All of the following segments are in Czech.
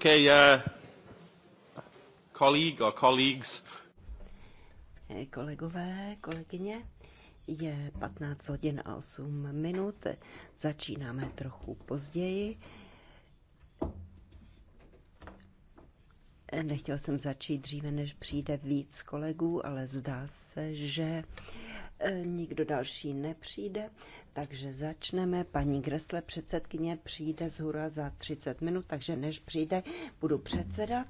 Okay, uh, eh, Kolegové, kolegyně, je 15 hodin a 8 minut, začínáme trochu později. Eh, nechtěl jsem začít dříve, než přijde víc kolegů, ale zdá se, že uh, E, nikdo další nepřijde, takže začneme. Paní Gresle, předsedkyně, přijde zhruba za 30 minut, takže než přijde, budu předsedat.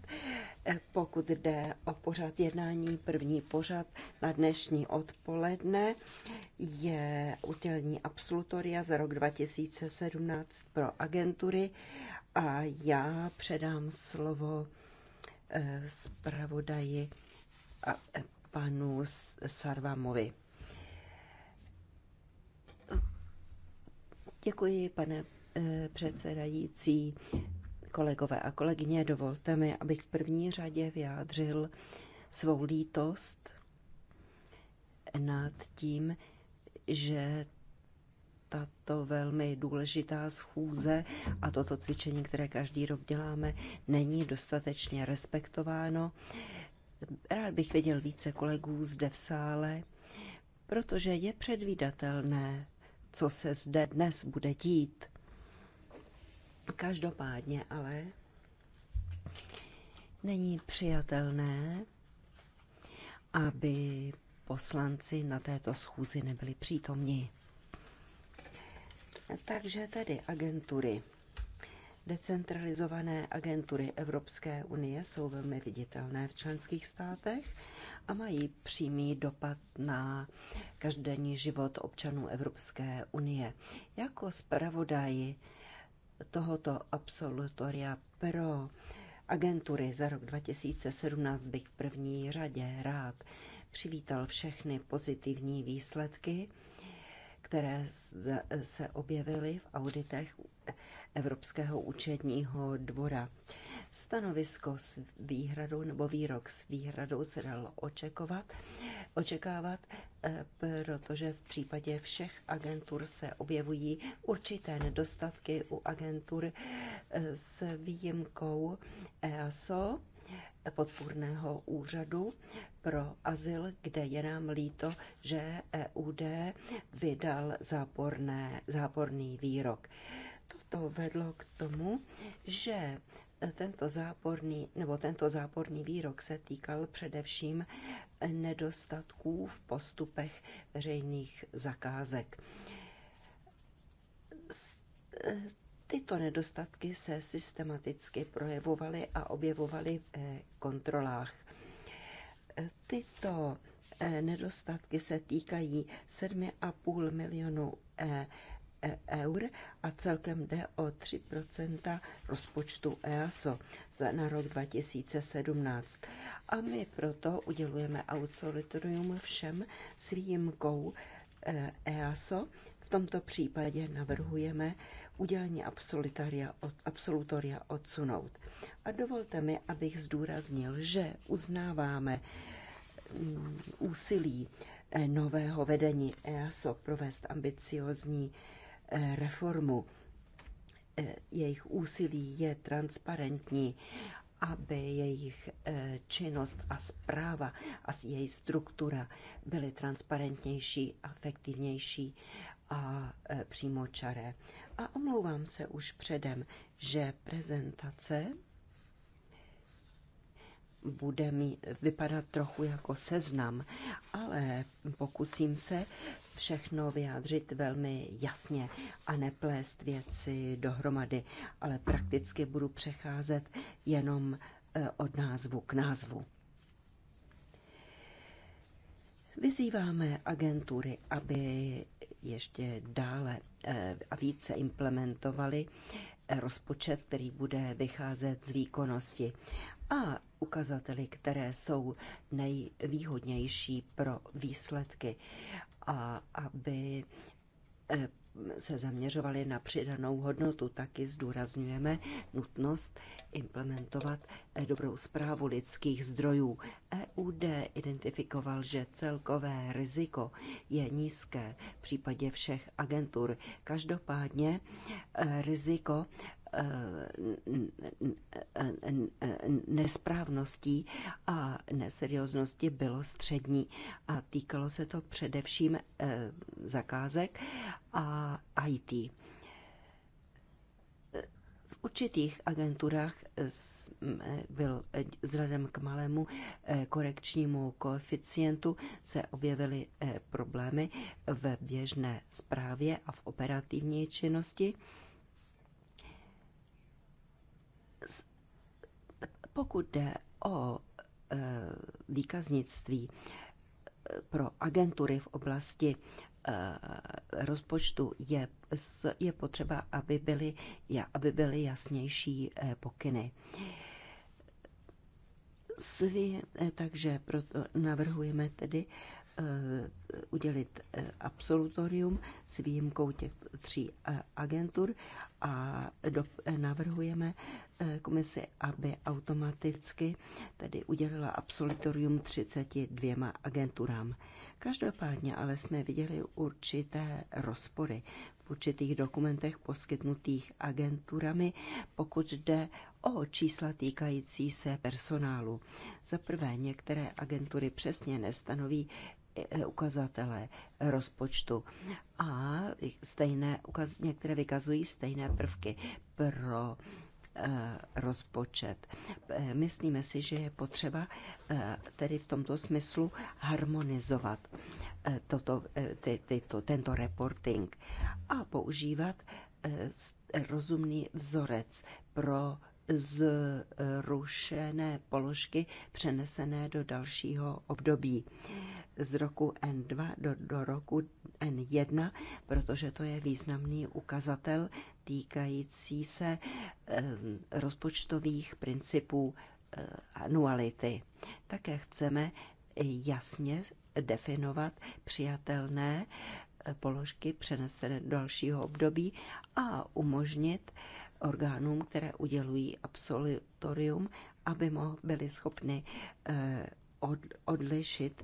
E, pokud jde o pořad jednání, první pořad na dnešní odpoledne je udělení absolutoria za rok 2017 pro agentury a já předám slovo e, zpravodaji panu Sarvamovi. Děkuji, pane eh, předsedající. Kolegové a kolegyně, dovolte mi, abych v první řadě vyjádřil svou lítost nad tím, že tato velmi důležitá schůze a toto cvičení, které každý rok děláme, není dostatečně respektováno. Rád bych viděl více kolegů zde v sále, protože je předvídatelné, co se zde dnes bude dít. Každopádně ale není přijatelné, aby poslanci na této schůzi nebyli přítomni. Takže tedy agentury. Decentralizované agentury Evropské unie jsou velmi viditelné v členských státech a mají přímý dopad na každodenní život občanů Evropské unie. Jako zpravodaj tohoto absolutoria pro agentury za rok 2017 bych v první řadě rád přivítal všechny pozitivní výsledky, které se objevily v auditech Evropského účetního dvora. Stanovisko s výhradou nebo výrok s výhradou se dalo očekovat, očekávat, eh, protože v případě všech agentur se objevují určité nedostatky u agentur eh, s výjimkou EASO, podpůrného úřadu pro azyl, kde je nám líto, že EUD vydal záporné, záporný výrok. Toto vedlo k tomu, že tento záporný, nebo tento záporný výrok se týkal především nedostatků v postupech veřejných zakázek Tyto nedostatky se systematicky projevovaly a objevovaly v eh, kontrolách. Eh, tyto eh, nedostatky se týkají 7,5 milionů e, eur a celkem jde o 3 rozpočtu EASO na rok 2017. A my proto udělujeme absolutorium všem s výjimkou EASO. V tomto případě navrhujeme udělení absolutoria, od, absolutoria odsunout. A dovolte mi, abych zdůraznil, že uznáváme mm, úsilí eh, nového vedení EASO provést ambiciozní eh, reformu. Eh, jejich úsilí je transparentní, aby jejich činnost a zpráva a její struktura byly transparentnější, efektivnější a přímočaré a omlouvám se už předem, že prezentace bude mi vypadat trochu jako seznam, ale pokusím se všechno vyjádřit velmi jasně a neplést věci dohromady, ale prakticky budu přecházet jenom eh, od názvu k názvu. Vyzýváme agentury, aby ještě dále eh, a více implementovali eh, rozpočet, který bude vycházet z výkonnosti a ukazateli, které jsou nejvýhodnější pro výsledky a aby eh, se zaměřovali na přidanou hodnotu, taky zdůrazňujeme nutnost implementovat dobrou zprávu lidských zdrojů. EUD identifikoval, že celkové riziko je nízké v případě všech agentur. Každopádně e, riziko nesprávností a neserióznosti bylo střední a týkalo se to především eh, zakázek a IT. V určitých agenturách eh, byl eh, vzhledem k malému korekčnímu koeficientu se objevily problémy v běžné zprávě a v operativní činnosti. Pokud jde o e, výkaznictví e, pro agentury v oblasti e, rozpočtu je, je potřeba, aby byly, aby byly jasnější pokyny. e, takže proto navrhujeme tedy udělit absolutorium s výjimkou těch tří agentur a do, navrhujeme Eh, komisi, aby automaticky tedy udělila absolutorium 32 agenturám. Každopádně ale jsme viděli určité rozpory v určitých dokumentech poskytnutých agenturami, pokud jde o čísla týkající se personálu. Za prvé, některé agentury přesně nestanoví eh, ukazatele rozpočtu a stejné, některé vykazují stejné prvky pro Eh, rozpočet. Eh, myslíme si, že je potřeba eh, tedy v tomto smyslu harmonizovat toto, ty, to, tento reporting a používat rozumný vzorec pro zrušené položky přenesené do dalšího období z roku N2 do, do roku N1, protože to je významný ukazatel týkající se eh, rozpočtových principů eh, anuality. Také chceme jasně definovat přijatelné eh, položky přenesené do dalšího období a umožnit orgánům, které udělují absolutorium, aby byly schopni odlišit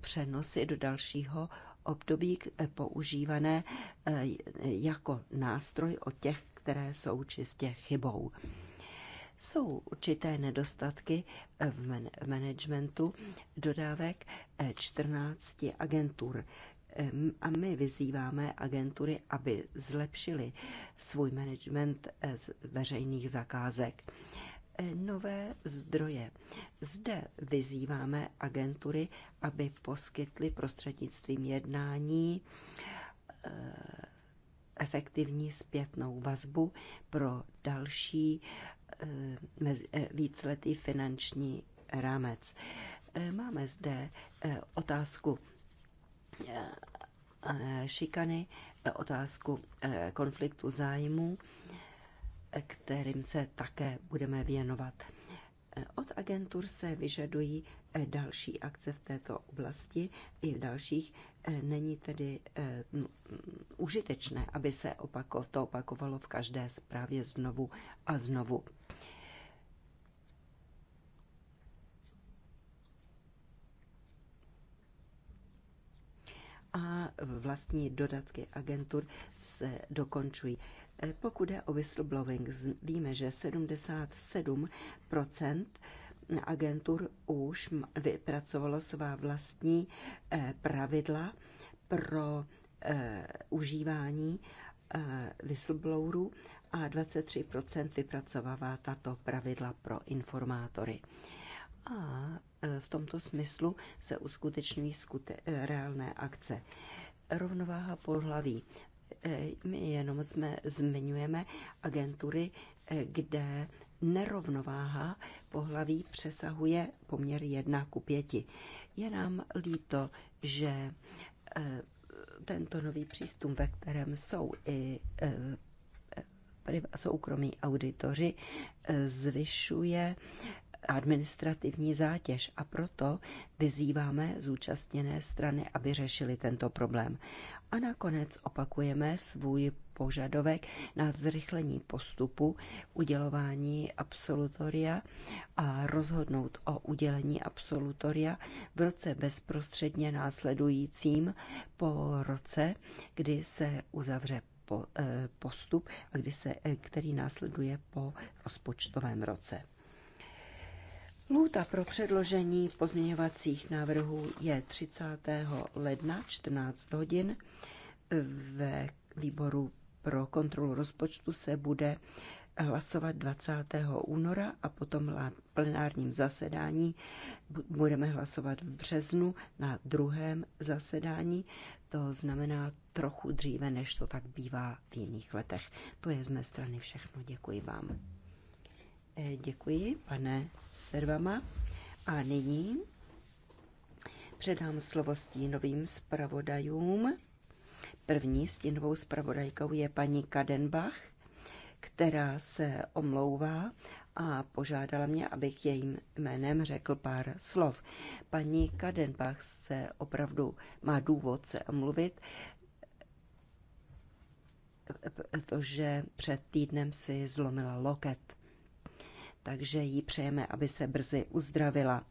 přenosy do dalšího období eh, používané eh, jako nástroj od těch, které jsou čistě chybou. Jsou určité nedostatky eh, v managementu dodávek 14 agentur, a my vyzýváme agentury, aby zlepšili svůj management veřejných zakázek. Eh, nové zdroje. Zde vyzýváme agentury, aby poskytly prostřednictvím jednání eh, efektivní zpětnou vazbu pro další eh, víceletý finanční rámec. Máme zde otázku šikany, otázku konfliktu zájmů kterým se také budeme věnovat. Od agentur se vyžadují eh, další akce v této oblasti i v dalších. Eh, není tedy eh, užitečné, aby se to opakovalo v každé zprávě znovu a znovu. A vlastní dodatky agentur se dokončují. Eh, pokud je o whistleblowing, víme, že 77 agentur už vypracovalo svá vlastní eh, pravidla pro eh, užívání whistleblowerů a 23 vypracovává tato pravidla pro informátory. A v tomto smyslu se uskutečňují skute- reálné akce. Rovnováha pohlaví. Eh, my jenom jsme, zmiňujeme agentury, eh, kde nerovnováha pohlaví přesahuje poměr 1 ku 5. Je nám líto, že eh, tento nový přístup, ve kterém jsou i soukromí auditoři, zvyšuje administrativní zátěž a proto vyzýváme zúčastněné strany, aby řešili tento problém. A nakonec opakujeme svůj požadovek na zrychlení postupu udělování absolutoria a rozhodnout o udělení absolutoria v roce bezprostředně následujícím po roce, kdy se uzavře eh, postup, a kdy se, eh, který následuje po rozpočtovém roce. Lůta pro předložení pozměňovacích návrhů je 30. ledna 14 hodin. Ve výboru pro kontrolu rozpočtu se bude hlasovat 20. února a potom na plenárním zasedání budeme hlasovat v březnu na druhém zasedání. To znamená trochu dříve, než to tak bývá v jiných letech. To je z mé strany všechno. Děkuji vám. Eh, děkuji, pane Servama. A nyní předám slovo stínovým zpravodajům. První stínovou zpravodajkou je paní Kadenbach, která se omlouvá a požádala mě, abych jejím jménem řekl pár slov. Paní Kadenbach se opravdu má důvod se omluvit, protože před týdnem si zlomila loket takže jí přejeme, aby se brzy uzdravila.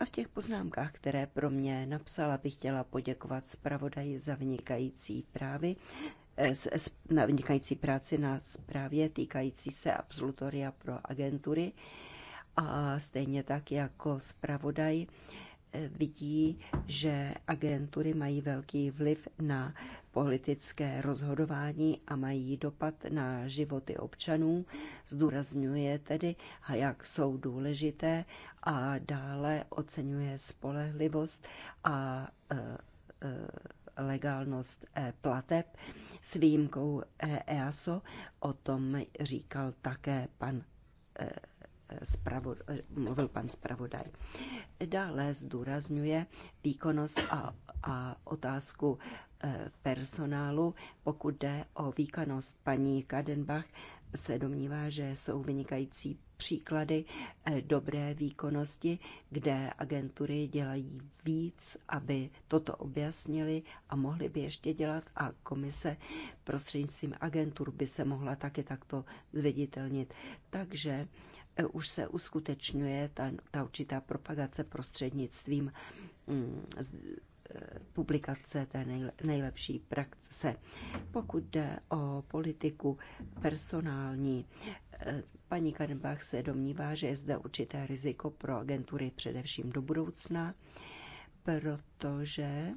A v těch poznámkách, které pro mě napsala, bych chtěla poděkovat zpravodaji za vynikající právy, eh, na vynikající práci na zprávě týkající se absolutoria pro agentury a stejně tak jako zpravodaj vidí, že agentury mají velký vliv na politické rozhodování a mají dopad na životy občanů. Zdůrazňuje tedy, jak jsou důležité a dále oceňuje spolehlivost a e, e, legálnost e, plateb s výjimkou EASO. O tom říkal také pan spravo, mluvil pan zpravodaj. Dále zdůrazňuje výkonnost a, a otázku e, personálu. Pokud jde o výkonnost paní Kadenbach, se domnívá, že jsou vynikající příklady e, dobré výkonnosti, kde agentury dělají víc, aby toto objasnili a mohli by ještě dělat a komise prostřednictvím agentur by se mohla taky takto zviditelnit. Takže Eh, už se uskutečňuje ta, ta určitá propagace prostřednictvím mm, eh, publikace té nejlepší praxe. Pokud jde o politiku personální, eh, paní Karnbach se domnívá, že je zde určité riziko pro agentury především do budoucna, protože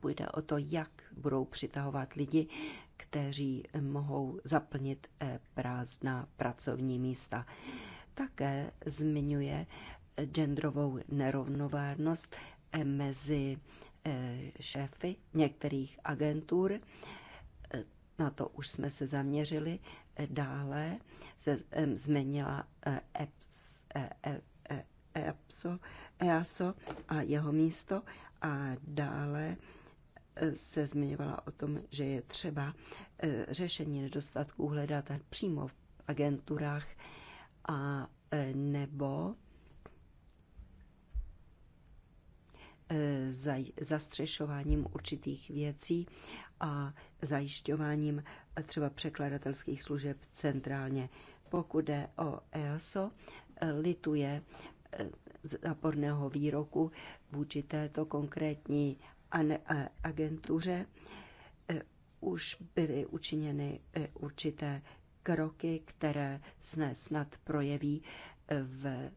půjde o to, jak budou přitahovat lidi kteří mohou zaplnit eh, prázdná pracovní místa. Také zmiňuje eh, genderovou nerovnovárnost eh, mezi šéfy některých agentur. Na to už jsme se zaměřili. Dále se změnila EPSO, EASO a jeho místo a dále se zmiňovala o tom, že je třeba eh, řešení nedostatků hledat přímo v agenturách a eh, nebo eh, zastřešováním určitých věcí a zajišťováním třeba překladatelských služeb centrálně. Pokud jde o EASO, lituje záporného výroku vůči této konkrétní agentuře e, už byly učiněny e, určité kroky, které se snad projeví e, v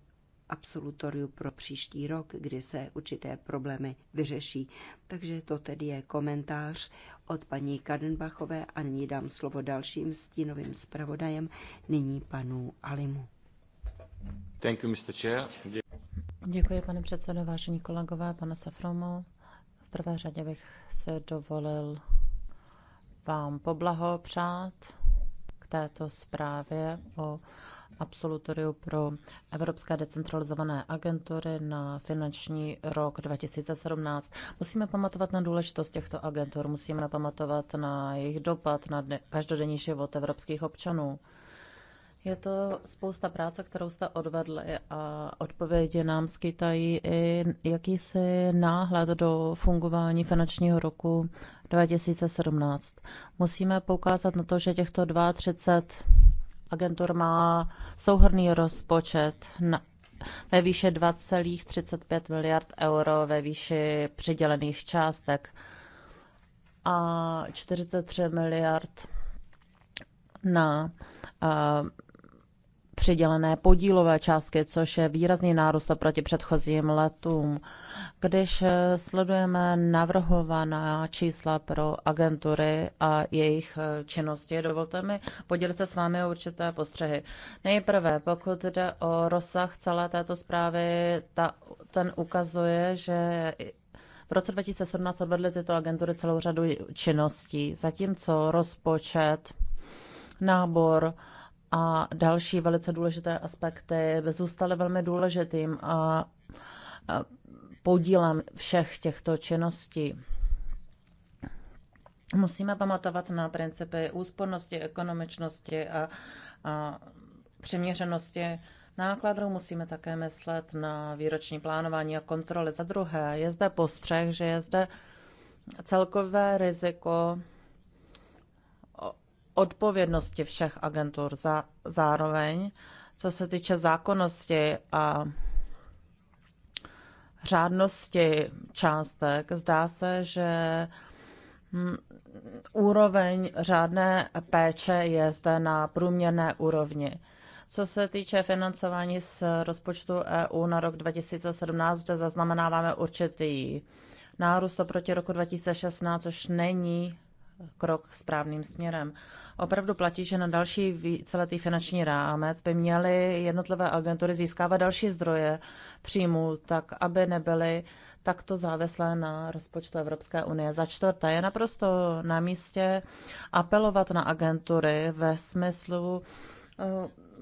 absolutoriu pro příští rok, kdy se určité problémy vyřeší. Takže to tedy je komentář od paní Kadenbachové a nyní dám slovo dalším stínovým zpravodajem, nyní panu Alimu. Thank you, Mr. Chair. Děkuji, pane předsedo, vážení kolegové, pane Safromo prvé řadě bych se dovolil vám poblahopřát k této zprávě o absolutoriu pro Evropské decentralizované agentury na finanční rok 2017. Musíme pamatovat na důležitost těchto agentur, musíme pamatovat na jejich dopad na každodenní život evropských občanů. Je to spousta práce, kterou jste odvedli a odpovědi nám skýtají i jakýsi náhled do fungování finančního roku 2017. Musíme poukázat na to, že těchto 32 agentur má souhrný rozpočet na ve výše 2,35 miliard euro ve výši přidělených částek a 43 miliard na eh, přidělené podílové částky, což je výrazný nárůst oproti předchozím letům. Když eh, sledujeme navrhovaná čísla pro agentury a jejich eh, činnosti, dovolte mi podělit se s vámi o určité postřehy. Nejprve, pokud jde o rozsah celé této zprávy, ta, ten ukazuje, že v roce 2017 odvedly tyto agentury celou řadu činností, zatímco rozpočet, nábor, a další velice důležité aspekty zůstaly velmi důležitým a podílem všech těchto činností. Musíme pamatovat na principy úspornosti, ekonomičnosti a, a přiměřenosti nákladů. Musíme také myslet na výroční plánování a kontroly. Za druhé, je zde postřeh, že je zde celkové riziko odpovědnosti všech agentur za, zároveň, co se týče zákonnosti a řádnosti částek, zdá se, že hm, úroveň řádné péče je zde na průměrné úrovni. Co se týče financování z rozpočtu EU na rok 2017, zde zaznamenáváme určitý nárůst oproti roku 2016, což není krok správným směrem. Opravdu platí, že na další víceletý finanční rámec by měly jednotlivé agentury získávat další zdroje příjmu, tak aby nebyly takto závislé na rozpočtu Evropské unie. Za čtvrté je naprosto na místě apelovat na agentury ve smyslu eh,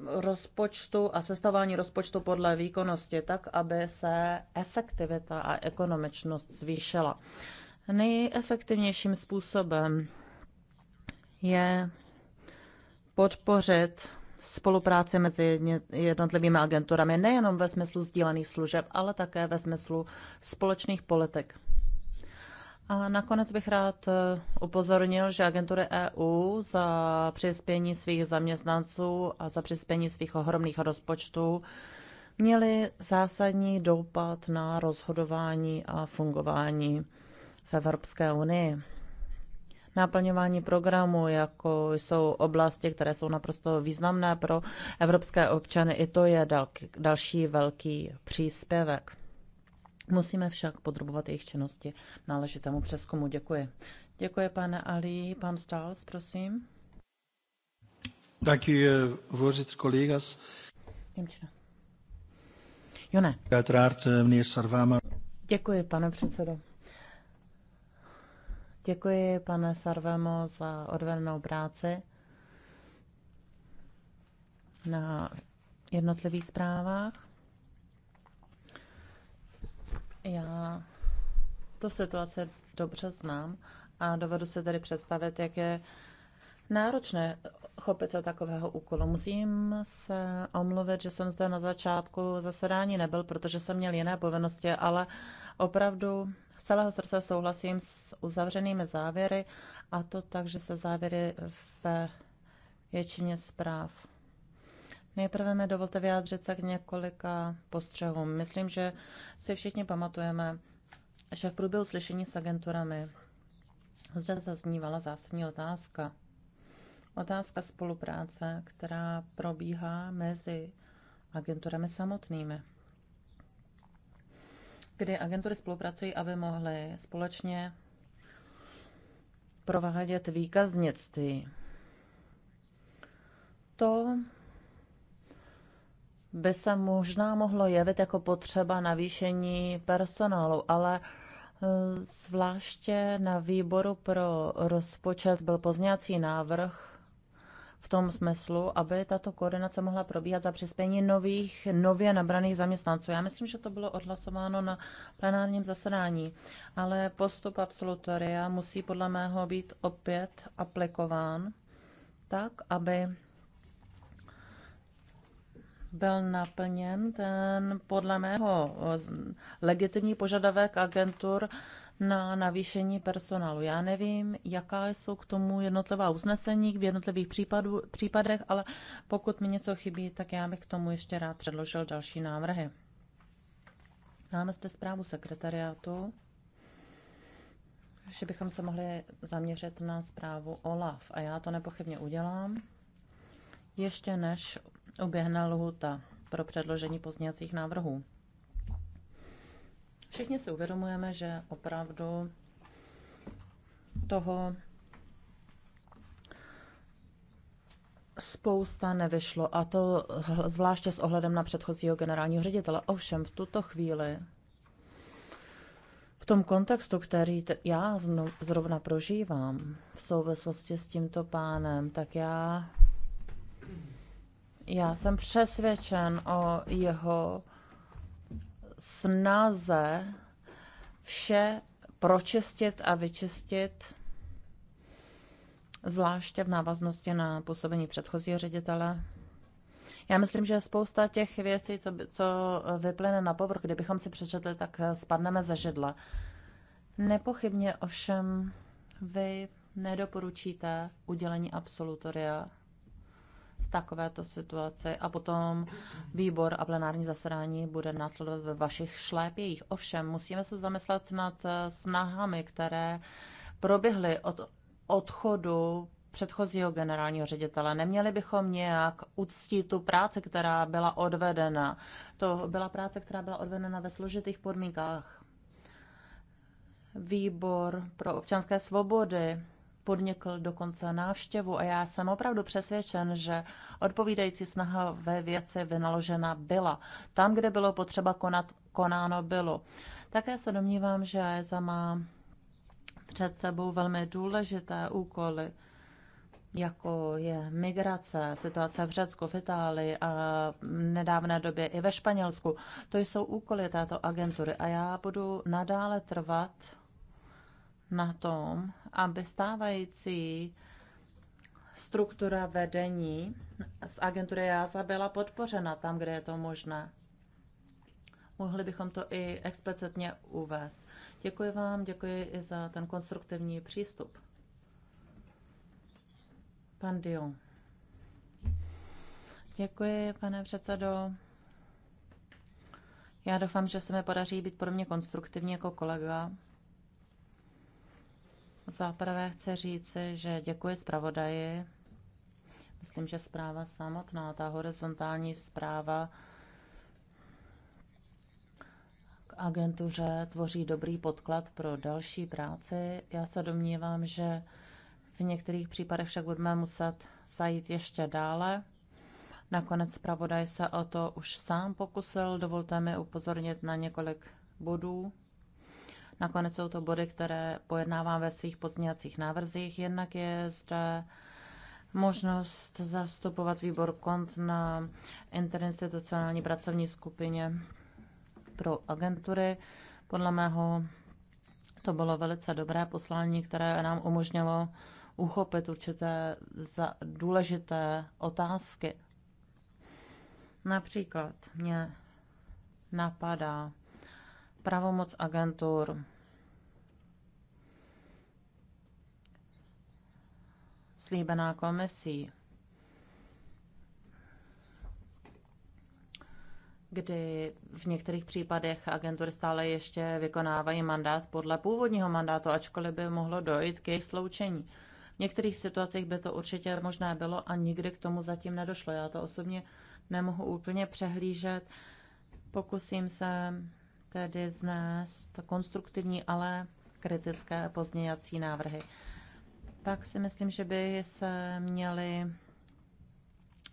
rozpočtu a sestavování rozpočtu podle výkonnosti, tak aby se efektivita a ekonomičnost zvýšila. Nejefektivnějším způsobem je podpořit spolupráci mezi jednotlivými agenturami nejenom ve smyslu sdílených služeb, ale také ve smyslu společných politik. A nakonec bych rád eh, upozornil, že agentury EU za přispění svých zaměstnanců a za přispění svých ohromných rozpočtů měly zásadní dopad na rozhodování a fungování v Evropské unii. Naplňování programu, jako jsou oblasti, které jsou naprosto významné pro evropské občany, i to je další velký příspěvek. Musíme však podrobovat jejich činnosti náležitému přeskumu. Děkuji. Děkuji, pane Ali. Pan Stals, prosím. Děkuji, u, eh, voorzitter, collega's. Němčina. Jo, ne. Eh, Děkuji, pane předsedo. Děkuji, pane Sarvemo, za odvedenou práci na jednotlivých zprávách. Já tu situaci dobře znám a dovedu se tedy představit, jak je náročné chopit se takového úkolu. Musím se omluvit, že jsem zde na začátku zasedání nebyl, protože jsem měl jiné povinnosti, ale opravdu z celého srdce souhlasím s uzavřenými závěry a to tak, že se závěry ve většině zpráv. Nejprve mi dovolte vyjádřit se k několika postřehům. Myslím, že si všichni pamatujeme, že v průběhu slyšení s agenturami zde zaznívala zásadní otázka. Otázka spolupráce, která probíhá mezi agenturami samotnými kdy agentury spolupracují, aby mohly společně provádět výkaznictví. To by se možná mohlo jevit jako potřeba navýšení personálu, ale eh, zvláště na výboru pro rozpočet byl pozněcí návrh v tom smyslu, aby tato koordinace mohla probíhat za přispění nových, nově nabraných zaměstnanců. Já myslím, že to bylo odhlasováno na plenárním zasedání, ale postup absolutoria musí podle mého být opět aplikován tak, aby byl naplněn ten podle mého legitimní požadavek agentur na navýšení personálu. Já nevím, jaká jsou k tomu jednotlivá usnesení v jednotlivých případů, případech, ale pokud mi něco chybí, tak já bych k tomu ještě rád předložil další návrhy. Máme zde zprávu sekretariátu, že bychom se mohli zaměřit na zprávu OLAF a já to nepochybně udělám, ještě než uběhne lhuta pro předložení pozdějacích návrhů. Všichni si uvědomujeme, že opravdu toho spousta nevyšlo, a to zvláště s ohledem na předchozího generálního ředitele. Ovšem, v tuto chvíli, v tom kontextu, který já zrovna prožívám v souvislosti s tímto pánem, tak já, já jsem přesvědčen o jeho snaze vše pročistit a vyčistit, zvláště v návaznosti na působení předchozího ředitele. Já myslím, že spousta těch věcí, co, co vyplyne na povrch, kdybychom si přečetli, tak spadneme ze židla. Nepochybně ovšem vy nedoporučíte udělení absolutoria takovéto situaci a potom výbor a plenární zasedání bude následovat ve vašich šlépějích. Ovšem, musíme se zamyslet nad eh, snahami, které proběhly od odchodu předchozího generálního ředitele. Neměli bychom nějak uctít tu práci, která byla odvedena. To byla práce, která byla odvedena ve složitých podmínkách. Výbor pro občanské svobody podnikl dokonce návštěvu a já jsem opravdu přesvědčen, že odpovídající snaha ve věci vynaložena byla. Tam, kde bylo potřeba konat, konáno bylo. Také se domnívám, že ESA má před sebou velmi důležité úkoly, jako je migrace, situace v Řecku, v Itálii a v nedávné době i ve Španělsku. To jsou úkoly této agentury a já budu nadále trvat na tom, aby stávající struktura vedení z agentury JASA e byla podpořena tam, kde je to možné. Mohli bychom to i explicitně uvést. Děkuji vám, děkuji i za ten konstruktivní přístup. Pan Dion. Děkuji, pane předsedo. Já doufám, že se mi podaří být pro mě konstruktivní jako kolega. Zaprvé chci říci, že děkuji zpravodaji. Myslím, že zpráva samotná, ta horizontální zpráva k agentuře tvoří dobrý podklad pro další práci. Já se domnívám, že v některých případech však budeme muset zajít ještě dále. Nakonec zpravodaj se o to už sám pokusil. Dovolte mi upozornit na několik bodů, Nakonec jsou to body, které pojednávám ve svých pozměňovacích návrzích. Jednak je zde možnost zastupovat výbor kont na interinstitucionální pracovní skupině pro agentury. Podle mého to bylo velice dobré poslání, které nám umožnilo uchopit určité za důležité otázky. Například mě napadá pravomoc agentur slíbená komisí, kdy v některých případech agentury stále ještě vykonávají mandát podle původního mandátu, ačkoliv by mohlo dojít k jejich sloučení. V některých situacích by to určitě možné bylo a nikdy k tomu zatím nedošlo. Já to osobně nemohu úplně přehlížet. Pokusím se tedy znést konstruktivní, ale kritické pozměňací návrhy. Pak si myslím, že by se měly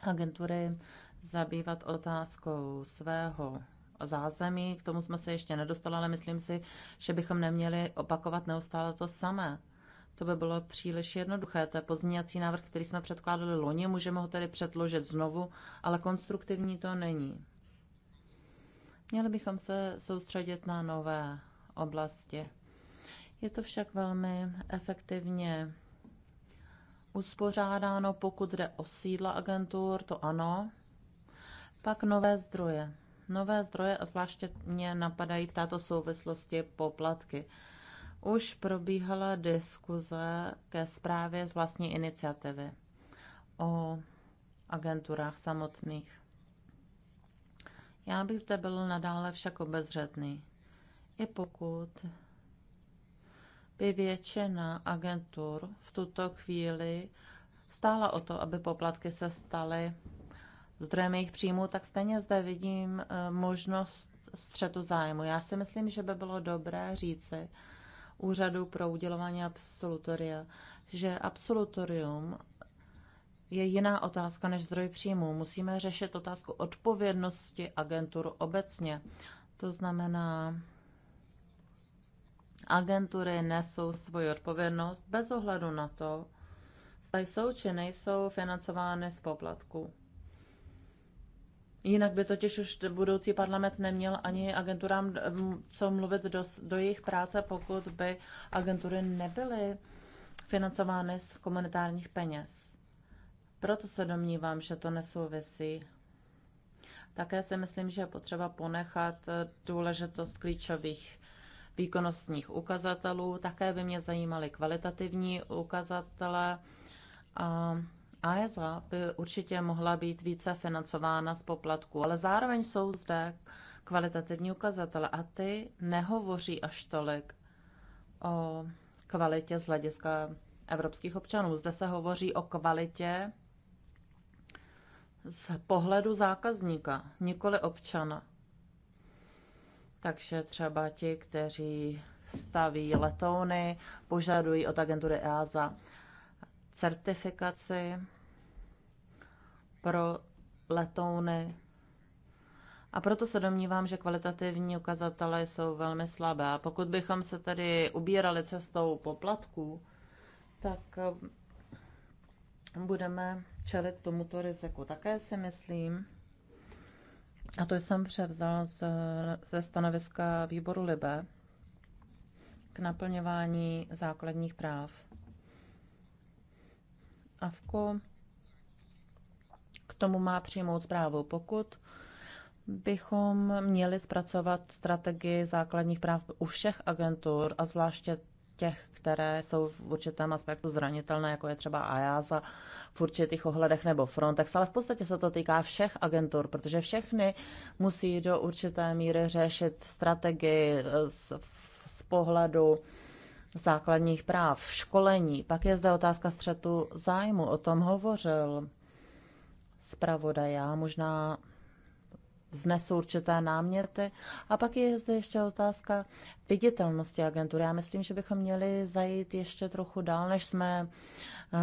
agentury zabývat otázkou svého zázemí. K tomu jsme se ještě nedostali, ale myslím si, že bychom neměli opakovat neustále to samé. To by bylo příliš jednoduché. To je pozměňovací návrh, který jsme předkládali loni, můžeme ho tedy předložit znovu, ale konstruktivní to není. Měli bychom se soustředit na nové oblasti. Je to však velmi efektivně uspořádáno, pokud jde o sídla agentur, to ano. Pak nové zdroje. Nové zdroje a zvláště mě napadají v této souvislosti poplatky. Už probíhala diskuze ke zprávě z vlastní iniciativy o agenturách samotných. Já bych zde byl nadále však obezřetný. I pokud by většina agentur v tuto chvíli stála o to, aby poplatky se staly zdrojem jejich příjmů, tak stejně zde vidím eh, možnost střetu zájmu. Já si myslím, že by bylo dobré říci úřadu pro udělování absolutoria, že absolutorium je jiná otázka než zdroj příjmů. Musíme řešit otázku odpovědnosti agentur obecně. To znamená, agentury nesou svoji odpovědnost bez ohledu na to, zda jsou či nejsou financovány z poplatku. Jinak by totiž už budoucí parlament neměl ani agenturám mm, co mluvit do, do jejich práce, pokud by agentury nebyly financovány z komunitárních peněz. Proto se domnívám, že to nesouvisí. Také si myslím, že je potřeba ponechat eh, důležitost klíčových výkonnostních ukazatelů. Také by mě zajímaly kvalitativní ukazatele. A ASA by určitě mohla být více financována z poplatku, ale zároveň jsou zde kvalitativní ukazatele a ty nehovoří až tolik o kvalitě z hlediska evropských občanů. Zde se hovoří o kvalitě z pohledu zákazníka, nikoli občana. Takže třeba ti, kteří staví letouny, požadují od agentury EASA certifikaci pro letouny. A proto se domnívám, že kvalitativní ukazatele jsou velmi slabé. A pokud bychom se tedy ubírali cestou poplatků, tak eh, budeme čelit tomuto riziku. Také si myslím, a to jsem převzal z, ze stanoviska výboru Libe k naplňování základních práv. AVKO k tomu má přijmout zprávu, pokud bychom měli zpracovat strategii základních práv u všech agentur a zvláště těch, které jsou v určitém aspektu zranitelné, jako je třeba a v určitých ohledech nebo Frontex, ale v podstatě se to týká všech agentur, protože všechny musí do určité míry řešit strategii z, z pohledu základních práv, školení. Pak je zde otázka střetu zájmu, o tom hovořil zpravodaj. Já možná vznesu určité náměty. A pak je zde ještě otázka viditelnosti agentury. Já myslím, že bychom měli zajít ještě trochu dál, než jsme uh,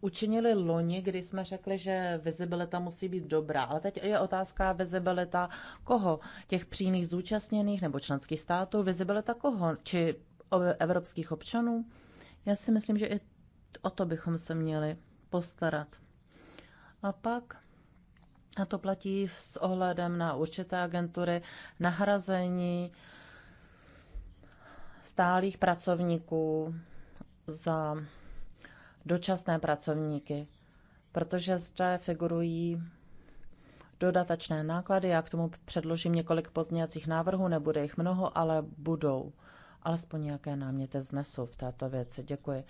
učinili loni, kdy jsme řekli, že vizibilita musí být dobrá. Ale teď je otázka vizibilita koho? Těch přímých zúčastněných nebo členských států? Vizibilita koho? Či evropských občanů? Já si myslím, že i o to bychom se měli postarat. A pak a to platí s ohledem na určité agentury nahrazení stálých pracovníků za dočasné pracovníky, protože zde figurují dodatečné náklady. Já k tomu předložím několik pozměňovacích návrhů, nebude jich mnoho, ale budou. Alespoň nějaké náměty znesu v této věci. Děkuji.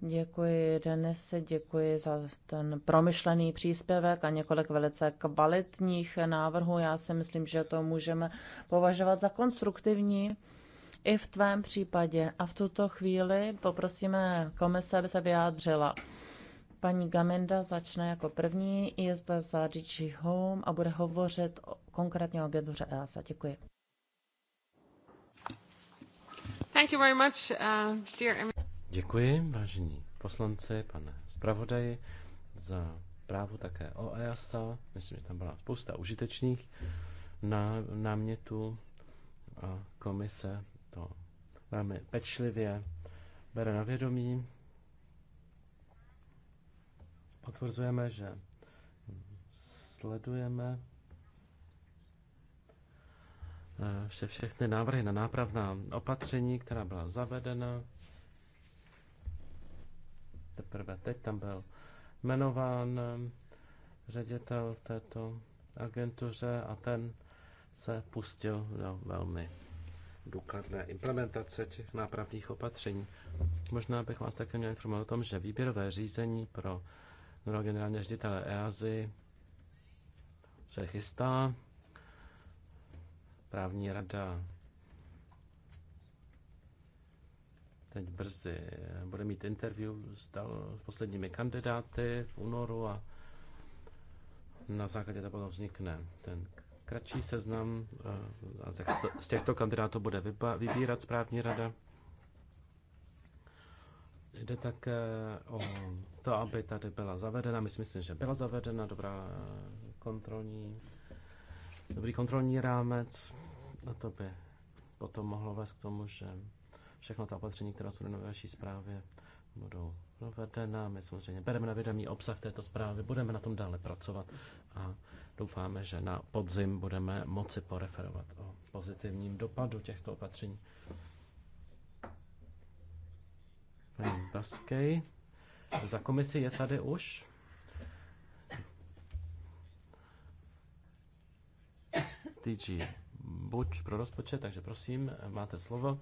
Děkuji Denise, děkuji za ten promyšlený příspěvek a několik velice kvalitních návrhů. Já si myslím, že to můžeme považovat za konstruktivní i v tvém případě. A v tuto chvíli poprosíme komise, aby se vyjádřila. Paní Gaminda začne jako první, je zde za DG Home a bude hovořit o, konkrétně o agentuře EASA. Děkuji. Thank you very much, uh, dear... Děkuji, vážení poslanci, pane zpravodaji, za právu také o EASA. Myslím, že tam byla spousta užitečných námětů a komise to velmi pečlivě bere na vědomí. Potvrzujeme, že sledujeme eh, vše všechny návrhy na nápravná opatření, která byla zavedena Teprve teď tam byl jmenován eh, ředitel této agentuře a ten se pustil do velmi důkladné implementace těch nápravných opatření. Možná bych vás také měl informovat o tom, že výběrové řízení pro nového generálního ředitele EASY se chystá. Právní rada teď brzy bude mít interview s, dal, s posledními kandidáty v únoru a na základě toho potom vznikne ten kratší seznam eh, a z těchto kandidátů bude vybírat správní rada. Jde také o to, aby tady byla zavedena, my si myslím, že byla zavedena dobrá eh, kontrolní, dobrý kontrolní rámec a to by potom mohlo vést k tomu, že všechno ta opatření, která jsou na vaší zprávě, budou provedena. My samozřejmě bereme na vědomí obsah této zprávy, budeme na tom dále pracovat a doufáme, že na podzim budeme moci poreferovat o pozitivním dopadu těchto opatření. Paní Baskej, za komisi je tady už. TG Buč pro rozpočet, takže prosím, máte slovo.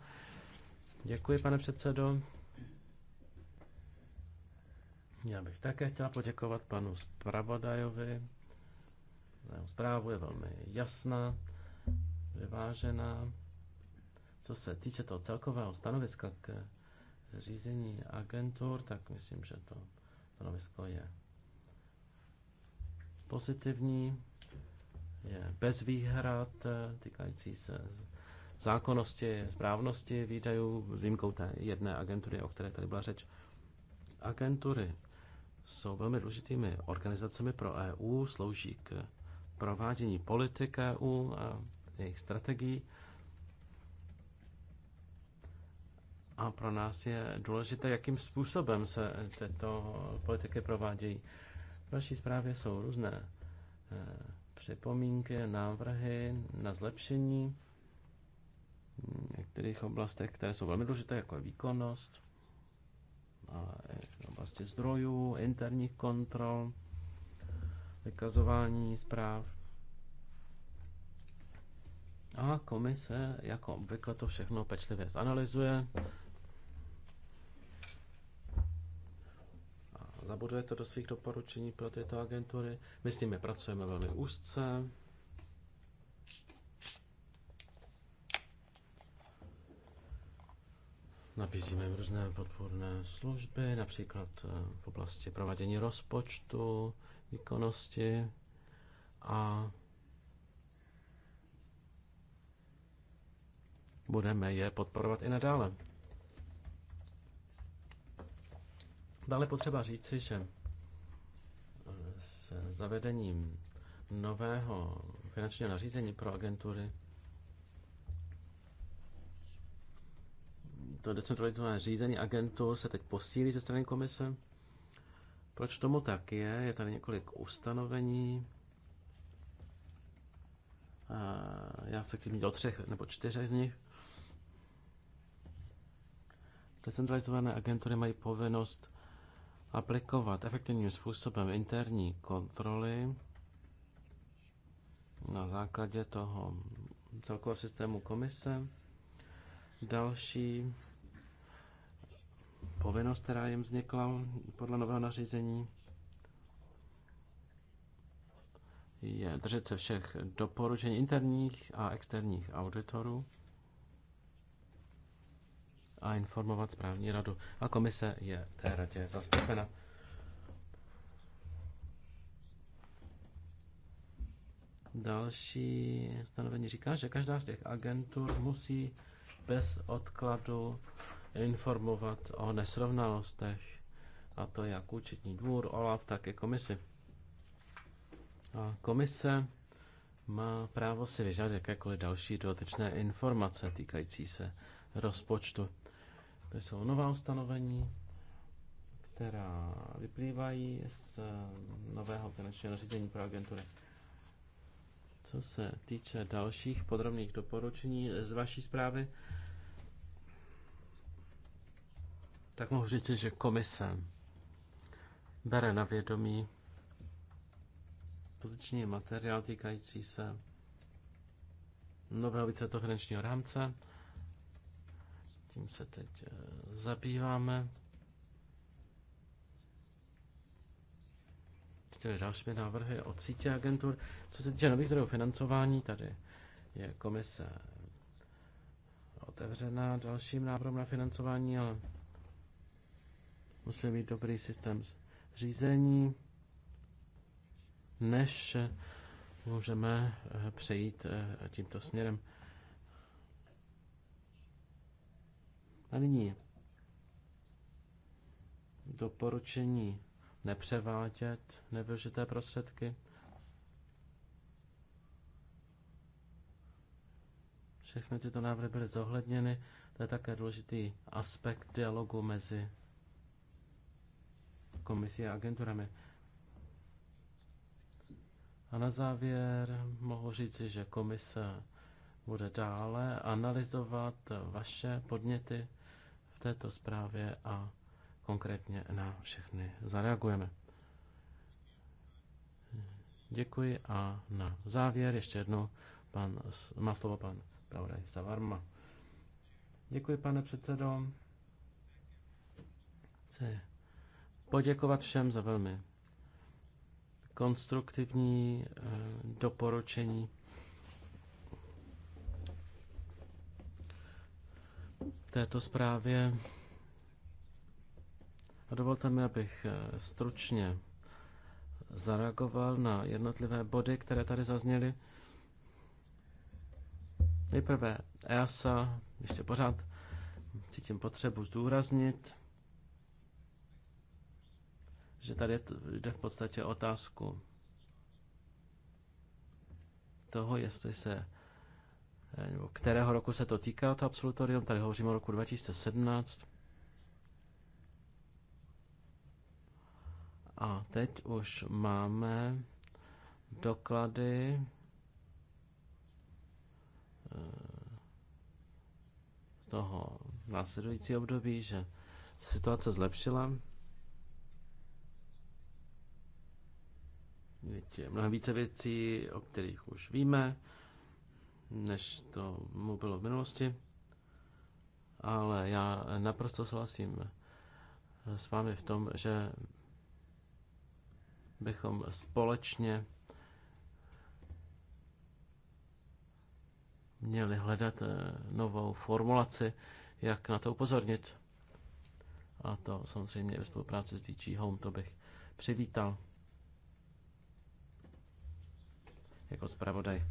Děkuji, pane předsedo. Já bych také chtěla poděkovat panu zpravodajovi. Jeho zprávu je velmi jasná, vyvážená. Co se týče toho celkového stanoviska k řízení agentur, tak myslím, že to stanovisko je pozitivní, je bez výhrad eh, týkající se zákonnosti, správnosti výdajů, s výjimkou té jedné agentury, o které tady byla řeč. Agentury jsou velmi důležitými organizacemi pro EU, slouží k provádění politik EU a jejich strategií. A pro nás je důležité, jakým způsobem se tyto politiky provádějí. V naší zprávě jsou různé eh, připomínky, návrhy na zlepšení některých oblastech, které jsou velmi důležité, jako je výkonnost, ale v oblasti zdrojů, interních kontrol, vykazování zpráv. A komise, jako obvykle, to všechno pečlivě zanalizuje. zabuduje to do svých doporučení pro tyto agentury. My s nimi pracujeme velmi úzce. Nabízíme různé podpůrné služby, například eh, v oblasti provádění rozpočtu, výkonnosti a budeme je podporovat i nadále. Dále potřeba říci, že eh, s zavedením nového finančního nařízení pro agentury to decentralizované řízení agentur se teď posílí ze strany komise. Proč tomu tak je? Je tady několik ustanovení. A já se chci zmínit o třech nebo čtyřech z nich. Decentralizované agentury mají povinnost aplikovat efektivním způsobem interní kontroly na základě toho celkového systému komise. Další povinnost, která jim vznikla podle nového nařízení, je držet se všech doporučení interních a externích auditorů a informovat správní radu. A komise je té radě zastoupena. Další stanovení říká, že každá z těch agentur musí bez odkladu informovat o nesrovnalostech, a to jak účetní dvůr, OLAF, tak i komisi. A komise má právo si vyžádat jakékoliv další dodatečné informace týkající se rozpočtu. To jsou nová ustanovení, která vyplývají z eh, nového finančního nařízení pro agentury. Co se týče dalších podrobných doporučení z vaší zprávy, tak mohu říct, že komise bere na vědomí poziční materiál týkající se nového více finančního rámce. Tím se teď eh, zabýváme. Čtyři další návrhy od sítě agentur. Co se týče nových zdrojů financování, tady je komise otevřená dalším návrhům na financování, ale Musíme být dobrý systém řízení, než můžeme eh, přejít eh, tímto směrem. A nyní doporučení nepřevádět nevyužité prostředky. Všechny tyto návrhy byly zohledněny. To je také důležitý aspekt dialogu mezi komisí a agenturami. A na závěr mohu říci, že komise bude dále analyzovat vaše podněty v této zprávě a konkrétně na všechny zareagujeme. Děkuji a na závěr ještě jednou pan, má slovo pan Pravodaj Savarma. Děkuji, pane předsedo. Chci poděkovat všem za velmi konstruktivní eh, doporučení. této zprávě. A dovolte mi, abych eh, stručně zareagoval na jednotlivé body, které tady zazněly. Nejprve EASA, ještě pořád cítím potřebu zdůraznit, že tady jde v podstatě otázku toho, jestli se eh, nebo kterého roku se to týká, to absolutorium, tady hovoříme o roku 2017. A teď už máme doklady eh, toho následující období, že se situace zlepšila. je mnohem více věcí, o kterých už víme, než to mu bylo v minulosti. Ale já naprosto souhlasím s vámi v tom, že bychom společně měli hledat eh, novou formulaci, jak na to upozornit. A to samozřejmě ve spolupráci s DG Home to bych přivítal. jako zpravodaj.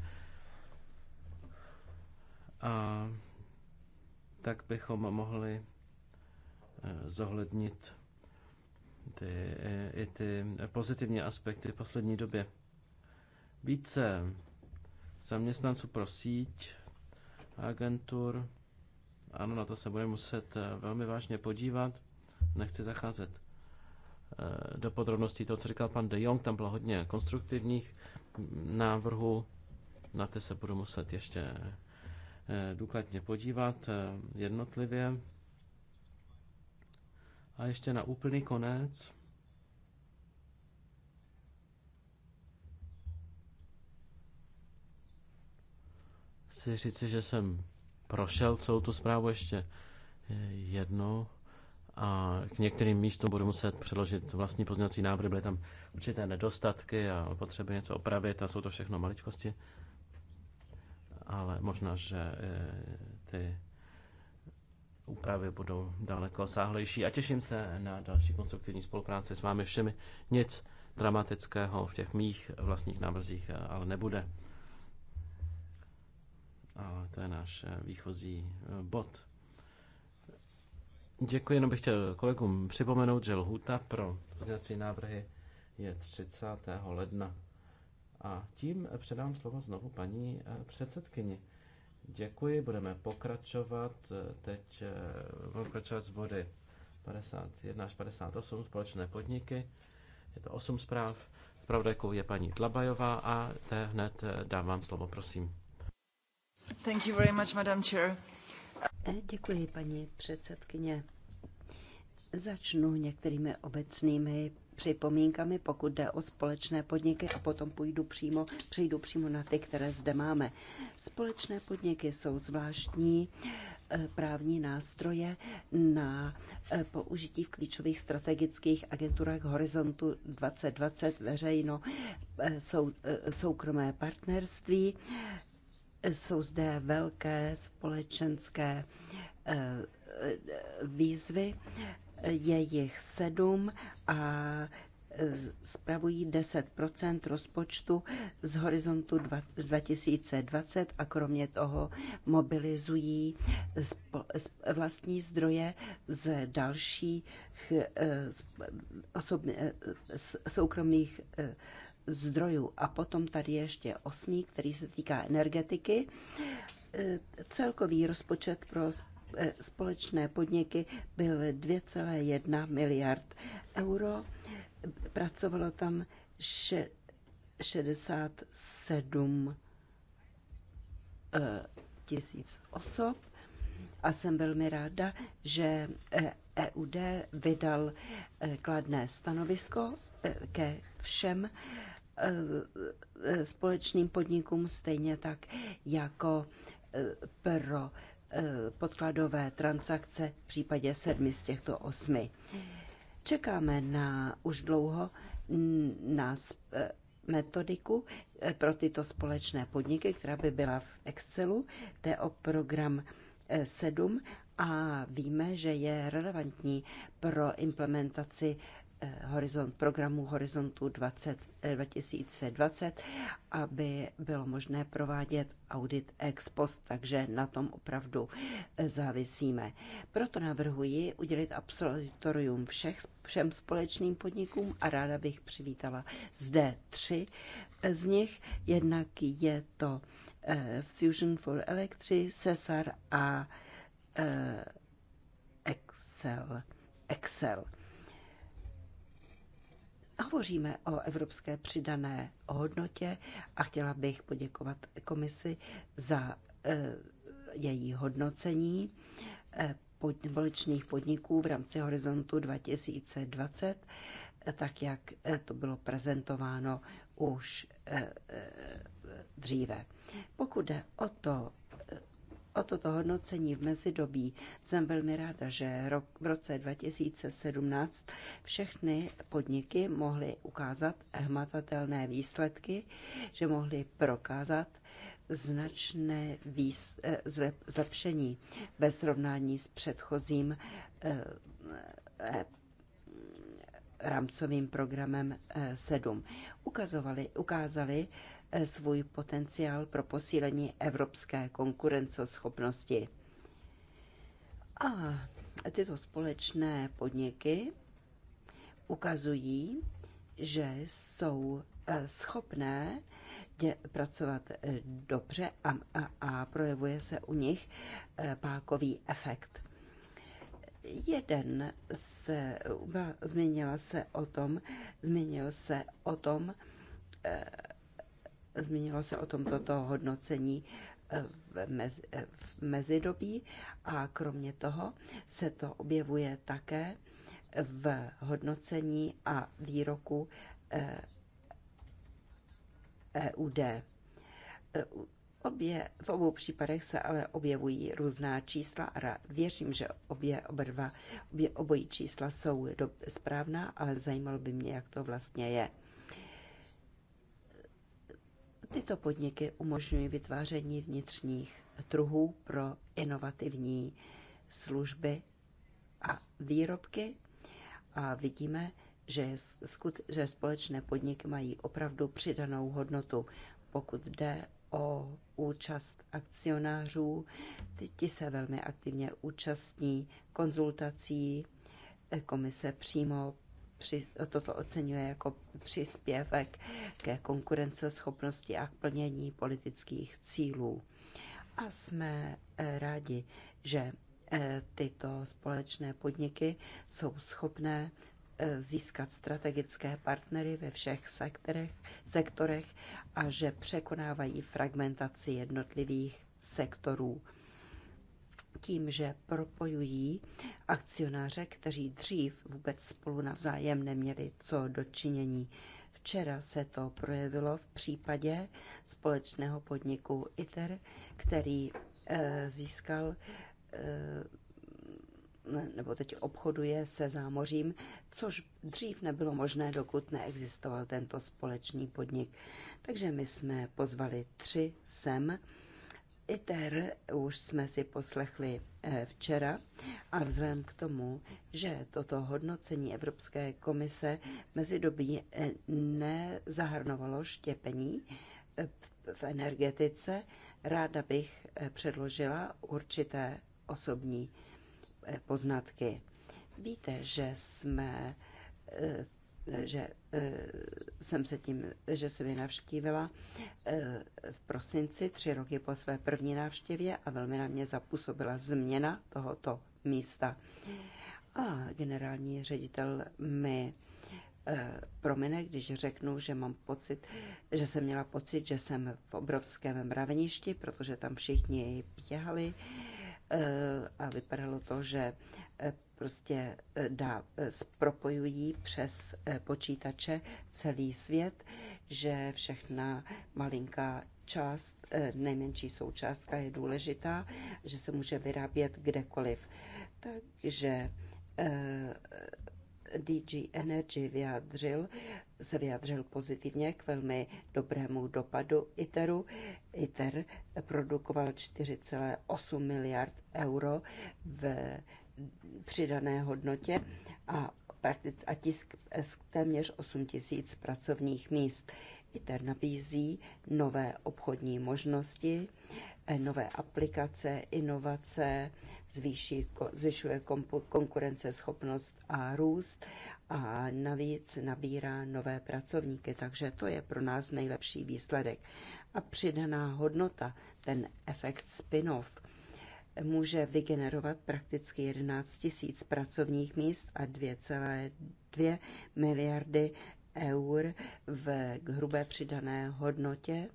A tak bychom mohli eh, zohlednit ty, eh, i ty pozitivní aspekty v poslední době. Více zaměstnanců pro síť agentur. Ano, na to se bude muset eh, velmi vážně podívat. Nechci zacházet do podrobností toho, co říkal pan De Jong. Tam bylo hodně konstruktivních návrhu. Na ty se budu muset ještě eh, důkladně podívat eh, jednotlivě. A ještě na úplný konec. Chci říci, že jsem prošel celou tu zprávu ještě eh, jednou a k některým místům budu muset přeložit vlastní pozměňovací návrhy, byly tam určité nedostatky a potřeby něco opravit a jsou to všechno maličkosti. Ale možná, že e, ty úpravy budou daleko sáhlejší a těším se na další konstruktivní spolupráci s vámi všemi. Nic dramatického v těch mých vlastních návrzích e, ale nebude. Ale to je náš e, výchozí bod. Děkuji, jenom bych chtěl kolegům připomenout, že lhůta pro pozměňovací návrhy je 30. ledna. A tím předám slovo znovu paní eh, předsedkyni. Děkuji, budeme pokračovat. Eh, teď eh, budeme pokračovat z body 51 až 58, společné podniky. Je to 8 zpráv. Zpravodajkou je paní Dlabajová a té hned dávám slovo, prosím. Thank you very much, Madam Chair. E, děkuji, paní předsedkyně. Začnu některými obecnými připomínkami, pokud jde o společné podniky a potom půjdu přímo, přejdu přímo na ty, které zde máme. Společné podniky jsou zvláštní e, právní nástroje na e, použití v klíčových strategických agenturách Horizontu 2020 veřejno jsou soukromé partnerství jsou zde velké společenské eh, výzvy, je jich sedm a eh, spravují 10 rozpočtu z horizontu 2020 a kromě toho mobilizují vlastní zdroje z dalších eh, osob, soukromých zdrojů. A potom tady ještě osmý, který se týká energetiky. E, celkový rozpočet pro e, společné podniky byl 2,1 miliard euro. Pracovalo tam 67 e, tisíc osob a jsem velmi ráda, že EUD vydal kladné stanovisko ke všem Eh, eh, společným podnikům, stejně tak jako eh, pro podkladové transakce v případě sedmi z těchto osmi. Čekáme na už dlouho na metodiku pro tyto společné podniky, která by byla v Excelu. Jde o program 7 a víme, že je relevantní pro implementaci horizont, programu Horizontu 20, 2020, eh, aby bylo možné provádět audit ex post, takže na tom opravdu eh, závisíme. Proto navrhuji udělit absolutorium všech, všem společným podnikům a ráda bych přivítala zde tři eh, z nich. Jednak je to Fusion for Electric, Cesar a Excel. Excel. Hovoříme o evropské přidané hodnotě a chtěla bych poděkovat komisi za eh, její hodnocení společných eh, podniků v rámci Horizontu 2020, eh, tak jak to bylo prezentováno už dříve. Pokud jde o to, o toto hodnocení v mezidobí. Jsem velmi ráda, že rok, v roce 2017 všechny podniky mohly ukázat hmatatelné výsledky, že mohly prokázat značné výs, eh, zlepšení ve srovnání s předchozím eh, eh, rámcovým programem 7. Ukazovali, ukázali, svůj potenciál pro posílení evropské konkurenceschopnosti. A tyto společné podniky ukazují, že jsou eh, schopné pracovat eh, dobře a, a, a projevuje se u nich eh, pákový efekt. Jeden se, zmínila se o tom, změnil se o tom, Zmínilo se o tomto toho hodnocení eh, v, mez, eh, v mezidobí a kromě toho se to objevuje také v hodnocení a výroku EUD. Eh, e obě, v obou případech se ale objevují různá čísla a věřím, že obě, oba dva, obě, obojí čísla jsou do, správná, ale zajímalo by mě, jak to vlastně je. Tyto podniky umožňují vytváření vnitřních trhů pro inovativní služby a výrobky a vidíme, že, skut, že společné podniky mají opravdu přidanou hodnotu, pokud jde o účast akcionářů. Ti se velmi aktivně účastní konzultací e, komise přímo při, toto oceňuje jako příspěvek ke konkurenceschopnosti a k plnění politických cílů. A jsme eh, rádi, že eh, tyto společné podniky jsou schopné eh, získat strategické partnery ve všech sektorech, sektorech a že překonávají fragmentaci jednotlivých sektorů tím, že propojují akcionáře, kteří dřív vůbec spolu navzájem neměli co dočinění. Včera se to projevilo v případě společného podniku ITER, který e, získal e, nebo teď obchoduje se zámořím, což dřív nebylo možné, dokud neexistoval tento společný podnik. Takže my jsme pozvali tři sem ITER už jsme si poslechli eh, včera a vzhledem k tomu, že toto hodnocení Evropské komise mezi dobí eh, nezahrnovalo štěpení eh, v energetice, ráda bych předložila určité osobní poznatky. Víte, že jsme že e, jsem se tím, že jsem ji navštívila e, v prosinci, tři roky po své první návštěvě a velmi na mě zapůsobila změna tohoto místa. A generální ředitel mi e, promine, když řeknu, že mám pocit, že jsem měla pocit, že jsem v obrovském mraveništi, protože tam všichni běhali, Eh, a vypadalo to, že eh, prostě eh, dá, propojují přes počítače celý svět, že všechna malinká část, nejmenší součástka je důležitá, že se může vyrábět kdekoliv. Takže DG Energy vyjádřil, se vyjádřil pozitivně k velmi dobrému dopadu ITERu. ITER produkoval 4,8 miliard euro v přidané hodnotě a, a tisk eh, téměř 8 tisíc pracovních míst. ITER nabízí nové obchodní možnosti, eh, nové aplikace, inovace, zvýší, zvyšuje konkurenceschopnost a růst a navíc nabírá nové pracovníky, takže to je pro nás nejlepší výsledek. A přidaná hodnota, ten efekt spin-off, může vygenerovat prakticky 11 000 pracovních míst a 2,2 miliardy eur v hrubé přidané hodnotě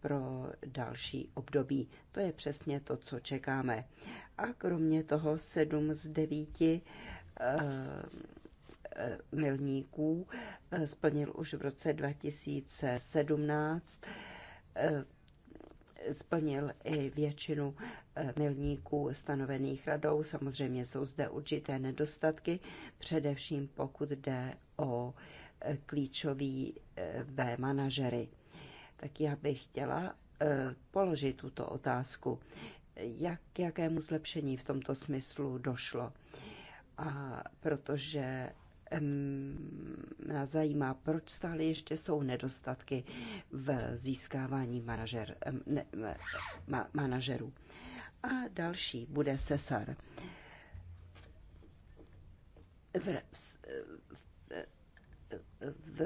pro další období. To je přesně to, co čekáme. A kromě toho 7 z 9 eh, milníků eh, splnil už v roce 2017 eh, splnil i většinu milníků stanovených radou. Samozřejmě jsou zde určité nedostatky, především pokud jde o klíčoví eh, v manažery. Tak já bych chtěla eh, položit tuto otázku. Jak, jakému zlepšení v tomto smyslu došlo? A protože mě zajímá, proč stále ještě jsou nedostatky v získávání manažer, ne, ma, manažerů. A další bude Cesar. V, v, v, v,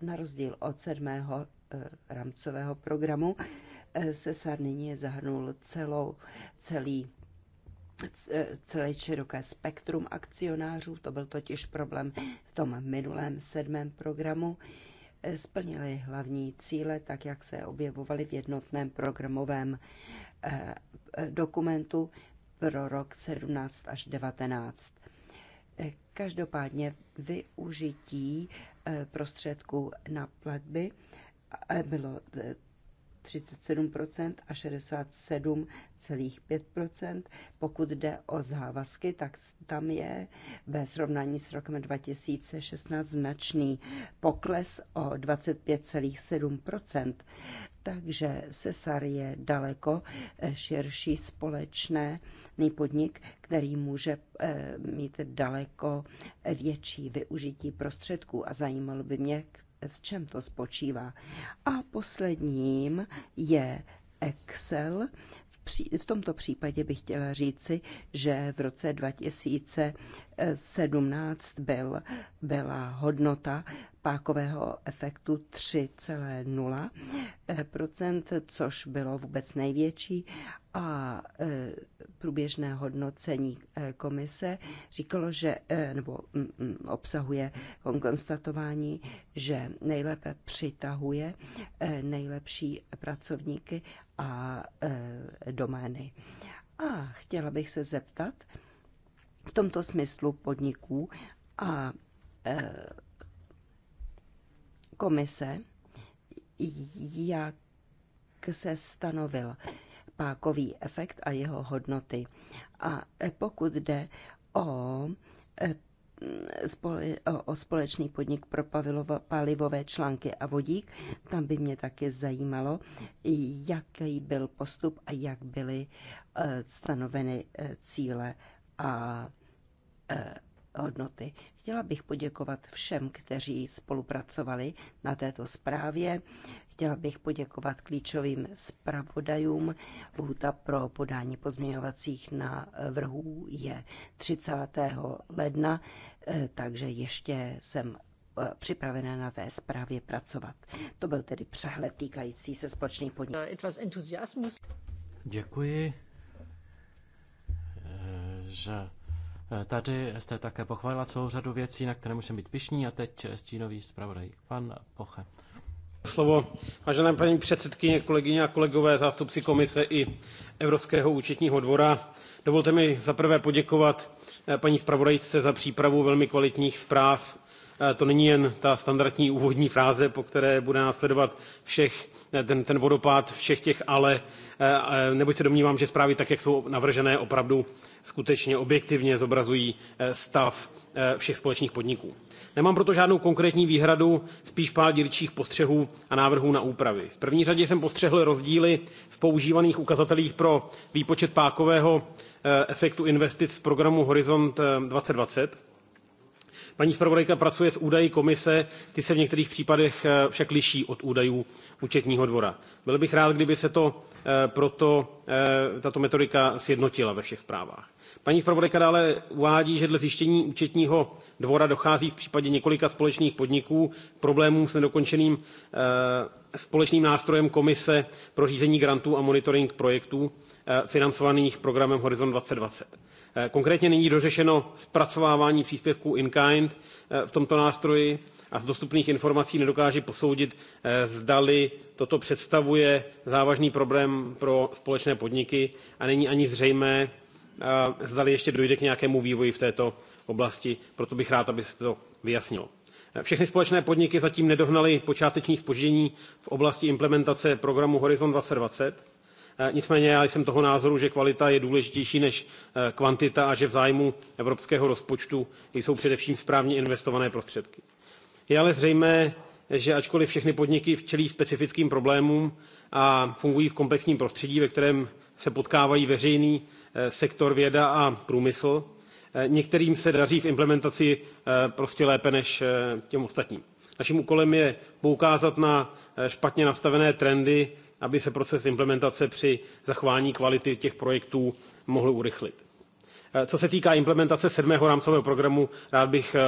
na rozdíl od sedmého eh, rámcového programu eh, Sesar nyní zahrnul celou, celý eh, celé široké spektrum akcionářů, to byl totiž problém v tom minulém sedmém programu, splnili hlavní cíle, tak jak se objevovaly v jednotném programovém dokumentu pro rok 17 až 19. Každopádně využití eh, prostředků na platby eh, bylo eh, 37% a 67,5%. Pokud jde o závazky, tak tam je ve srovnání s rokem 2016 značný pokles o 25,7%. Takže Cesar je daleko eh, širší společné podnik, který může eh, mít daleko eh, větší využití prostředků. A zajímalo by mě, v čem to spočívá. A posledním je Excel. V, tomto případě bych chtěla říci, že v roce 2000 17 byl, byla hodnota pákového efektu 3,0%, eh, což bylo vůbec největší a eh, průběžné hodnocení eh, komise říkalo, že, nebo mm, mm, obsahuje konstatování, že nejlépe přitahuje nejlepší pracovníky a domény. A chtěla bych se zeptat, v tomto smyslu podniků a e, komise, jak se stanovil pákový efekt a jeho hodnoty. A e, pokud jde e, o o společný podnik pro palivové články a vodík. Tam by mě také zajímalo, jaký byl postup a jak byly stanoveny cíle a e, hodnoty. Chtěla bych poděkovat všem, kteří spolupracovali na této zprávě. Chtěla bych poděkovat klíčovým zpravodajům. Lhuta pro podání pozměňovacích návrhů je 30. ledna, e, takže ještě jsem e, připravená na té zprávě pracovat. To byl tedy přehled týkající se společných podniků. Děkuji že eh, tady jste také pochválila celou řadu věcí, na které musím být pišní a teď stínový zpravodaj, pan Poche. Slovo. vážené paní předsedkyně, kolegyně a kolegové, zástupci komise i Evropského účetního dvora, dovolte mi zaprvé poděkovat eh, paní zpravodajce za přípravu velmi kvalitních zpráv to není jen ta standardní úvodní fráze, po které bude následovat všech, ten, ten vodopád všech těch ale, neboť se domnívám, že zprávy tak, jak jsou navržené, opravdu skutečně objektivně zobrazují e, stav e, všech společných podniků. Nemám proto žádnou konkrétní výhradu, spíš pár dílčích postřehů a návrhů na úpravy. V první řadě jsem postřehl rozdíly v používaných ukazatelích pro výpočet pákového e, efektu investic z programu Horizont 2020 Paní zpravodajka pracuje s údaji komise, ty se v některých případech eh, však liší od údajů účetního dvora. Byl bych rád, kdyby se to eh, proto eh, tato metodika sjednotila ve všech zprávách. Paní zpravodajka dále uvádí, že dle zjištění účetního dvora dochází v případě několika společných podniků k problémům s nedokončeným společným nástrojem komise pro řízení grantů a monitoring projektů financovaných programem Horizon 2020. Eh, konkrétně není dořešeno zpracovávání příspěvků in-kind eh, v tomto nástroji a z dostupných informací nedokáži posoudit, eh, zdali toto představuje závažný problém pro společné podniky a není ani zřejmé, zdali ještě dojde k nějakému vývoji v této oblasti, proto bych rád, aby se to vyjasnilo. Všechny společné podniky zatím nedohnaly počáteční spoždění v oblasti implementace programu Horizon 2020 Eh, nicméně já jsem toho názoru, že kvalita je důležitější než eh, kvantita a že v zájmu evropského rozpočtu jsou především správně investované prostředky. Je ale zřejmé, že ačkoliv všechny podniky čelí specifickým problémům a fungují v komplexním prostředí, ve kterém se potkávají veřejný eh, sektor, věda a průmysl, některým se daří v implementaci prostě lépe než těm ostatním. Naším úkolem je poukázat na špatně nastavené trendy, aby se proces implementace při zachování kvality těch projektů mohl urychlit. Eh, co se týká implementace sedmého rámcového programu, rád bych eh,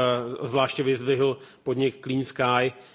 zvláště vyzdvihl podnik Clean Sky,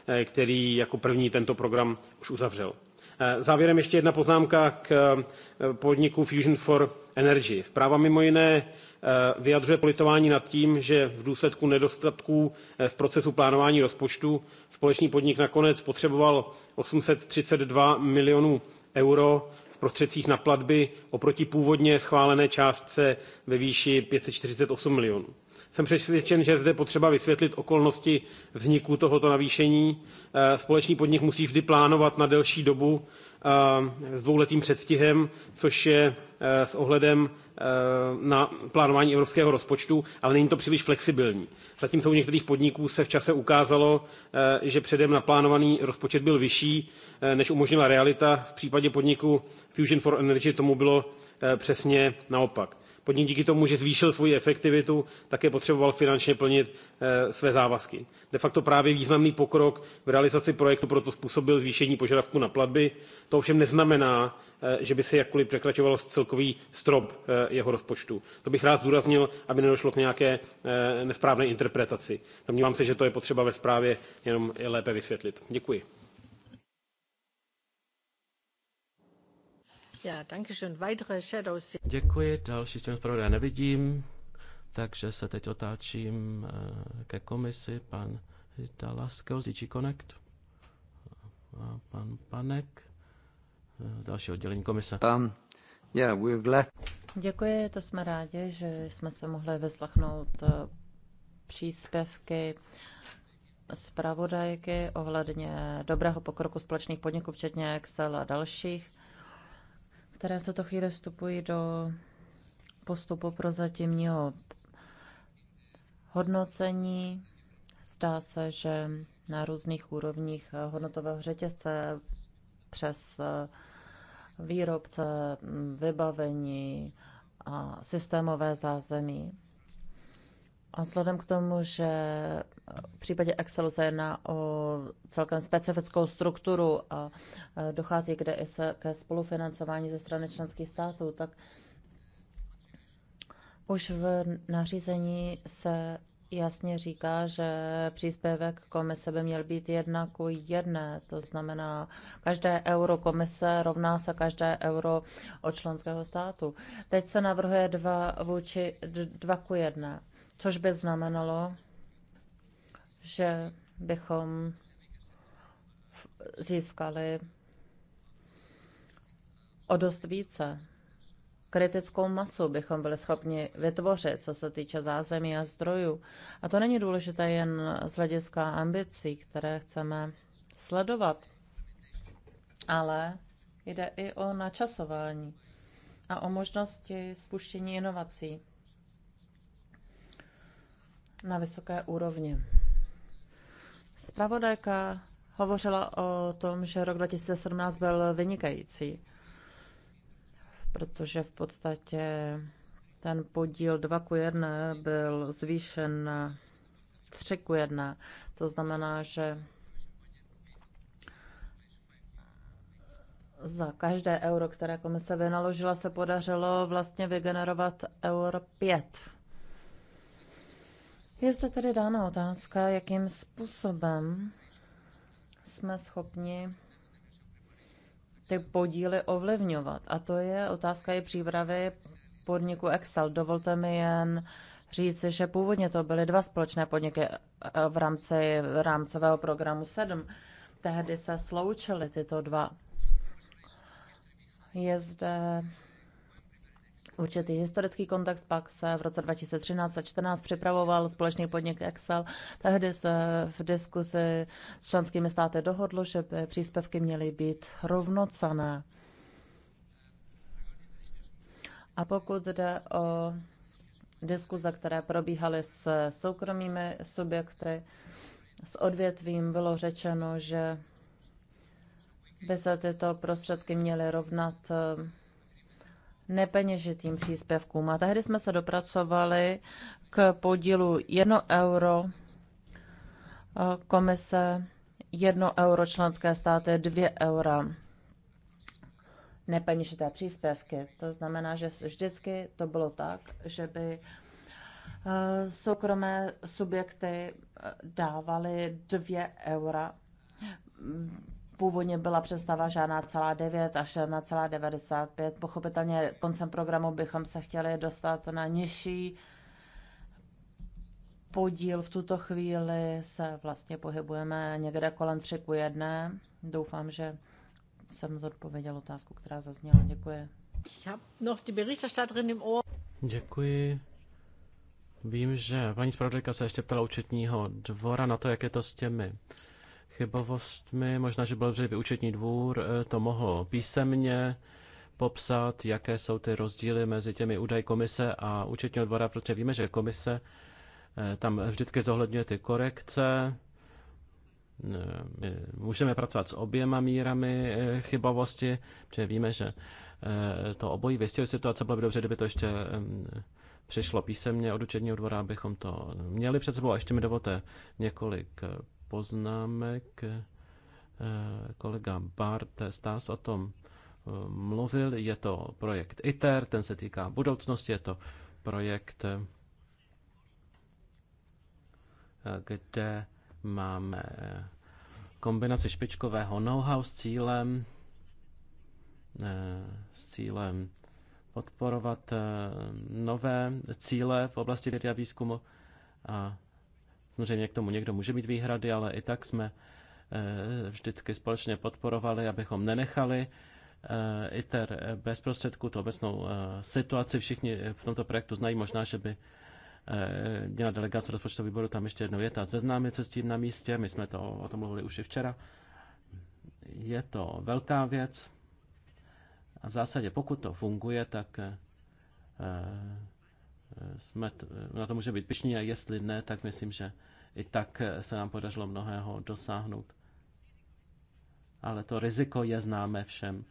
eh, který jako první tento program už uzavřel. Eh, závěrem ještě jedna poznámka k eh, podniku Fusion for Energy. Zpráva mimo jiné eh, vyjadřuje politování nad tím, že v důsledku nedostatků v procesu plánování rozpočtu společný podnik nakonec potřeboval 832 milionů euro v prostředcích na platby oproti původně schválené částce ve výši 548 milionů. Jsem přesvědčen, že zde potřeba vysvětlit okolnosti vzniku tohoto navýšení. Eh, společný podnik musí vždy plánovat na delší dobu eh, s dvouletým předstihem, což je eh, s ohledem na plánování evropského rozpočtu, ale není to příliš flexibilní. Zatímco u některých podniků se v čase ukázalo, že předem naplánovaný rozpočet byl vyšší, než umožnila realita. V případě podniku Fusion for Energy tomu bylo přesně naopak. Podnik díky tomu, že zvýšil svoji efektivitu, také potřeboval finančně plnit eh, své závazky. De facto právě významný pokrok v realizaci projektu proto způsobil zvýšení požadavku na platby. To ovšem neznamená, eh, že by se jakkoliv překračoval celkový strop eh, jeho rozpočtu. To bych rád zdůraznil, aby nedošlo k nějaké nesprávné interpretaci. Domnívám se, že to je potřeba ve zprávě jenom lépe vysvětlit. Děkuji. Děkuji, další stěnu zpravodaje nevidím, takže se teď otáčím eh, ke komisi. Pan Hitalaského z DG Connect a pan Panek eh, z dalšího oddělení komise. Um, yeah, we're glad. Děkuji, to jsme rádi, že jsme se mohli vyslechnout eh, příspěvky zpravodajky ohledně dobrého pokroku společných podniků, včetně Excel a dalších které v tuto chvíli vstupují do postupu pro zatímního hodnocení. Zdá se, že na různých úrovních hodnotového řetězce přes výrobce, vybavení a systémové zázemí. A vzhledem k tomu, že v případě Excelu se jedná o celkem specifickou strukturu a dochází kde i se ke spolufinancování ze strany členských států, tak už v nařízení se jasně říká, že příspěvek komise by měl být jedna ku jedné. To znamená, každé euro komise rovná se každé euro od členského státu. Teď se navrhuje dva, vůči, dva ku jedné, což by znamenalo, že bychom získali o dost více. Kritickou masu bychom byli schopni vytvořit, co se týče zázemí a zdrojů. A to není důležité jen z hlediska ambicí, které chceme sledovat, ale jde i o načasování a o možnosti spuštění inovací na vysoké úrovni. Spravodajka hovořila o tom, že rok 2017 byl vynikající, protože v podstatě ten podíl 2 k 1 byl zvýšen na 3 k 1. To znamená, že za každé euro, které komise vynaložila, se podařilo vlastně vygenerovat euro 5. Je zde tedy dána otázka, jakým způsobem jsme schopni ty podíly ovlivňovat. A to je otázka i přípravy podniku Excel. Dovolte mi jen říci, že původně to byly dva společné podniky eh, v rámci rámcového programu 7. Tehdy se sloučily tyto dva. Je zde určitý historický kontext, pak se v roce 2013 a 2014 připravoval společný podnik Excel. Tehdy se v diskusi s členskými státy dohodlo, že by příspěvky měly být rovnocené. A pokud jde o diskuze, které probíhaly s soukromými subjekty, s odvětvím bylo řečeno, že by se tyto prostředky měly rovnat nepeněžitým příspěvkům. A tehdy jsme se dopracovali k podílu 1 euro komise, 1 euro členské státy, 2 eura nepeněžité příspěvky. To znamená, že vždycky to bylo tak, že by e, soukromé subjekty e, dávaly 2 eura Původně byla představa žádná celá 9 až na celá 95. Pochopitelně koncem programu bychom se chtěli dostat na nižší podíl. V tuto chvíli se vlastně pohybujeme někde kolem 3 ku 1. Doufám, že jsem zodpověděl otázku, která zazněla. Děkuji. Děkuji. Vím, že paní zpravodajka se ještě ptala účetního dvora na to, jak je to s těmi chybovostmi. Možná, že byl dřív účetní dvůr eh, to mohl písemně popsat, jaké jsou ty rozdíly mezi těmi údaj komise a účetního dvora, protože víme, že komise eh, tam vždycky zohledňuje ty korekce. Eh, my můžeme pracovat s oběma mírami chybovosti, protože víme, že to obojí vystihuje situace. Bylo by dobře, kdyby to ještě přišlo písemně od učedního dvora, abychom to měli před sebou. A ještě mi dovolte několik poznámek. Eh, kolega Bart Stas o tom eh, mluvil. Je to projekt ITER, ten se týká budoucnosti, je to projekt, eh, kde máme kombinaci špičkového know-how s cílem, s cílem podporovat nové cíle v oblasti vědy a výzkumu a Samozřejmě k tomu někdo může mít výhrady, ale i tak jsme eh, vždycky společně podporovali, abychom nenechali eh, ITER bez prostředků tu obecnou eh, situaci. Všichni v tomto projektu znají možná, že by měla delegace rozpočtového výboru tam ještě jednou věta. a seznámit se s tím na místě. My jsme to o tom mluvili už i včera. Je to velká věc a v zásadě pokud to funguje, tak jsme na to může být pišní a jestli ne, tak myslím, že i tak se nám podařilo mnohého dosáhnout. Ale to riziko je známé všem.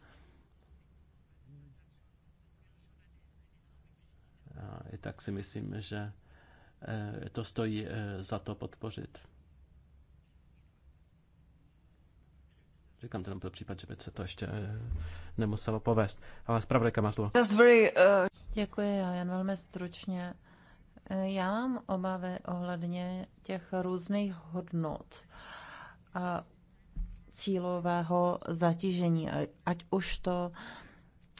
A i tak si myslím, že eh, to stojí eh, za to podpořit. Říkám to jenom pro případ, že by se to ještě eh, nemuselo povést. Ale zpravodajka má slovo. Děkuji, já jen velmi stručně. Eh, já mám obavy ohledně těch různých hodnot a cílového zatížení, ať už to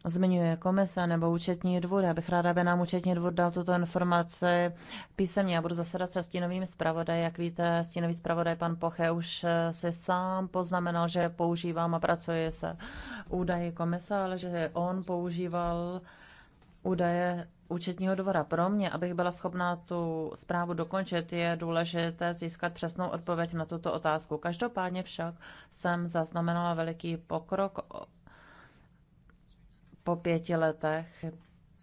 zmiňuje komise nebo účetní dvůr. Já bych ráda, aby nám účetní dvůr dal tuto informaci písemně. Já budu zasedat se stínovým zpravodaj. Jak víte, stínový zpravodaj pan Poche už eh, se sám poznamenal, že používám a pracuje se údaji komise, ale že on používal uh, údaje účetního dvora. Pro mě, abych byla schopná tu zprávu dokončit, je důležité získat přesnou odpověď na tuto otázku. Každopádně však jsem zaznamenala veliký pokrok po pěti letech.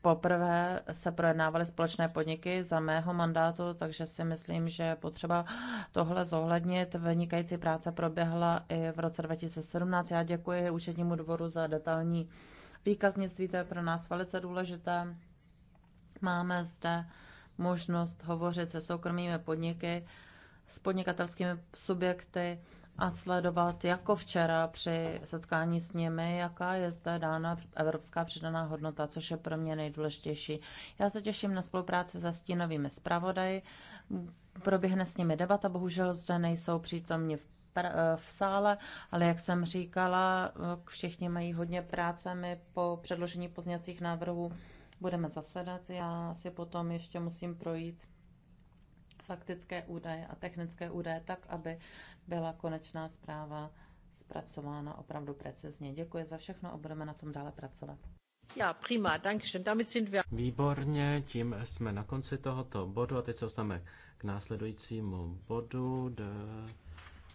Poprvé se projednávaly společné podniky za mého mandátu, takže si myslím, že je potřeba tohle zohlednit. Vynikající práce proběhla i v roce 2017. Já děkuji účetnímu dvoru za detailní Výkaznictví to je pro nás velice důležité. Máme zde možnost hovořit se soukromými podniky, s podnikatelskými subjekty, a sledovat, jako včera při setkání s nimi, jaká je zde dána evropská přidaná hodnota, což je pro mě nejdůležitější. Já se těším na spolupráci se stínovými zpravodaji. Proběhne s nimi debata, bohužel zde nejsou přítomni v, v sále, ale jak jsem říkala, všichni mají hodně práce. My po předložení pozněcích návrhů budeme zasedat. Já si potom ještě musím projít faktické údaje a technické údaje tak, aby byla konečná zpráva zpracována opravdu precizně. Děkuji za všechno a budeme na tom dále pracovat. Ja, prima, schön. Damit sind wir... Výborně, tím jsme na konci tohoto bodu a teď se dostaneme k následujícímu bodu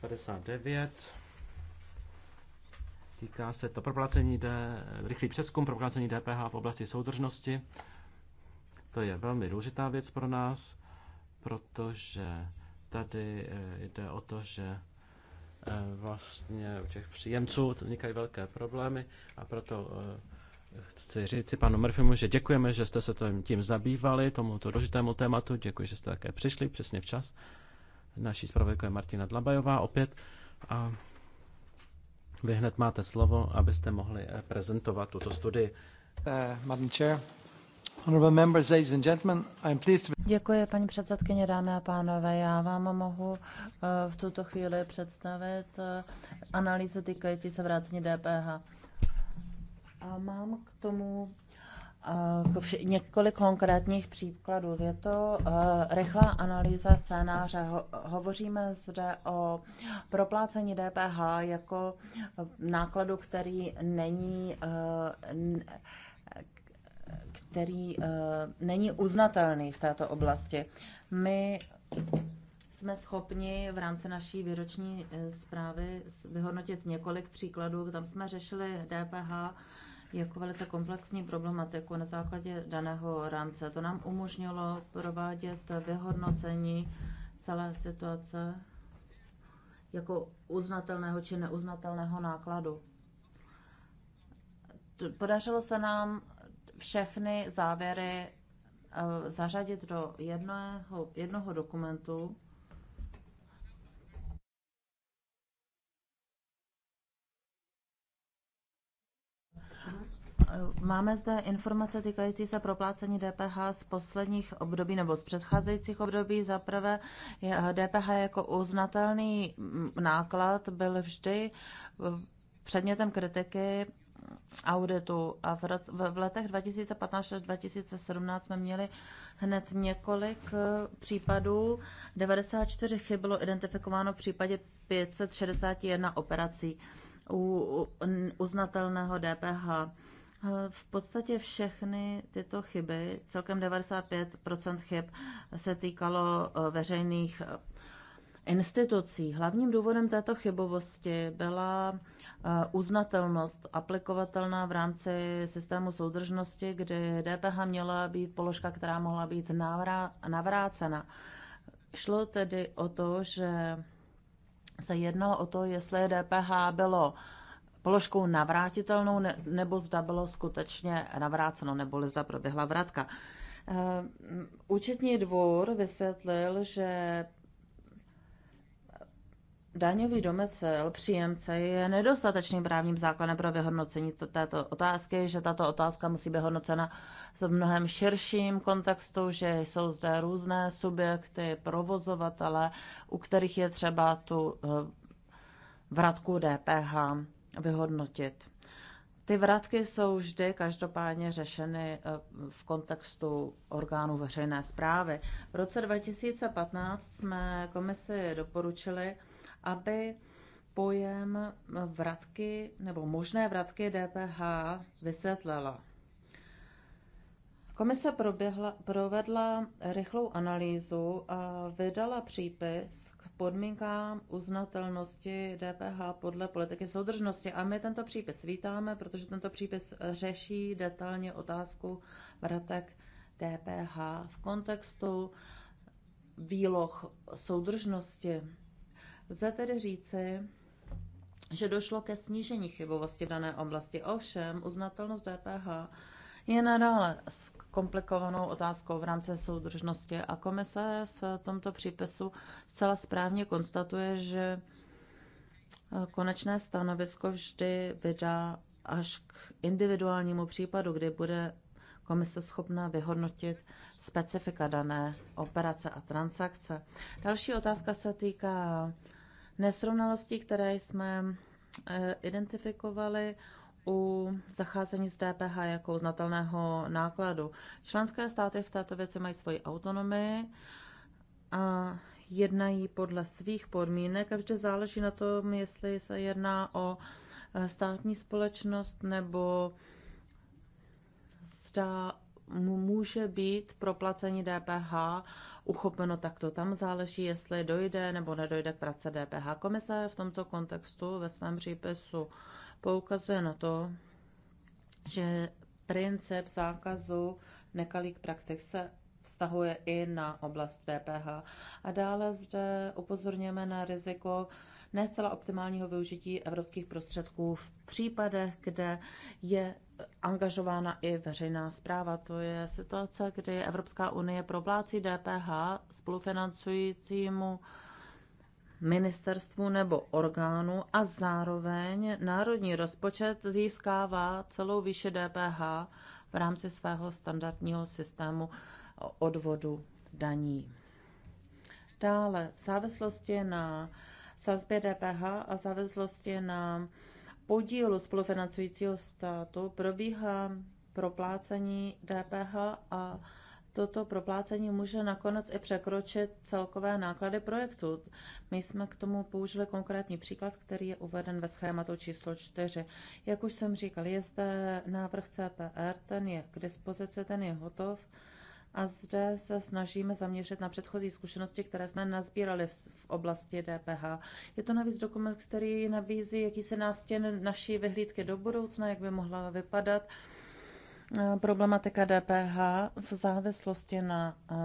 59. Týká se to proplacení D, rychlý přeskum proplacení DPH v oblasti soudržnosti. To je velmi důležitá věc pro nás protože tady eh, jde o to, že eh, vlastně u těch příjemců vznikají velké problémy a proto eh, chci říct si panu Murphymu, že děkujeme, že jste se tím zabývali, tomuto důležitému tématu. Děkuji, že jste také přišli přesně včas. Naší zpravodajkou je Martina Dlabajová opět. A vy hned máte slovo, abyste mohli prezentovat tuto studii. Uh, Madam Chair, Děkuji, paní předsedkyně, dámy a pánové. Já vám mohu eh, v tuto chvíli představit eh, analýzu týkající se vrácení DPH. A mám k tomu eh, několik konkrétních příkladů. Je to rychlá analýza scénáře. Hovoříme zde o proplácení DPH jako nákladu, který není který eh, není uznatelný v této oblasti. My jsme schopni v rámci naší výroční eh, zprávy vyhodnotit několik příkladů. Tam jsme řešili DPH jako velice komplexní problematiku na základě daného rámce. To nám umožnilo provádět vyhodnocení celé situace jako uznatelného či neuznatelného nákladu. Podařilo se nám všechny závěry eh, zařadit do jednoho, jednoho dokumentu. Eh, máme zde informace týkající se proplácení DPH z posledních období nebo z předcházejících období. Za prvé, DPH eh, jako uznatelný mm, náklad byl vždy předmětem kritiky auditu a v, v letech 2015 až 2017 jsme měli hned několik eh, případů. 94 chyb bylo identifikováno v případě 561 operací u uznatelného DPH. Eh, v podstatě všechny tyto chyby, celkem 95 chyb, se týkalo eh, veřejných institucí. Hlavním důvodem této chybovosti byla eh, uznatelnost aplikovatelná v rámci systému soudržnosti, kdy DPH měla být položka, která mohla být navrácena. Šlo tedy o to, že se jednalo o to, jestli DPH bylo položkou navrátitelnou nebo zda bylo skutečně navráceno, nebo zda proběhla vratka. Eh, účetní dvůr vysvětlil, že Daňový domecel příjemce je nedostatečným právním základem pro vyhodnocení této otázky, že tato otázka musí být hodnocena v mnohem širším kontextu, že jsou zde různé subjekty, provozovatele, u kterých je třeba tu eh, vratku DPH vyhodnotit. Ty vratky jsou vždy každopádně řešeny eh, v kontextu orgánů veřejné zprávy. V roce 2015 jsme komisi doporučili, aby pojem vratky nebo možné vratky DPH vysvětlila. Komise proběhla, provedla rychlou analýzu a vydala přípis k podmínkám uznatelnosti DPH podle politiky soudržnosti. A my tento přípis vítáme, protože tento přípis řeší detailně otázku vratek DPH v kontextu výloh soudržnosti. Lze tedy říci, že došlo ke snížení chybovosti v dané oblasti. Ovšem, uznatelnost DPH je nadále komplikovanou otázkou v rámci soudržnosti a komise v tomto přípisu zcela správně konstatuje, že konečné stanovisko vždy vydá až k individuálnímu případu, kdy bude komise schopná vyhodnotit specifika dané operace a transakce. Další otázka se týká nesrovnalosti, které jsme eh, identifikovali u zacházení s DPH jako uznatelného nákladu. Členské státy v této věci mají svoji autonomii a jednají podle svých podmínek a vždy záleží na tom, jestli se jedná o eh, státní společnost nebo zda může být proplacení DPH uchopeno takto. Tam záleží, jestli dojde nebo nedojde k práce DPH. Komise v tomto kontextu ve svém přípisu poukazuje na to, že princip zákazu nekalých praktik se vztahuje i na oblast DPH. A dále zde upozorněme na riziko ne zcela optimálního využití evropských prostředků v případech, kde je angažována i veřejná zpráva. To je situace, kdy Evropská unie proplácí DPH spolufinancujícímu ministerstvu nebo orgánu a zároveň národní rozpočet získává celou výši DPH v rámci svého standardního systému odvodu daní. Dále v závislosti na sazbě DPH a v závislosti na podílu spolufinancujícího státu probíhá proplácení DPH a toto proplácení může nakonec i překročit celkové náklady projektu. My jsme k tomu použili konkrétní příklad, který je uveden ve schématu číslo 4. Jak už jsem říkal, je zde návrh CPR, ten je k dispozici, ten je hotov a zde se snažíme zaměřit na předchozí zkušenosti, které jsme nazbírali v oblasti DPH. Je to navíc dokument, který nabízí jakýsi nástěn naší vyhlídky do budoucna, jak by mohla vypadat eh, problematika DPH v závislosti na eh,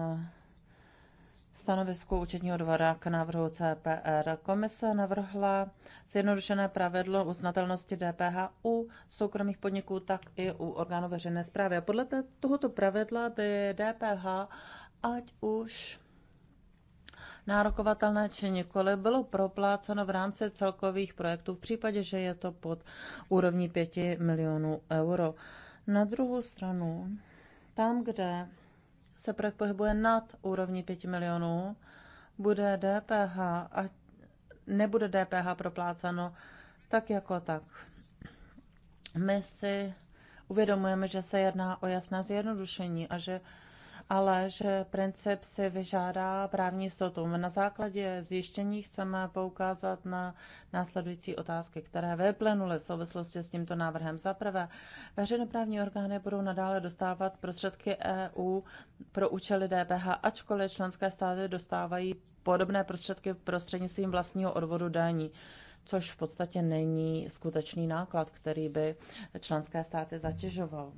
stanovisku účetního dvora k návrhu CPR. Komise navrhla zjednodušené pravidlo uznatelnosti DPH u soukromých podniků, tak i u orgánů veřejné zprávy. A podle tohoto pravidla by DPH, ať už nárokovatelné či nikoli, bylo propláceno v rámci celkových projektů v případě, že je to pod úrovní 5 milionů euro. Na druhou stranu, tam, kde se projekt pohybuje nad úrovní 5 milionů, bude DPH a nebude DPH propláceno tak jako tak. My si uvědomujeme, že se jedná o jasné zjednodušení a že ale že princip si vyžádá právní jistotu. Na základě zjištění chceme poukázat na následující otázky, které vyplynuly v souvislosti s tímto návrhem. Za prvé, veřejnoprávní orgány budou nadále dostávat prostředky EU pro účely DPH, ačkoliv členské státy dostávají podobné prostředky prostřednictvím vlastního odvodu daní což v podstatě není skutečný náklad, který by členské státy zatěžoval.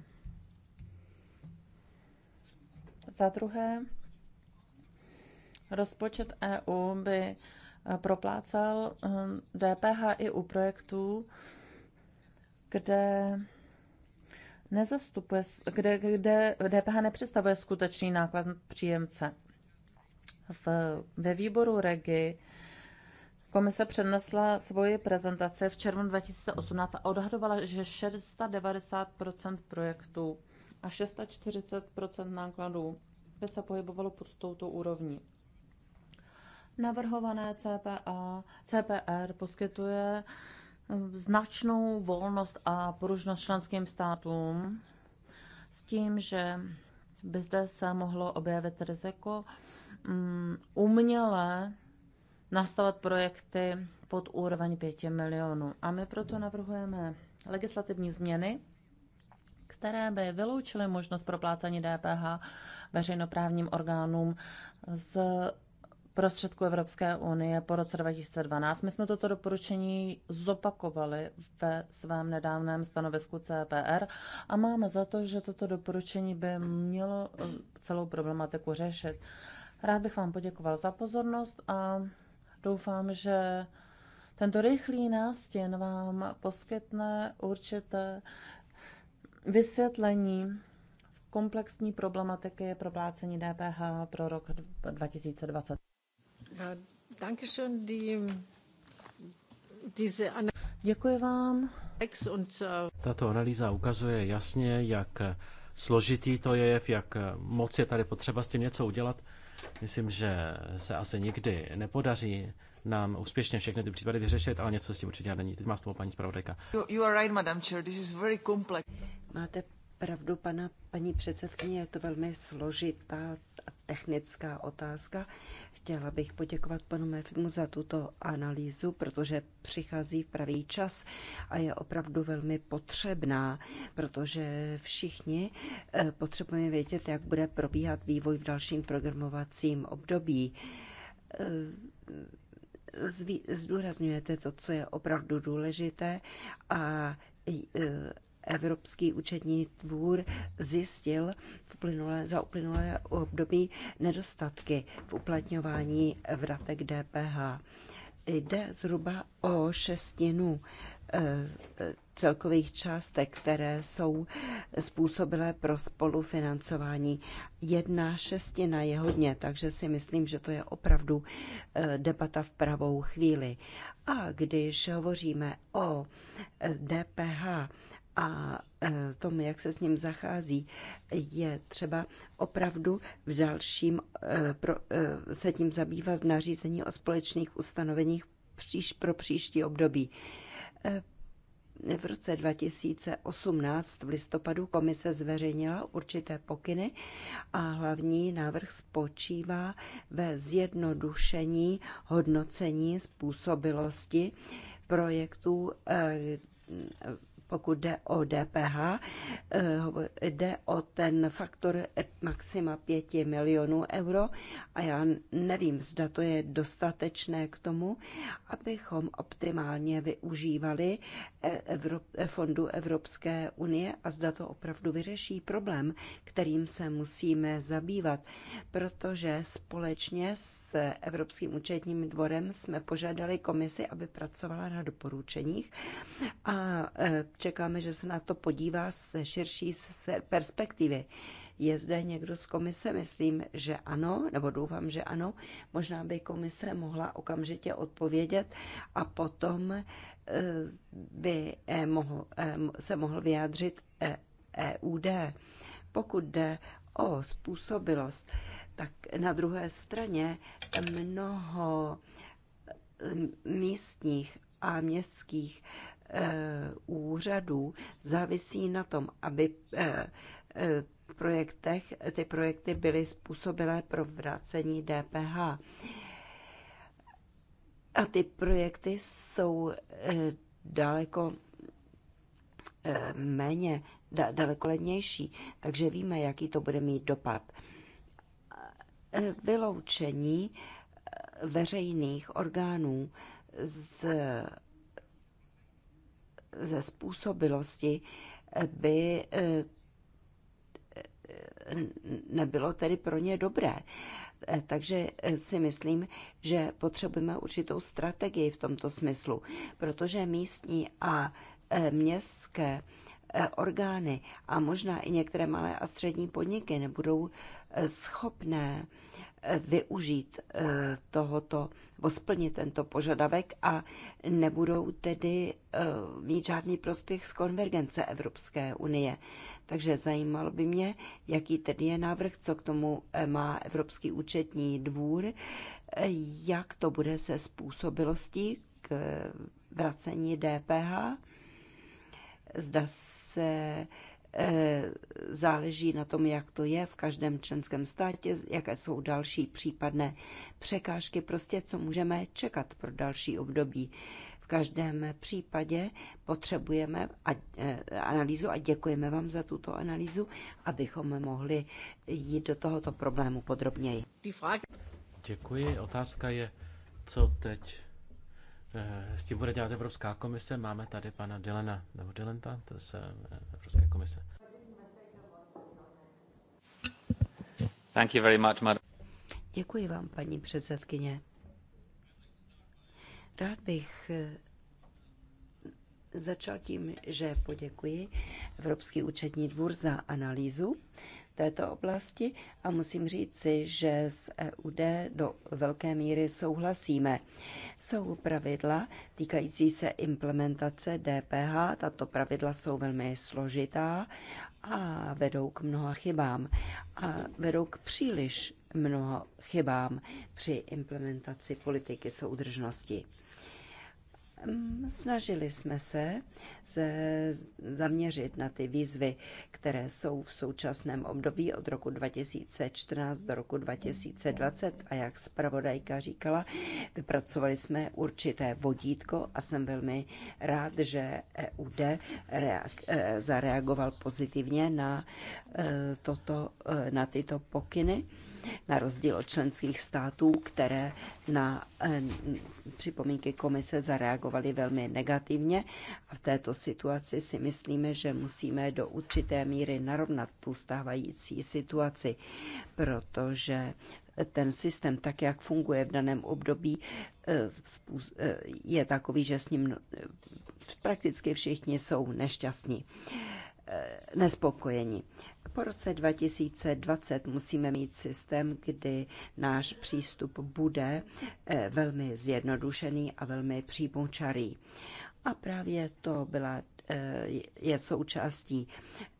Za druhé, rozpočet EU by eh, proplácal DPH eh, i u projektů, kde nezastupuje, kde, kde DPH nepředstavuje skutečný náklad příjemce. V, ve výboru REGI komise přednesla svoji prezentaci v červnu 2018 a odhadovala, že 690 projektů a 640 nákladů by se pohybovalo pod touto úrovní. Navrhované CPA, CPR poskytuje eh, značnou volnost a poružnost členským státům s tím, že by zde se mohlo objevit riziko mm, uměle nastavit projekty pod úroveň 5 milionů. A my proto navrhujeme legislativní změny, které by vyloučily možnost proplácení DPH veřejnoprávním orgánům z prostředku Evropské unie po roce 2012. My jsme toto doporučení zopakovali ve svém nedávném stanovisku CPR a máme za to, že toto doporučení by mělo eh, celou problematiku řešit. Rád bych vám poděkoval za pozornost a doufám, že tento rychlý nástěn vám poskytne určité Vysvětlení komplexní problematiky pro DPH pro rok 2020. Děkuji vám. Äh, Tato analýza ukazuje jasně, jak složitý to je, jak moc je tady potřeba s tím něco udělat. Myslím, že se asi nikdy nepodaří nám úspěšně všechny ty případy vyřešit, ale něco s tím určitě není. Teď má slovo paní zpravodajka. You, you are right, Madam Chair. This is very complex. Máte pravdu, pana, paní předsedkyně, je to velmi složitá technická otázka. Chtěla bych poděkovat panu Mefimu za tuto analýzu, protože přichází v pravý čas a je opravdu velmi potřebná, protože všichni eh, potřebujeme vědět, jak bude probíhat vývoj v dalším programovacím období eh, zdůrazňujete to, co je opravdu důležité a e, Evropský účetní dvůr zjistil v uplynulé, za uplynulé období nedostatky v uplatňování vratek DPH. Jde zhruba o šestinu Eh, celkových částek, které jsou způsobilé pro spolufinancování. Jedna šestina je hodně, takže si myslím, že to je opravdu eh, debata v pravou chvíli. A když hovoříme o DPH, eh, a tom, jak se s ním zachází, je třeba opravdu v dalším se tím zabývat v nařízení o společných ustanoveních pro příští období v roce 2018 v listopadu komise zveřejnila určité pokyny a hlavní návrh spočívá ve zjednodušení hodnocení způsobilosti projektů eh, pokud jde o DPH, eh, jde o ten faktor maxima 5 milionů euro a já nevím, zda to je dostatečné k tomu, abychom optimálně využívali eh, eh, fondu Evropské unie a zda to opravdu vyřeší problém, kterým se musíme zabývat, protože společně s Evropským účetním dvorem jsme požádali komisi, aby pracovala na doporučeních a čekáme, že se na to podívá z širší perspektivy. Je zde někdo z komise? Myslím, že ano, nebo doufám, že ano. Možná by komise mohla okamžitě odpovědět a potom eh, by eh, mohl, eh, se mohl vyjádřit EUD. E Pokud jde o způsobilost, tak na druhé straně mnoho místních a městských Eh, úřadů závisí na tom, aby v eh, eh, projektech, ty projekty byly způsobilé pro vrácení DPH. A ty projekty jsou daleko méně, daleko lednější, takže víme, jaký to bude mít dopad. Vyloučení veřejných orgánů z ze způsobilosti by eh, eh, nebylo tedy pro ně dobré. Eh, takže si myslím, že potřebujeme určitou strategii v tomto smyslu, protože místní a městské Eh, orgány a možná i některé malé a střední podniky nebudou eh, schopné eh, využít tohoto, nebo splnit tento požadavek a nebudou tedy mít žádný prospěch z konvergence Evropské unie. Takže zajímalo by mě, jaký tedy je návrh, co k tomu má Evropský účetní dvůr, jak to bude se způsobilostí k vracení DPH zda se eh, záleží na tom, jak to je v každém členském státě, jaké jsou další případné překážky, prostě co můžeme čekat pro další období. V každém případě potřebujeme eh, analýzu a děkujeme vám za tuto analýzu, abychom mohli jít do tohoto problému podrobněji. Děkuji. Otázka je, co teď Eh, s tím bude dělat Evropská komise. Máme tady pana Dylena, nebo Dylenta, to z eh, Evropské komise. Thank you very much, madam. Děkuji vám, paní předsedkyně. Rád bych eh, začal tím, že poděkuji Evropský účetní dvůr za analýzu této oblasti a musím říci, že s EUD do velké míry souhlasíme. Jsou pravidla týkající se implementace DPH, tato pravidla jsou velmi složitá a vedou k mnoha chybám a vedou k příliš mnoha chybám při implementaci politiky soudržnosti. Snažili jsme se, se zaměřit na ty výzvy, které jsou v současném období od roku 2014 do roku 2020 a jak zpravodajka říkala, vypracovali jsme určité vodítko a jsem velmi rád, že EUD e, zareagoval pozitivně na, e, toto, e, na tyto pokyny na rozdíl od členských států, které na eh, připomínky komise zareagovaly velmi negativně. A v této situaci si myslíme, že musíme do určité míry narovnat tu stávající situaci, protože ten systém, tak jak funguje v daném období, eh, eh, je takový, že s ním prakticky všichni jsou nešťastní, nespokojeni. Po roce 2020 musíme mít systém, kdy náš přístup bude eh, velmi zjednodušený a velmi přímočarý. A právě to byla, eh, je součástí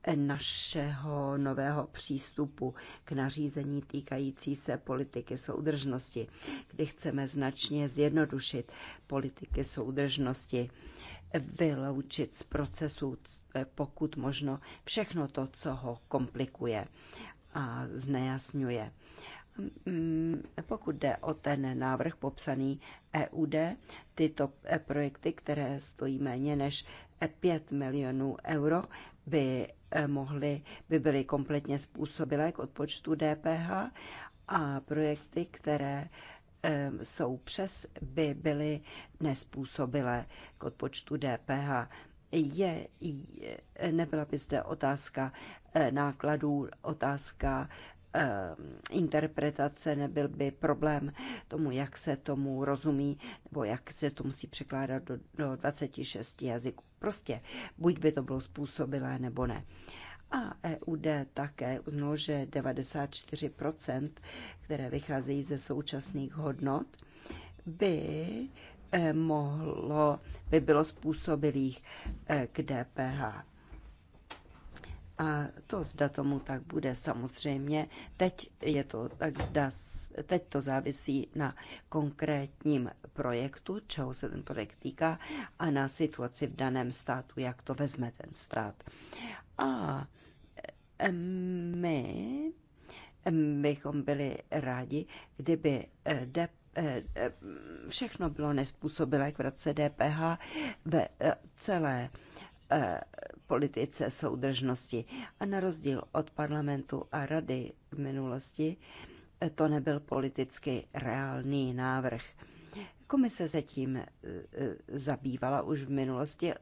eh, našeho nového přístupu k nařízení týkající se politiky soudržnosti, kdy chceme značně zjednodušit politiky soudržnosti vyloučit z procesu, eh, pokud možno, všechno to, co ho komplikuje a znejasňuje. Mm, pokud jde o ten návrh popsaný EUD, tyto eh, projekty, které stojí méně než 5 eh, milionů euro, by mohly, by byly kompletně způsobilé k odpočtu DPH a projekty, které jsou přes, by byly nespůsobilé k odpočtu DPH. Je, je, nebyla by zde otázka e, nákladů, otázka interpretace, nebyl by problém tomu, jak se tomu rozumí, nebo jak se to musí překládat do, do 26 jazyků. Prostě buď by to bylo způsobilé, nebo ne. Uh, a EUD také uznal, že 94 které vycházejí ze současných hodnot, by eh, mohlo, by bylo způsobilých eh, k DPH. A to zda tomu tak bude samozřejmě. Teď je to tak zda, teď to závisí na konkrétním projektu, čeho se ten projekt týká a na situaci v daném státu, jak to vezme ten stát. A my bychom byli rádi, kdyby eh, DP eh, eh, všechno bylo nespůsobilé k vratce DPH ve celé politice soudržnosti. A na rozdíl od parlamentu a rady v minulosti, to nebyl politicky reálný návrh. Komise se tím e, e, zabývala už v minulosti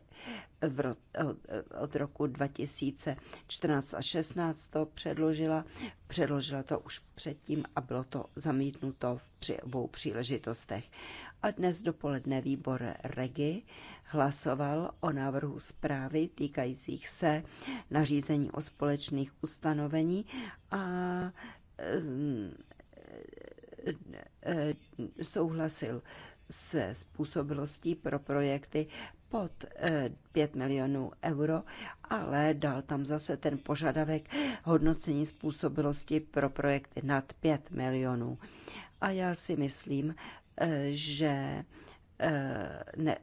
v ro- od roku 2014 a 16 to předložila. Předložila to už předtím a bylo to zamítnuto v při obou příležitostech. A dnes dopoledne výbor REGI hlasoval o návrhu zprávy týkajících se nařízení o společných ustanovení a e, souhlasil se způsobilostí pro projekty pod 5 eh, milionů euro, ale dal tam zase ten požadavek hodnocení způsobilosti pro projekty nad 5 milionů. A já si myslím, eh, že eh, ne,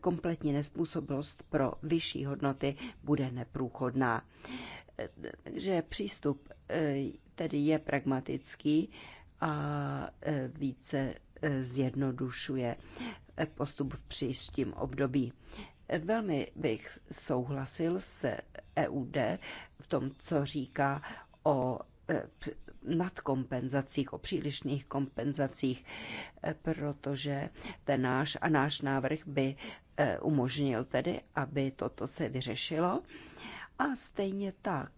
kompletní nespůsobilost pro vyšší hodnoty bude neprůchodná. Že přístup tedy je pragmatický a více zjednodušuje postup v příštím období. Velmi bych souhlasil se EUD v tom, co říká o e, nadkompenzacích, o přílišných kompenzacích, e, protože ten náš a náš návrh by e, umožnil tedy, aby toto se vyřešilo. A stejně tak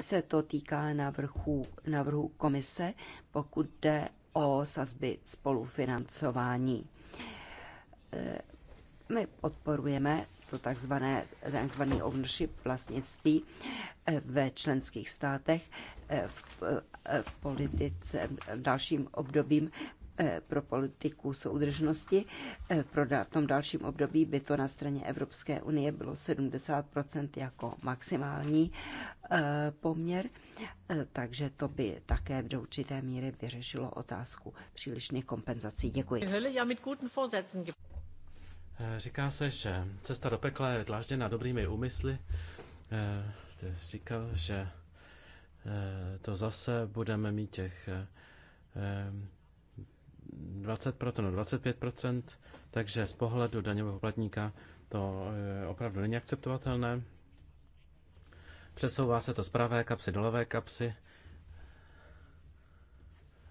se to týká návrhu návrhu komise, pokud jde o sazby spolufinancování. Eh, my podporujeme to takzvané, takzvaný ownership vlastnictví eh, ve členských státech eh, v, politice v dalším obdobím Eh, pro politiku soudržnosti. Eh, pro v tom dalším období by to na straně Evropské unie bylo 70 jako maximální eh, poměr, takže to by také do určité míry vyřešilo otázku přílišných kompenzací. Děkuji. Říká se, že cesta do pekla je dlážděna dobrými úmysly. říkal, že to zase budeme mít těch 20% na 25%, takže z pohledu daňového poplatníka to eh, opravdu není akceptovatelné. Přesouvá se to z pravé kapsy do levé kapsy.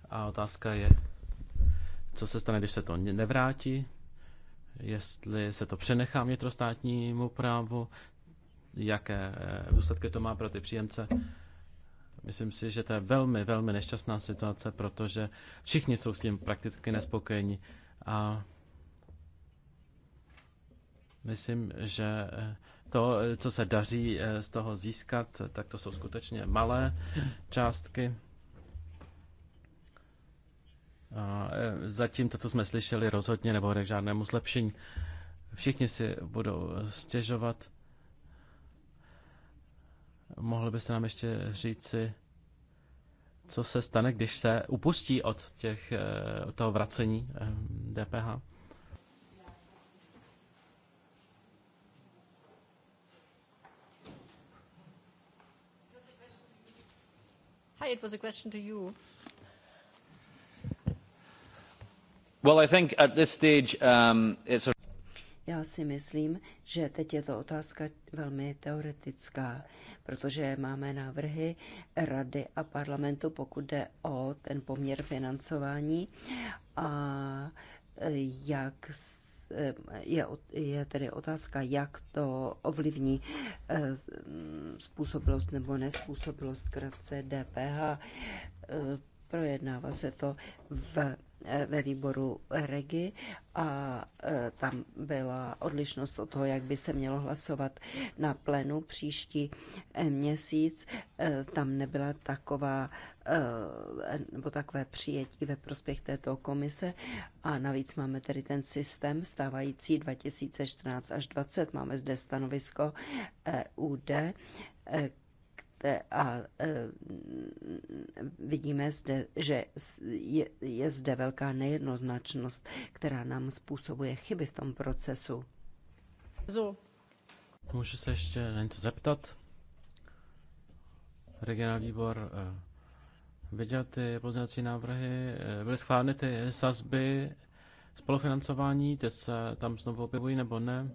A otázka je, co se stane, když se to nevrátí, jestli se to přenechá vnitrostátnímu právu, jaké eh, důsledky to má pro ty příjemce Myslím si, že to je velmi, velmi nešťastná situace, protože všichni jsou s tím prakticky nespokojení a myslím, že to, co se daří eh, z toho získat, tak to jsou skutečně malé částky. A eh, zatím to, co jsme slyšeli, rozhodně nebo k žádnému zlepšení. Všichni si budou stěžovat mohli byste nám ještě říci, co se stane, když se upustí od, těch, eh, od toho vracení DPH? Eh, Hi, it was a question to you. Well, I think at this stage um, it's a já si myslím, že teď je to otázka velmi teoretická, protože máme návrhy rady a parlamentu, pokud jde o ten poměr financování a eh, jak eh, je, je tedy otázka, jak to ovlivní eh, způsobilost nebo nespůsobilost krátce DPH. Projednává se to v ve výboru Regi a e, tam byla odlišnost od toho, jak by se mělo hlasovat na plenu příští e, měsíc. E, tam nebyla taková nebo takové přijetí ve prospěch této komise a navíc máme tedy ten systém stávající 2014 až 20 Máme zde stanovisko EUD, a vidíme zde, že je, je zde velká nejednoznačnost, která nám způsobuje chyby v tom procesu. So. Můžu se ještě na něco zeptat? Regionální výbor eh, viděl ty pozměňovací návrhy, eh, byly schváleny ty sazby spolufinancování, ty se tam znovu objevují nebo ne?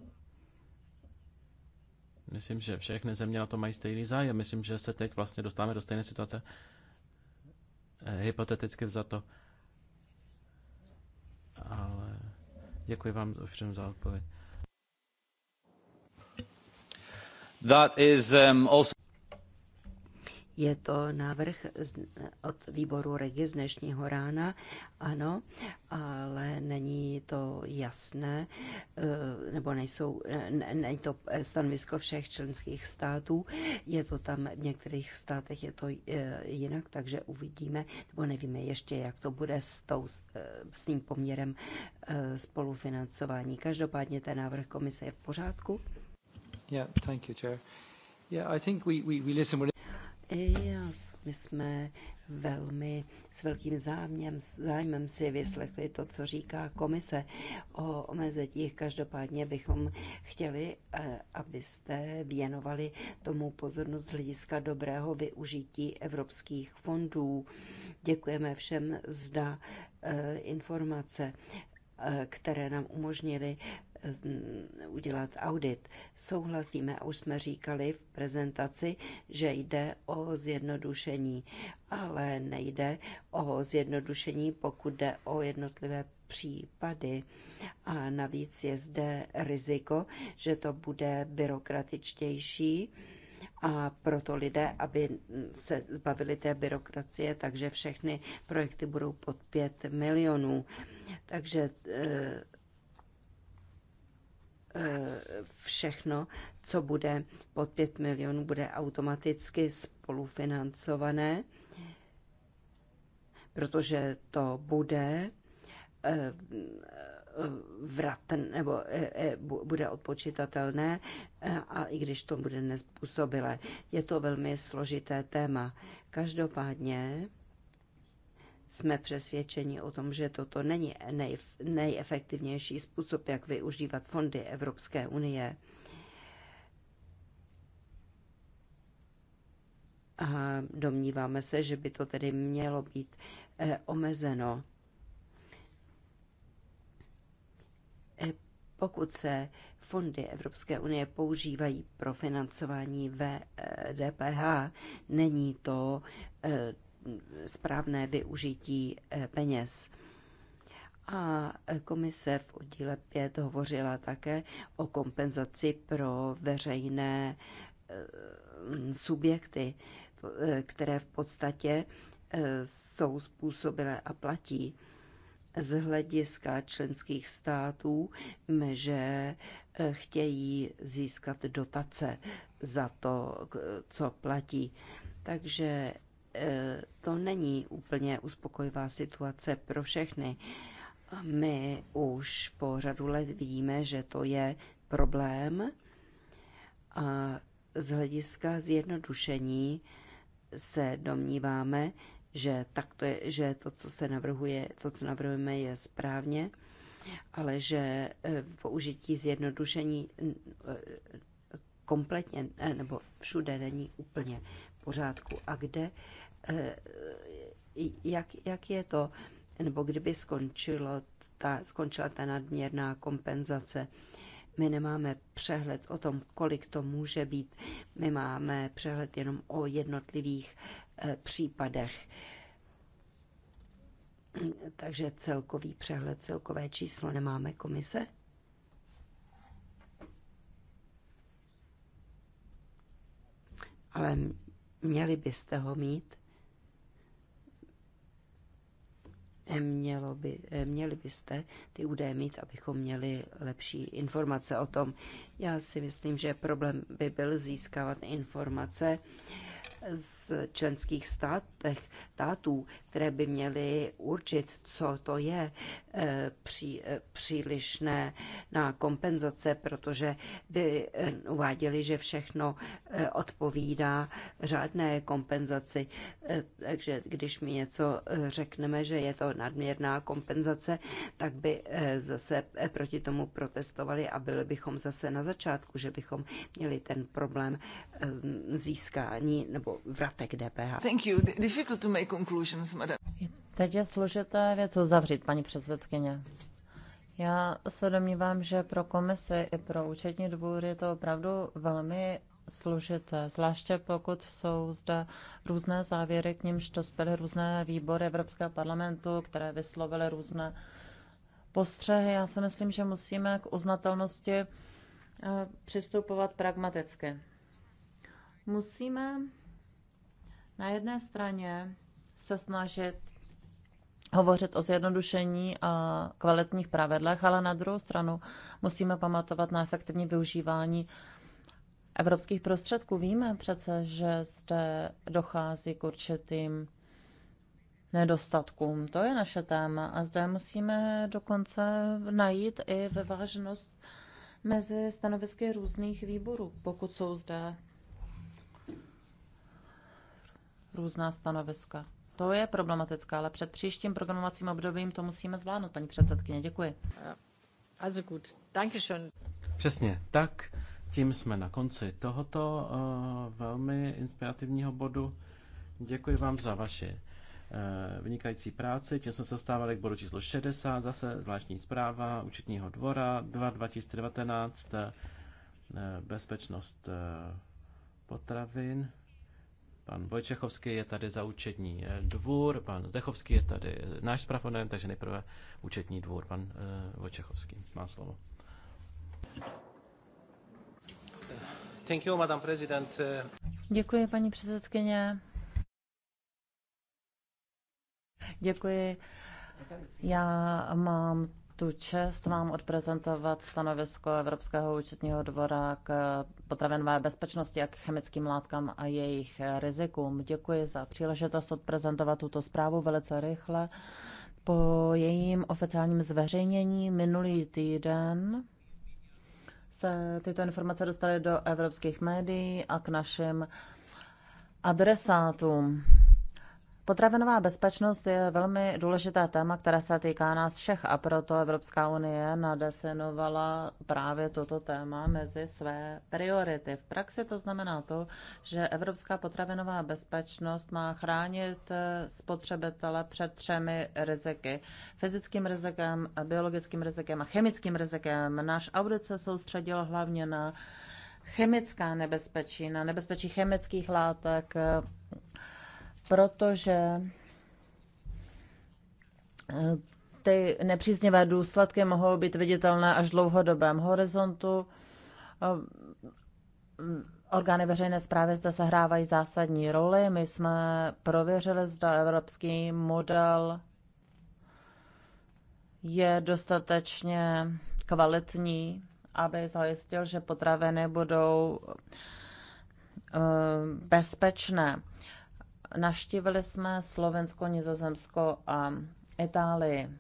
Myslím, že všechny země na to mají stejný zájem. Myslím, že se teď vlastně dostáváme do stejné situace, eh, hypoteticky za to. Ale děkuji vám všem za odpověď. That is, um, also... Je to návrh od výboru Regi z dnešního rána, ano, ale není to jasné, eh, nebo nejsou, ne, není to stanovisko všech členských států. Je to tam v některých státech je to eh, jinak, takže uvidíme, nebo nevíme ještě, jak to bude s, tou, s eh, tím poměrem spolufinancování. Každopádně ten návrh komise je v pořádku. Yeah, thank you, Chair. Yeah, I think we, we, we listen. Já, my jsme velmi s velkým zájmem, zájmem si vyslechli to, co říká komise o omezetích. Každopádně bychom chtěli, eh, abyste věnovali tomu pozornost z hlediska dobrého využití evropských fondů. Děkujeme všem zda eh, informace eh, které nám umožnily udělat audit. Souhlasíme, a už jsme říkali v prezentaci, že jde o zjednodušení, ale nejde o zjednodušení, pokud jde o jednotlivé případy. A navíc je zde riziko, že to bude byrokratičtější a proto lidé, aby se zbavili té byrokracie, takže všechny projekty budou pod 5 milionů. Takže eh, všechno, co bude pod 5 milionů, bude automaticky spolufinancované, protože to bude eh, vrat nebo eh, eh, bude odpočitatelné, a i když to bude nespůsobilé. Je to velmi složité téma. Každopádně jsme přesvědčeni o tom, že toto není nej, nejefektivnější způsob, jak využívat fondy Evropské unie. A domníváme se, že by to tedy mělo být eh, omezeno. Eh, pokud se fondy Evropské unie používají pro financování VDPH, eh, není to správné využití eh, peněz. A komise v oddíle 5 hovořila také o kompenzaci pro veřejné eh, subjekty, eh, které v podstatě jsou způsobilé a platí z hlediska členských států, že chtějí získat dotace za to, co platí. Takže E, to není úplně uspokojivá situace pro všechny. my už po řadu let vidíme, že to je problém a z hlediska zjednodušení se domníváme, že, tak to, je, že to, co se navrhuje, to, co navrhujeme, je správně, ale že e, použití zjednodušení e, kompletně nebo všude není úplně pořádku a kde, eh, jak, jak je to, nebo kdyby skončilo ta, skončila ta nadměrná kompenzace. My nemáme přehled o tom, kolik to může být. My máme přehled jenom o jednotlivých eh, případech. Takže celkový přehled, celkové číslo nemáme komise? Ale Měli byste ho mít? E, mělo by, e, měli byste ty údaje mít, abychom měli lepší informace o tom. Já si myslím, že problém by byl získávat informace z členských států, které by měly určit, co to je pří, přílišné na kompenzace, protože by eh, uváděli, že všechno eh, odpovídá řádné kompenzaci. Eh, takže když mi něco řekneme, že je to nadměrná kompenzace, tak by zase proti tomu protestovali a byli bychom zase na začátku, že bychom měli ten problém získání nebo vratek DPH. Thank you. Difficult to make conclusions, madam. Teď je složité věc uzavřít, paní předsedkyně. Já se domnívám, že pro komisi i pro účetní dvůr je to opravdu velmi složité, zvláště pokud jsou zde různé závěry, k nímž dospěly různé výbory Evropského parlamentu, které vyslovily různé postřehy. Já si myslím, že musíme k uznatelnosti eh, přistupovat pragmaticky. Musíme na jedné straně se snažit hovořit o zjednodušení a kvalitních pravidlech, ale na druhou stranu musíme pamatovat na efektivní využívání evropských prostředků. Víme přece, že zde dochází k určitým nedostatkům. To je naše téma a zde musíme dokonce najít i vyváženost mezi stanovisky různých výborů, pokud jsou zde různá stanoviska. To je problematické, ale před příštím programovacím obdobím to musíme zvládnout, paní předsedkyně. Děkuji. Also gut. Dankeschön. Přesně tak. Tím jsme na konci tohoto uh, velmi inspirativního bodu. Děkuji vám za vaši eh, vynikající práci. Tím jsme se dostávali k bodu číslo 60, zase zvláštní zpráva účetního dvora 2 2019, eh, bezpečnost potravin. Pan Vojčechovský je tady za účetní eh, dvůr, pan Zdechovský je tady eh, náš zpravodajem, takže nejprve účetní dvůr. Pan uh, Vojčechovský má slovo. Thank you, madam president. Děkuji, paní předsedkyně. Děkuji. Já mám tu čest vám odprezentovat stanovisko Evropského účetního dvora k potravinové bezpečnosti a k chemickým látkám a jejich rizikům. Děkuji za příležitost odprezentovat tuto zprávu velice rychle. Po jejím oficiálním zveřejnění minulý týden se tyto informace dostaly do evropských médií a k našim adresátům. Potravinová bezpečnost je velmi důležité téma, které se týká nás všech a proto Evropská unie nadefinovala právě toto téma mezi své priority. V praxi to znamená to, že Evropská potravinová bezpečnost má chránit eh, spotřebitele před třemi riziky. Fyzickým rizikem, biologickým rizikem a chemickým rizikem. Náš audit se soustředil hlavně na chemická nebezpečí, na nebezpečí chemických látek, protože eh, ty nepříznivé důsledky mohou být viditelné až v dlouhodobém horizontu. Eh, orgány veřejné zprávy zde sehrávají zásadní roli. My jsme prověřili, zda evropský model je dostatečně kvalitní, aby zajistil, že potraviny budou eh, bezpečné. Naštívili jsme Slovensko, Nizozemsko a Itálii.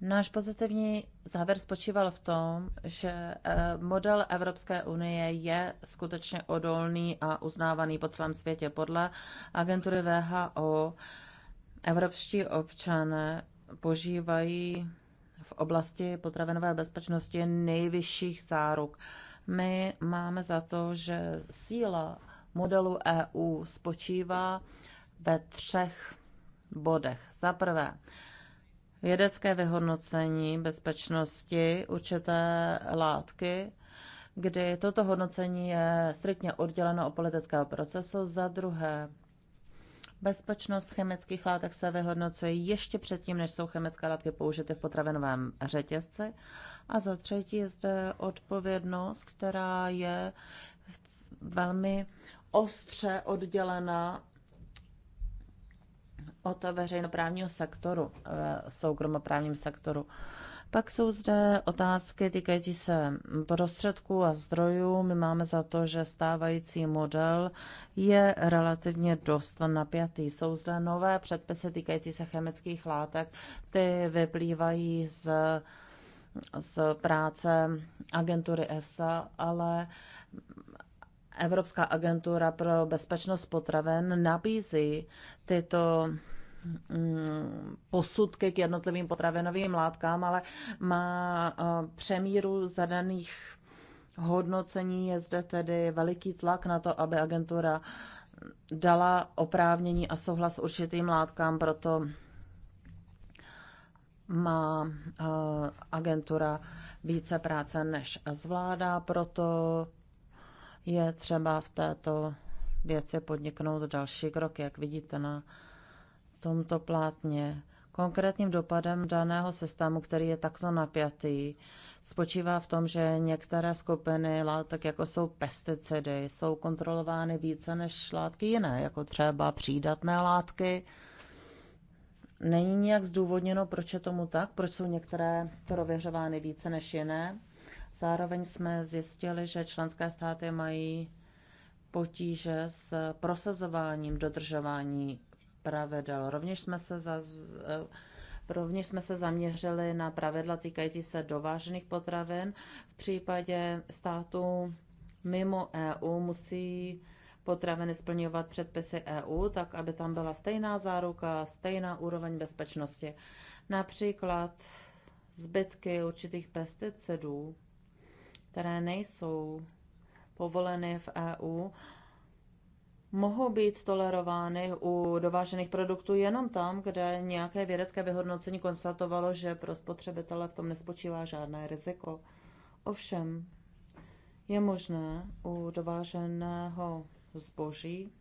Náš pozitivní závěr spočíval v tom, že eh, model Evropské unie je skutečně odolný a uznávaný po celém světě. Podle agentury VHO evropští občané požívají v oblasti potravinové bezpečnosti nejvyšších záruk. My máme za to, že síla modelu EU spočívá ve třech bodech. Za prvé, vědecké vyhodnocení bezpečnosti určité látky, kdy toto hodnocení je striktně odděleno od politického procesu. Za druhé, bezpečnost chemických látek se vyhodnocuje ještě předtím, než jsou chemické látky použity v potravinovém řetězci. A za třetí je zde odpovědnost, která je velmi ostře oddělena od veřejnoprávního sektoru, eh, soukromoprávním sektoru. Pak jsou zde otázky týkající se prostředků a zdrojů. My máme za to, že stávající model je relativně dost napjatý. Jsou zde nové předpisy týkající se chemických látek. Ty vyplývají z z práce agentury EFSA, ale Evropská agentura pro bezpečnost potraven nabízí tyto mm, posudky k jednotlivým potravinovým látkám, ale má eh, přemíru zadaných hodnocení. Je zde tedy veliký tlak na to, aby agentura dala oprávnění a souhlas určitým látkám, proto má eh, agentura více práce, než zvládá, proto je třeba v této věci podniknout další krok, jak vidíte na tomto plátně. Konkrétním dopadem daného systému, který je takto napjatý, spočívá v tom, že některé skupiny látek, jako jsou pesticidy, jsou kontrolovány více než látky jiné, jako třeba přídatné látky. Není nijak zdůvodněno, proč je tomu tak, proč jsou některé prověřovány více než jiné. Zároveň jsme zjistili, že členské státy mají potíže s prosazováním dodržování pravidel. Rovněž jsme se za, eh, Rovněž jsme se zaměřili na pravidla týkající se dovážených potravin. V případě států mimo EU musí potraviny splňovat předpisy EU, tak aby tam byla stejná záruka, stejná úroveň bezpečnosti. Například zbytky určitých pesticidů které nejsou povoleny v EU, mohou být tolerovány u dovážených produktů jenom tam, kde nějaké vědecké vyhodnocení konstatovalo, že pro spotřebitele v tom nespočívá žádné riziko. Ovšem, je možné u dováženého zboží,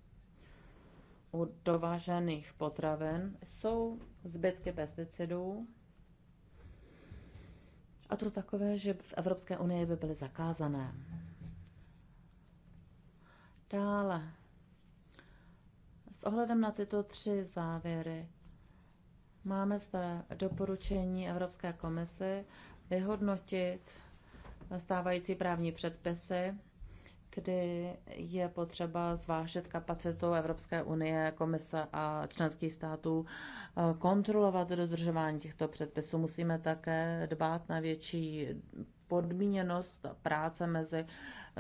u dovážených potravin jsou zbytky pesticidů, a to takové, že v Evropské unii by byly zakázané. Dále. S ohledem na tyto tři závěry máme zde doporučení Evropské komise vyhodnotit stávající právní předpisy kdy je potřeba zvážit kapacitu Evropské unie, komise a členských států, eh, kontrolovat dodržování těchto předpisů. Musíme také dbát na větší podmíněnost práce mezi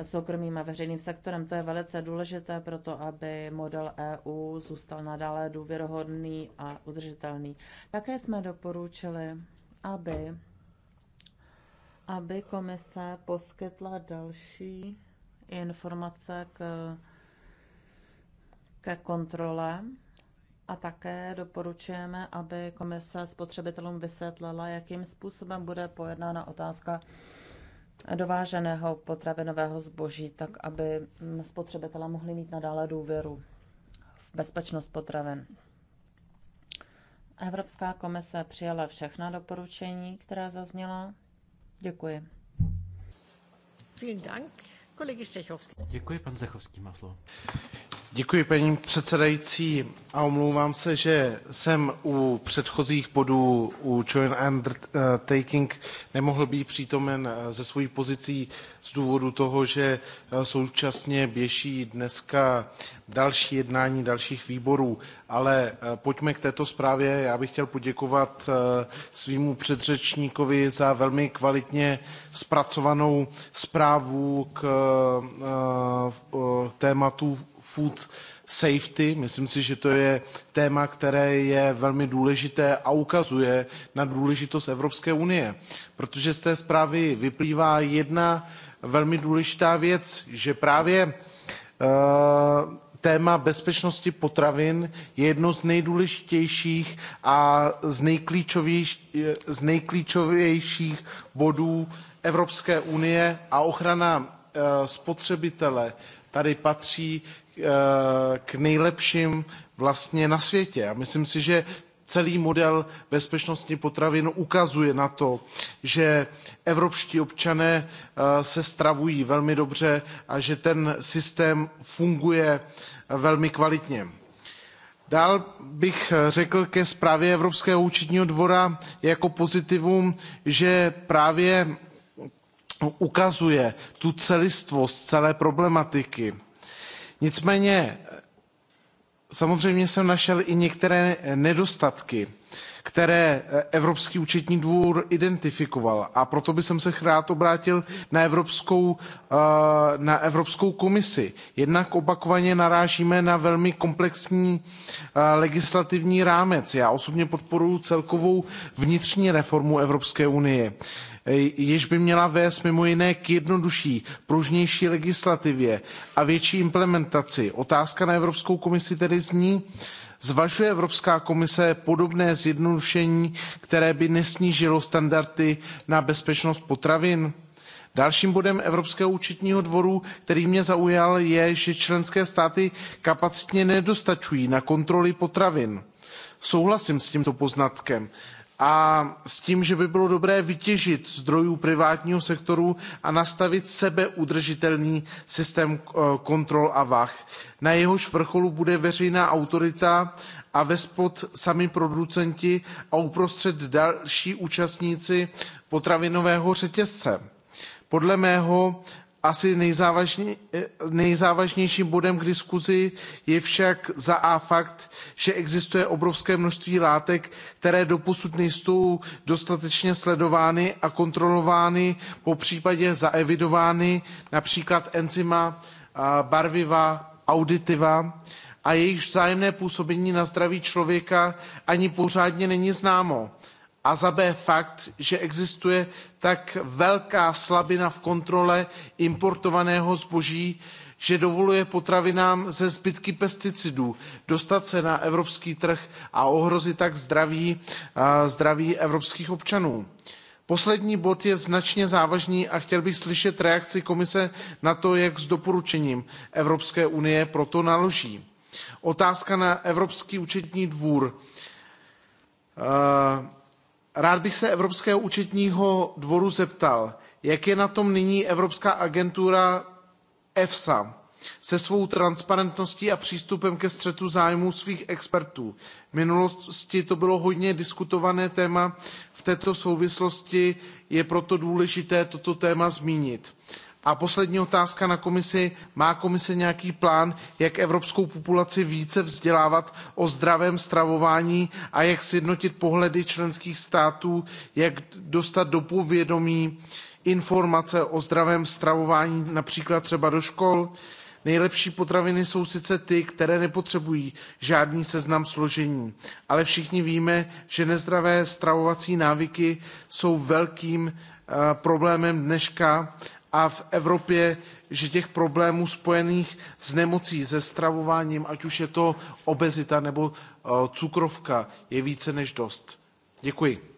soukromým a veřejným sektorem. To je velice důležité pro to, aby model EU zůstal nadále důvěrohodný a udržitelný. Také jsme doporučili, aby, aby komise poskytla další informace k, ke kontrole a také doporučujeme, aby komise spotřebitelům vysvětlila, jakým způsobem bude pojednána otázka dováženého potravinového zboží, tak aby spotřebitelé mohli mít nadále důvěru v bezpečnost potravin. Evropská komise přijala všechna doporučení, která zazněla. Děkuji. Vielen Dank. Kolegy Stechovský. Děkuji, pan Zdechovský má slovo. Děkuji, paní předsedající, a omlouvám se, že jsem u předchozích bodů u Joint Undertaking nemohl být přítomen eh, ze svojí pozicí z důvodu toho, že eh, současně běží dneska další jednání dalších výborů. Ale eh, pojďme k této zprávě. Já bych chtěl poděkovat svýmu předřečníkovi za velmi kvalitně zpracovanou zprávu k tématu food safety. Myslím si, že to je téma, které je velmi důležité a ukazuje na důležitost Evropské unie. Protože z té zprávy vyplývá jedna velmi důležitá věc, že právě uh, téma bezpečnosti potravin je jedno z nejdůležitějších a z, nejklíčovějš, z nejklíčovějších bodů Evropské unie a ochrana eh, spotřebitele tady patří Eh, k nejlepším vlastně na světě. A myslím si, že celý model bezpečnosti potravin ukazuje na to, že evropští občané eh, se stravují velmi dobře a že ten systém funguje velmi kvalitně. Dál bych eh, řekl ke zprávě Evropského účetního dvora jako pozitivum, že právě ukazuje tu celistvost celé problematiky Nicméně samozřejmě jsem našel i některé nedostatky, které eh, Evropský účetní dvůr identifikoval. A proto bych se rád obrátil na Evropskou, eh, na Evropskou komisi. Jednak opakovaně narážíme na velmi komplexní eh, legislativní rámec. Já osobně podporuji celkovou vnitřní reformu Evropské unie. Eh, jež by měla vést mimo jiné k jednodušší, pružnější legislativě a větší implementaci. Otázka na Evropskou komisi tedy zní, Zvažuje Evropská komise podobné zjednodušení, které by nesnížilo standardy na bezpečnost potravin? Dalším bodem Evropského účetního dvoru, který mě zaujal, je, že členské státy kapacitně nedostačují na kontroly potravin. Souhlasím s tímto poznatkem a s tím, že by bylo dobré vytěžit zdrojů privátního sektoru a nastavit sebeudržitelný systém eh, kontrol a vah. Na jehož vrcholu bude veřejná autorita a vespod sami producenti a uprostřed další účastníci potravinového řetězce. Podle mého asi nejzávažně, eh, nejzávažnějším bodem k diskuzi je však za a fakt že existuje obrovské množství látek které doposud nejsou dostatečně sledovány a kontrolovány popřípadě zaevidovány například enzyma barviva auditiva a jejichž vzájemné působení na zdraví člověka ani pořádně není známo a za B fakt, že existuje tak velká slabina v kontrole importovaného zboží, že dovoluje potravinám ze zbytky pesticidů dostat se na evropský trh a ohrozit tak zdraví, zdraví evropských občanů. Poslední bod je značně závažný a chtěl bych slyšet reakci komise na to, jak s doporučením Evropské unie proto naloží. Otázka na Evropský účetní dvůr. Uh, Rád bych se Evropského účetního dvoru zeptal, jak je na tom nyní Evropská agentura EFSA se svou transparentností a přístupem ke střetu zájmů svých expertů. V minulosti to bylo hodně diskutované téma, v této souvislosti je proto důležité toto téma zmínit. A poslední otázka na komisi. Má komise nějaký plán, jak evropskou populaci více vzdělávat o zdravém stravování a jak sjednotit pohledy členských států, jak dostat do povědomí informace o zdravém stravování například třeba do škol? Nejlepší potraviny jsou sice ty, které nepotřebují žádný seznam složení, ale všichni víme, že nezdravé stravovací návyky jsou velkým eh, problémem dneška a v Evropě, že těch problémů spojených s nemocí, se stravováním, ať už je to obezita nebo eh, cukrovka, je více než dost. Děkuji.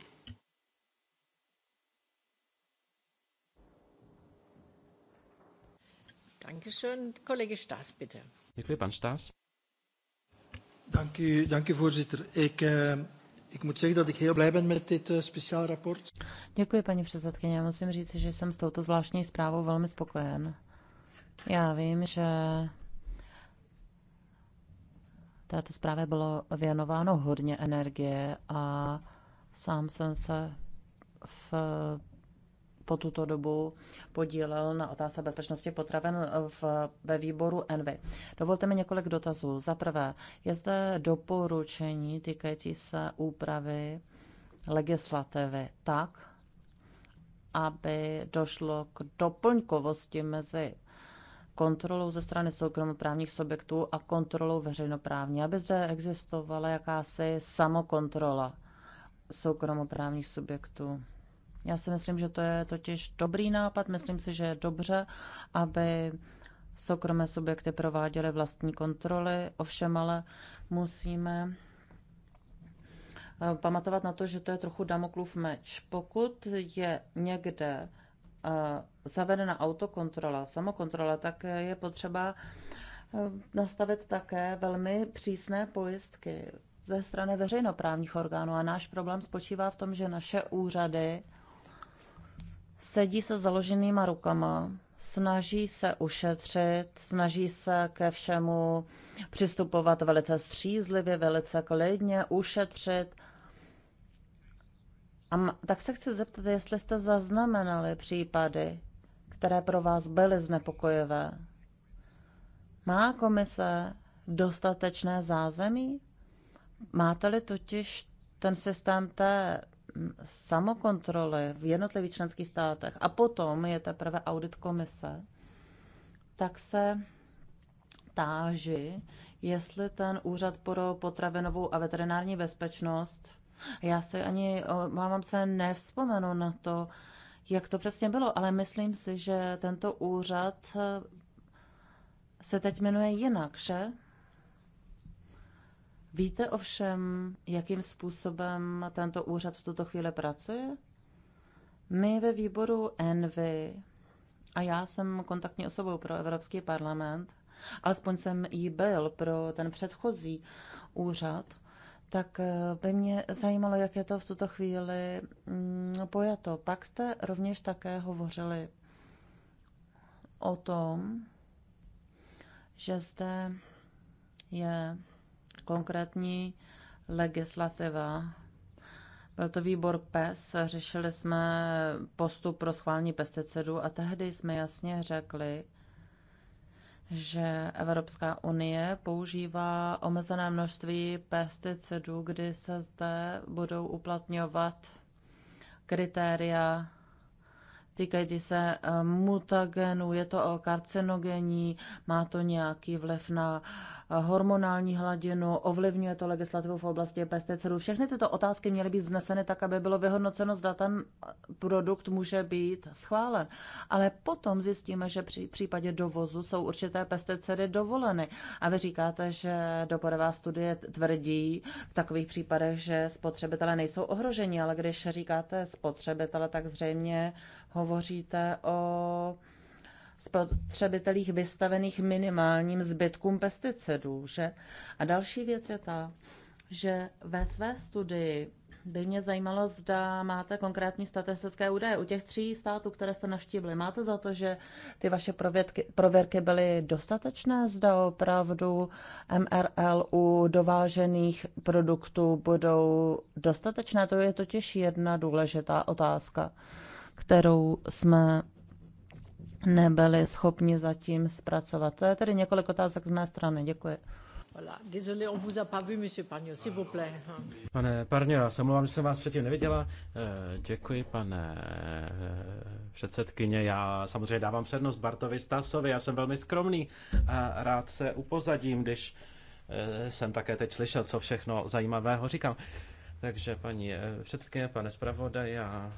Dankeschön. Collega Staes, bitte. Děkuji, pan Staes. Děkuji, děkuji, dank Ik, eh, Ik moet zeggen dat ik heel blij ben met dit eh, speciaal rapport. Děkuji, paní předsedkyně. Musím říct, že jsem s touto zvláštní zprávou velmi spokojen. Já vím, že této zprávě bylo věnováno hodně energie a sám jsem se v po tuto dobu podílel na otázce bezpečnosti potraven eh, v, ve výboru Envy. Dovolte mi několik dotazů. Za prvé, je zde doporučení týkající se úpravy legislativy tak, aby došlo k doplňkovosti mezi kontrolou ze strany soukromoprávních subjektů a kontrolou veřejnoprávní, aby zde existovala jakási samokontrola soukromoprávních subjektů. Já si myslím, že to je totiž dobrý nápad. Myslím si, že je dobře, aby soukromé subjekty prováděly vlastní kontroly. Ovšem ale musíme eh, pamatovat na to, že to je trochu Damoklův meč. Pokud je někde eh, zavedena autokontrola, samokontrola, tak je potřeba eh, nastavit také velmi přísné pojistky ze strany veřejnoprávních orgánů. A náš problém spočívá v tom, že naše úřady sedí se založenýma rukama, snaží se ušetřit, snaží se ke všemu přistupovat velice střízlivě, velice klidně, ušetřit. A tak se chci zeptat, jestli jste zaznamenali případy, které pro vás byly znepokojivé. Má komise dostatečné zázemí? Máte-li totiž ten systém té samokontroly v jednotlivých členských státech a potom je teprve audit komise, tak se táži, jestli ten úřad pro potravinovou a veterinární bezpečnost, já si ani, mám se, nevzpomenu na to, jak to přesně bylo, ale myslím si, že tento úřad se teď jmenuje jinak, že? Víte ovšem, jakým způsobem tento úřad v tuto chvíli pracuje? My ve výboru Envy a já jsem kontaktní osobou pro Evropský parlament, alespoň jsem jí byl pro ten předchozí úřad, tak eh, by mě zajímalo, jak je to v tuto chvíli mm, pojato. Pak jste rovněž také hovořili o tom, že zde je konkrétní legislativa. Byl to výbor PES, řešili jsme postup pro schválení pesticidů a tehdy jsme jasně řekli, že Evropská unie používá omezené množství pesticidů, kdy se zde budou uplatňovat kritéria týkající se eh, mutagenů, je to karcinogenní, má to nějaký vliv na uh, hormonální hladinu, ovlivňuje to legislativu v oblasti pesticidů. Všechny tyto otázky měly být zneseny tak, aby bylo vyhodnoceno, zda ten produkt může být schválen. Ale potom zjistíme, že při případě dovozu jsou určité pesticidy dovoleny. A vy říkáte, že doporová studie tvrdí v takových případech, že spotřebitelé nejsou ohroženi, ale když říkáte spotřebitele, tak zřejmě hovoříte o spotřebitelích vystavených minimálním zbytkům pesticidů. Že? A další věc je ta, že ve své studii by mě zajímalo, zda máte konkrétní statistické údaje u těch tří států, které jste navštívili. Máte za to, že ty vaše provědky, prověrky byly dostatečné? Zda opravdu MRL u dovážených produktů budou dostatečné? To je totiž jedna důležitá otázka, kterou jsme nebyli schopni zatím zpracovat. To je tedy několik otázek z mé strany. Děkuji. Pane Parňo, já se omlouvám, že jsem vás předtím neviděla. Eh, děkuji, pane eh, předsedkyně. Já samozřejmě dávám přednost Bartovi Stasovi, já jsem velmi skromný a rád se upozadím, když eh, jsem také teď slyšel, co všechno zajímavého říkám. Takže paní předsedkyně, pane zpravodaj, já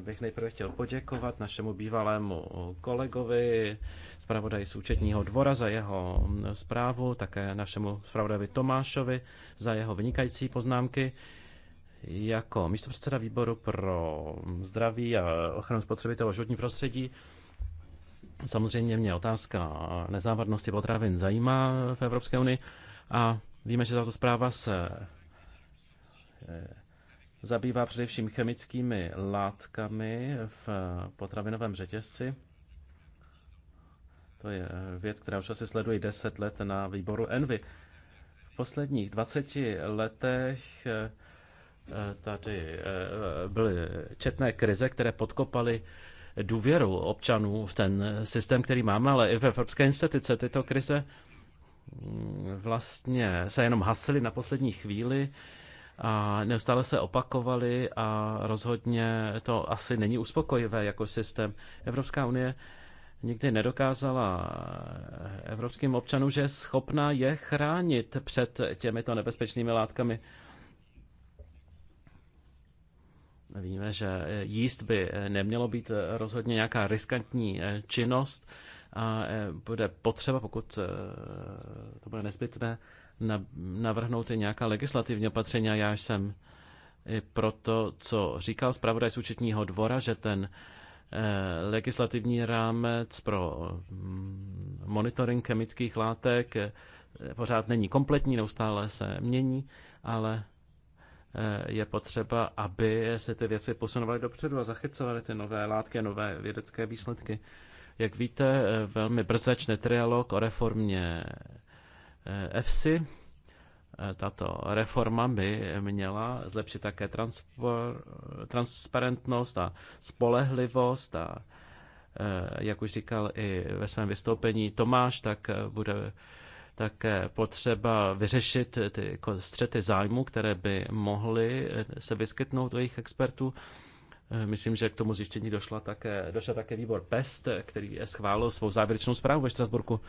bych nejprve chtěl poděkovat našemu bývalému kolegovi, zpravodaji z dvora za jeho zprávu, také našemu zpravodaji Tomášovi za jeho vynikající poznámky. Jako místopředseda výboru pro zdraví a ochranu spotřebitelů a životní prostředí samozřejmě mě otázka nezávadnosti potravin zajímá v Evropské unii a víme, že tato zpráva se eh, zabývá především chemickými látkami v potravinovém řetězci. To je věc, která už asi sleduje 10 let na výboru Envy. V posledních 20 letech eh, tady eh, byly četné krize, které podkopaly důvěru občanů v ten systém, který máme, ale i ve evropské instituce tyto krize mm, vlastně se jenom hasily na poslední chvíli a neustále se opakovaly a rozhodně to asi není uspokojivé jako systém. Evropská unie nikdy nedokázala evropským občanům, že je schopná je chránit před těmito nebezpečnými látkami. Víme, že jíst by nemělo být rozhodně nějaká riskantní činnost a bude potřeba, pokud to bude nezbytné, navrhnout nějaká legislativní opatření a já jsem i pro to, co říkal zpravodaj z účetního dvora, že ten eh, legislativní rámec pro mm, monitoring chemických látek eh, pořád není kompletní, neustále se mění, ale eh, je potřeba, aby se ty věci posunovaly dopředu a zachycovaly ty nové látky, nové vědecké výsledky. Jak víte, velmi brzy trialog o reformě EFSI. Eh, eh, tato reforma by měla zlepšit také transpor, transparentnost a spolehlivost a eh, jak už říkal i ve svém vystoupení Tomáš, tak bude také potřeba vyřešit ty střety zájmu, které by mohly se vyskytnout u jejich expertů. Myslím, že k tomu zjištění došla také, došel také výbor PEST, který schválil svou závěrečnou zprávu ve Štrasburku.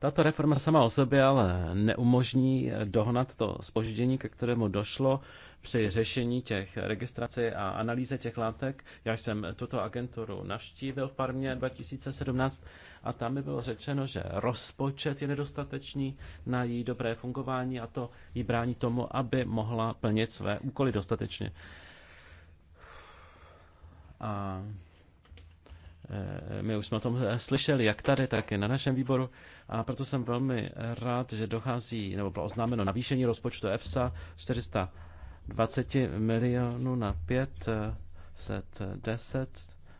Tato reforma sama o sobě ale neumožní dohnat to spoždění, ke kterému došlo při řešení těch registrací a analýze těch látek. Já jsem tuto agenturu navštívil v Parmě 2017 a tam mi bylo řečeno, že rozpočet je nedostatečný na její dobré fungování a to jí brání tomu, aby mohla plnit své úkoly dostatečně. A Eh, my už jsme o tom eh, slyšeli, jak tady, tak i na našem výboru. A proto jsem velmi rád, že dochází, nebo bylo oznámeno navýšení rozpočtu EFSA 420 milionů na 510, eh,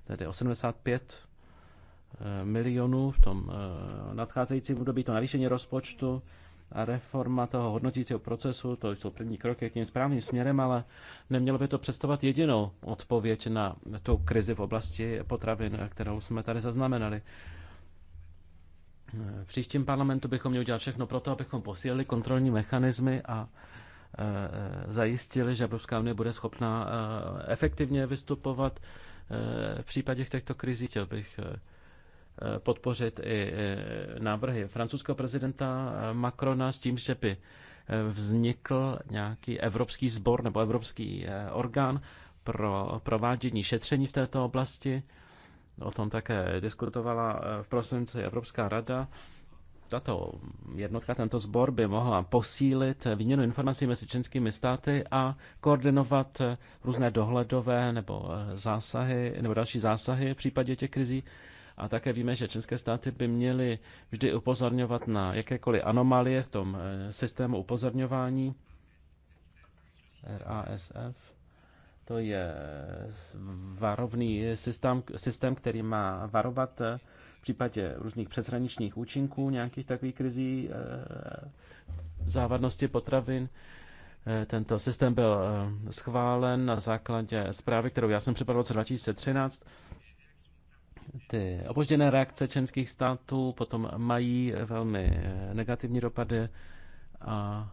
tedy 85 milionů v tom nadcházejícím období. To navýšení rozpočtu reforma toho hodnotícího procesu, to jsou první kroky k tím správným směrem, ale nemělo by to představovat jedinou odpověď na tu krizi v oblasti potravin, kterou jsme tady zaznamenali. V příštím parlamentu bychom měli udělat všechno pro to, abychom posílili kontrolní mechanismy a e, e, zajistili, že Evropská unie bude schopna e, efektivně vystupovat v případě těchto krizí. Chtěl bych Eh, podpořit i eh, návrhy francouzského prezidenta eh, Macrona s tím, že by vznikl nějaký evropský sbor nebo evropský orgán pro provádění šetření v této oblasti. O tom také diskutovala v prosinci Evropská rada. Tato jednotka, tento sbor by mohla posílit výměnu informací mezi členskými státy a koordinovat různé dohledové nebo zásahy nebo další zásahy v případě těch krizí. A také víme, že členské státy by měly vždy upozorňovat na jakékoliv anomálie v tom eh, systému upozorňování. RASF. To je eh, varovný systém, systém, který má varovat eh, v případě různých přeshraničních účinků, nějakých takových krizí závadnosti potravin. Tento systém byl schválen na základě zprávy, kterou já jsem připravil v roce 2013 ty opožděné reakce členských států potom mají velmi eh, negativní dopady a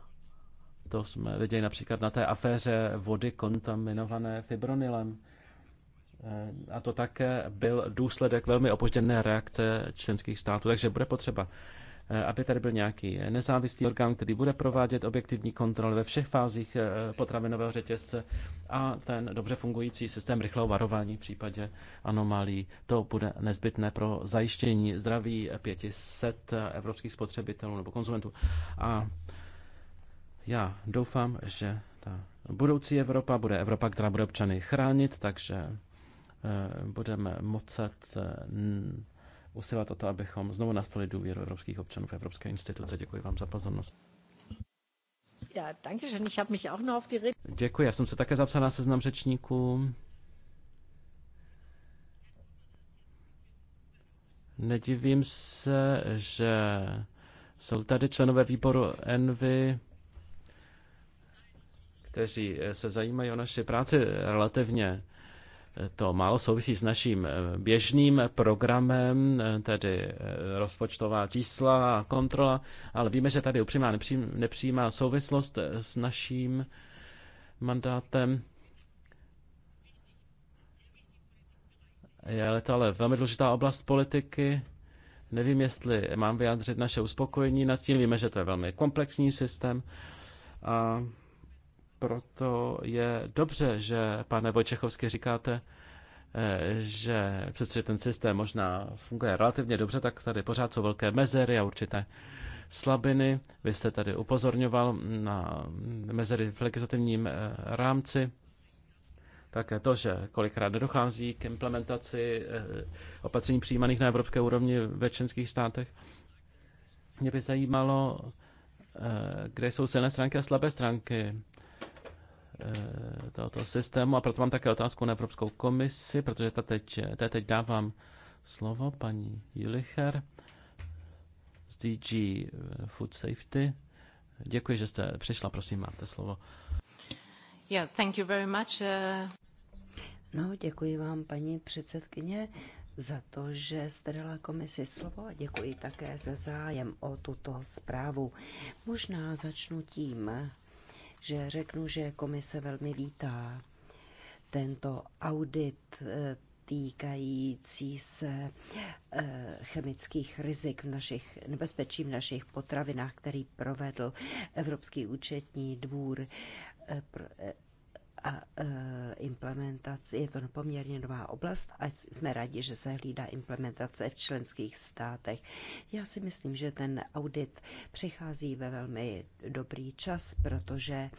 to jsme viděli například na té aféře vody kontaminované fibronilem. Eh, a to také byl důsledek velmi opožděné reakce členských států, takže bude potřeba Eh, aby tady byl nějaký nezávislý orgán, který bude provádět objektivní kontrol ve všech fázích eh, potravinového řetězce a ten dobře fungující systém rychlého varování v případě anomálí, To bude nezbytné pro zajištění zdraví 500 evropských spotřebitelů nebo konzumentů. A já doufám, že ta budoucí Evropa bude Evropa, která bude občany chránit, takže eh, budeme mocet usilovat o to, abychom znovu nastali důvěru evropských občanů v evropské instituce. Děkuji vám za pozornost. Ja, danke schön. Ich habe mich auch noch auf die Rede... Děkuji, já jsem se také zapsal na seznam řečníků. Nedivím se, že jsou tady členové výboru Envy, kteří se zajímají o naši práci relativně to málo souvisí s naším eh, běžným programem, eh, tedy eh, rozpočtová čísla a kontrola, ale víme, že tady upřímá nepřímá souvislost s naším mandátem. Je to ale velmi důležitá oblast politiky. Nevím, jestli mám vyjádřit naše uspokojení nad tím. Víme, že to je velmi komplexní systém. A proto je dobře, že, pane Vojčechovský, říkáte, eh, že přestože ten systém možná funguje relativně dobře, tak tady pořád jsou velké mezery a určité slabiny. Vy jste tady upozorňoval na mezery v legislativním eh, rámci. Také to, že kolikrát nedochází k implementaci eh, opatření přijímaných na evropské úrovni ve členských státech. Mě by zajímalo, kde jsou silné stránky a slabé stránky Eh, tohoto systému. A proto mám také otázku na Evropskou komisi, protože ta teď, ta teď dávám slovo paní Jilicher z DG eh, Food Safety. Děkuji, že jste přišla, prosím, máte slovo. Yeah, thank you very much. Eh. No, děkuji vám, paní předsedkyně, za to, že jste dala komisi slovo a děkuji také za zájem o tuto zprávu. Možná začnu tím, že řeknu, že komise velmi vítá tento audit eh, týkající se eh, chemických rizik v našich nebezpečí v našich potravinách, který provedl Evropský účetní dvůr eh, a e, implementaci. Je to poměrně nová oblast a jsme rádi, že se hlídá implementace v členských státech. Já si myslím, že ten audit přichází ve velmi dobrý čas, protože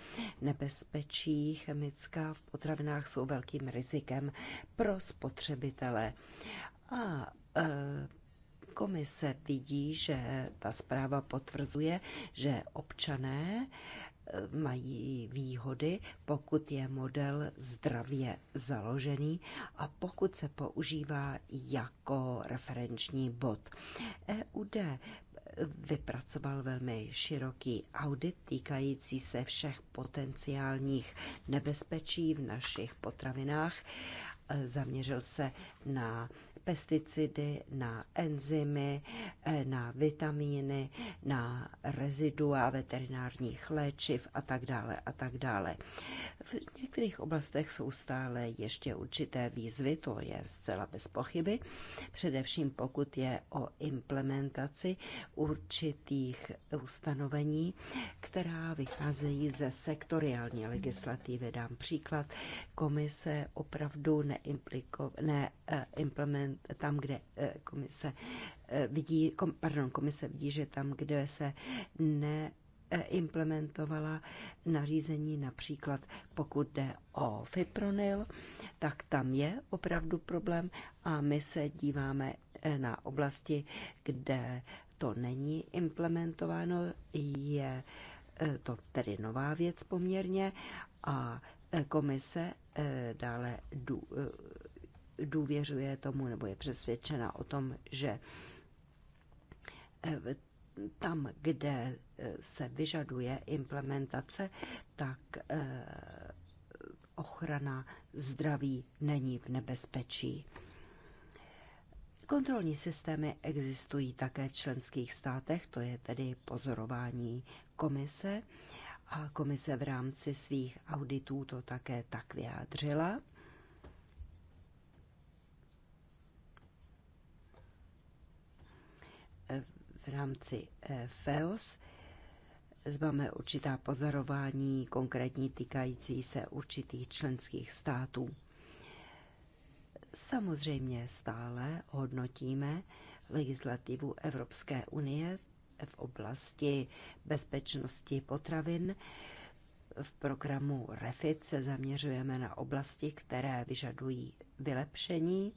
nebezpečí chemická v potravinách jsou velkým rizikem pro spotřebitele. A e, komise vidí, že ta zpráva potvrzuje, že občané e, Eh, mají výhody, pokud je model zdravě založený a pokud se používá jako referenční bod. EUD eh, vypracoval velmi široký audit týkající se všech potenciálních nebezpečí v našich potravinách. Eh, zaměřil se na pesticidy, na enzymy, eh, na vitamíny, na rezidua veterinárních léčiv a tak dále a tak dále. V některých oblastech jsou stále ještě určité výzvy, to je zcela bez pochyby, především pokud je o implementaci určitých ustanovení, která vycházejí ze sektoriální legislativy. Dám příklad, komise opravdu neimpliko, ne, eh, implement, tam, kde eh, komise eh, vidí, kom, pardon, komise vidí, že tam, kde se ne eh, implementovala nařízení například pokud jde o fipronil, tak tam je opravdu problém a my se díváme na oblasti, kde to není implementováno, je to tedy nová věc poměrně a komise dále důvěřuje tomu nebo je přesvědčena o tom, že eh, tam, kde eh, se vyžaduje implementace, tak eh, ochrana zdraví není v nebezpečí. Kontrolní systémy existují také v členských státech, to je tedy pozorování komise. A komise v rámci svých auditů to také tak vyjádřila. v rámci eh, FEOS. Máme určitá pozorování konkrétní týkající se určitých členských států. Samozřejmě stále hodnotíme legislativu Evropské unie v oblasti bezpečnosti potravin. V programu REFIT se zaměřujeme na oblasti, které vyžadují vylepšení.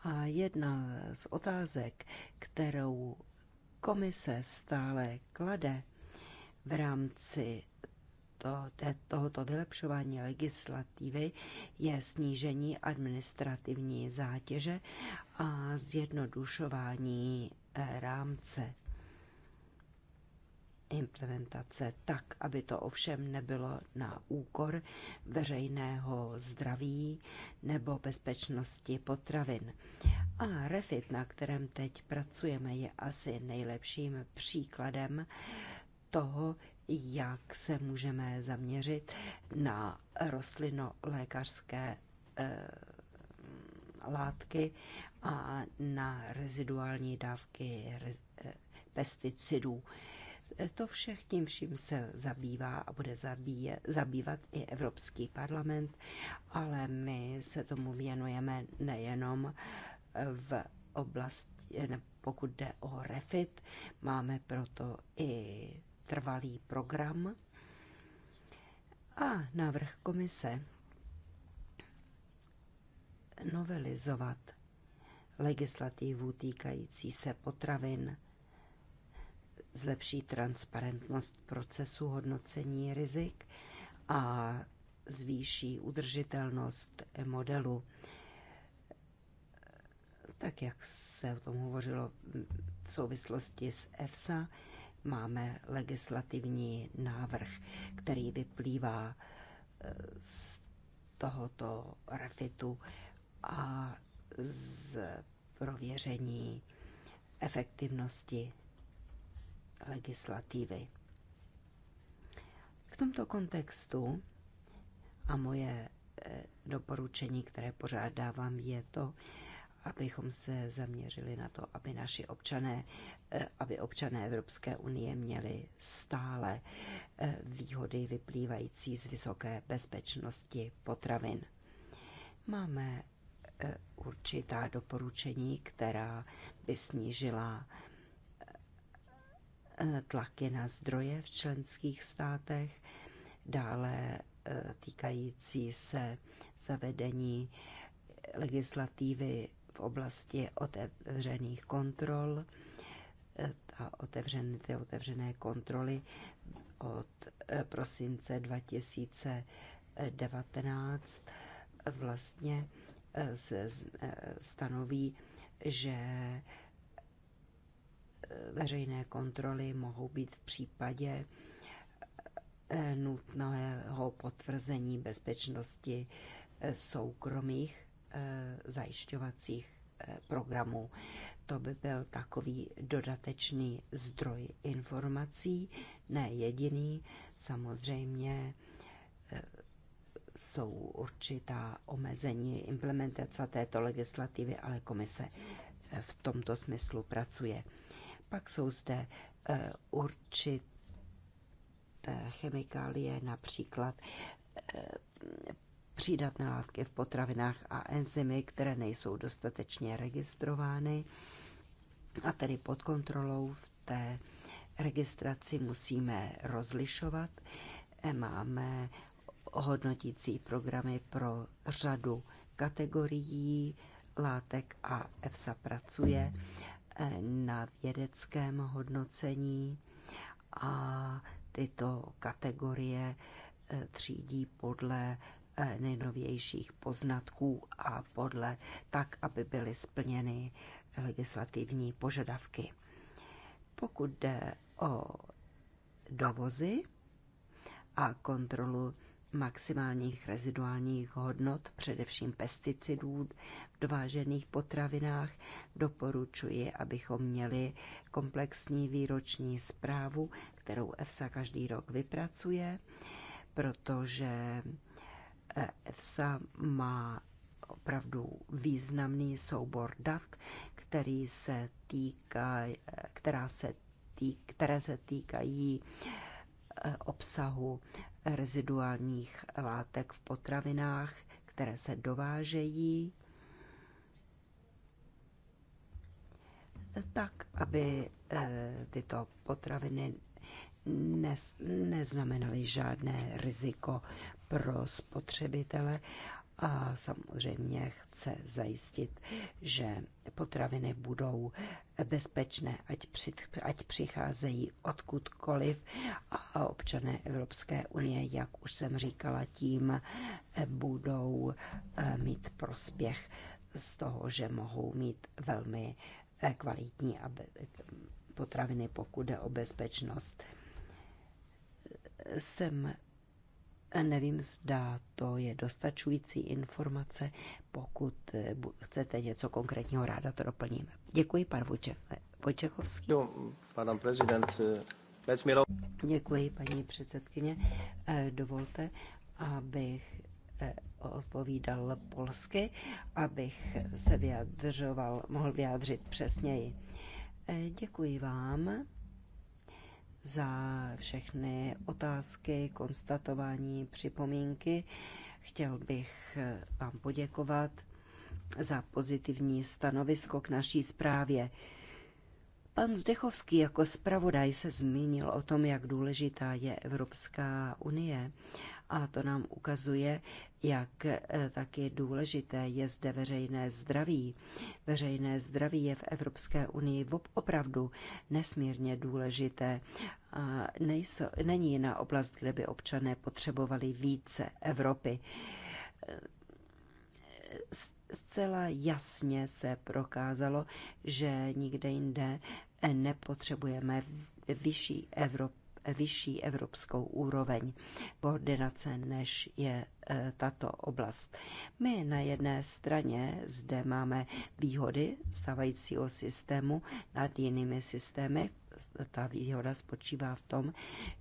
A jedna z otázek, kterou komise stále klade v rámci to, tohoto vylepšování legislativy je snížení administrativní zátěže a zjednodušování eh, rámce implementace tak, aby to ovšem nebylo na úkor veřejného zdraví nebo bezpečnosti potravin. A refit, na kterém teď pracujeme, je asi nejlepším příkladem toho, jak se můžeme zaměřit na rostlinolékařské e, látky a na reziduální dávky rez, eh, e, pesticidů. E, to všech tím vším se zabývá a bude zabíje, zabývat i Evropský parlament, ale my se tomu věnujeme nejenom v oblasti, pokud jde o refit, máme proto i trvalý program a návrh komise novelizovat legislativu týkající se potravin zlepší transparentnost procesu hodnocení rizik a zvýší udržitelnost modelu. Tak jak se o tom hovořilo v souvislosti s EFSA, máme legislativní návrh, který vyplývá eh, z tohoto refitu a z prověření efektivnosti legislativy. V tomto kontextu a moje eh, doporučení, které pořádávám, je to, abychom se zaměřili na to, aby naši občané, eh, aby občané Evropské unie měli stále eh, výhody vyplývající z vysoké bezpečnosti potravin. Máme určitá doporučení, která by snížila Eh, tlaky na zdroje v členských státech, dále eh, týkající se zavedení legislativy v oblasti otevřených kontrol, eh, a otevřené, ty otevřené kontroly od prosince 2019 vlastně se stanoví, že veřejné kontroly mohou být v případě eh, nutného potvrzení bezpečnosti eh, soukromých eh, zajišťovacích programů. To by byl takový dodatečný zdroj informací, ne jediný. Samozřejmě jsou určitá omezení implementace této legislativy, ale komise v tomto smyslu pracuje. Pak jsou zde eh, určité chemikálie, například eh, přídatné látky v potravinách a enzymy, které nejsou dostatečně registrovány a tedy pod kontrolou v té registraci musíme rozlišovat. Eh, máme hodnotící programy pro řadu kategorií látek a EFSA pracuje. Mm na vědeckém hodnocení a tyto kategorie eh, třídí podle eh, nejnovějších poznatků a podle tak, aby byly splněny legislativní požadavky. Pokud jde o dovozy a kontrolu maximálních reziduálních hodnot, především pesticidů v dovážených potravinách. Doporučuji, abychom měli komplexní výroční zprávu, kterou EFSA každý rok vypracuje, protože EFSA má opravdu významný soubor dat, který se týká, která se tý, které se týkají eh, obsahu reziduálních látek v potravinách, které se dovážejí, tak, aby eh, tyto potraviny neznamenaly žádné riziko pro spotřebitele a samozřejmě chce zajistit, že potraviny budou bezpečné, ať, při, ať přicházejí odkudkoliv a občané Evropské unie, jak už jsem říkala, tím eh, budou eh, mít prospěch z toho, že mohou mít velmi eh, kvalitní potraviny, pokud jde o bezpečnost. Jsem Nevím, zda to je dostačující informace. Pokud eh, chcete něco konkrétního, ráda to doplníme. Děkuji, pan eh, Vojčechovský. No, pan prezident, eh, Děkuji, paní předsedkyně. Dovolte, abych odpovídal polsky, abych se vyjadřoval, mohl vyjádřit přesněji. Děkuji vám za všechny otázky, konstatování, připomínky. Chtěl bych eh, vám poděkovat za pozitivní stanovisko k naší zprávě. Pan Zdechovský jako zpravodaj se zmínil o tom, jak důležitá je Evropská unie a to nám ukazuje, jak eh, taky důležité je zde veřejné zdraví. Veřejné zdraví je v Evropské unii opravdu nesmírně důležité. A nejsou, není jiná oblast, kde by občané potřebovali více Evropy. Eh, zcela jasně se prokázalo, že nikde jinde nepotřebujeme vyšší Evropu vyšší evropskou úroveň koordinace, než je e, tato oblast. My na jedné straně zde máme výhody stávajícího systému nad jinými systémy. Ta výhoda spočívá v tom,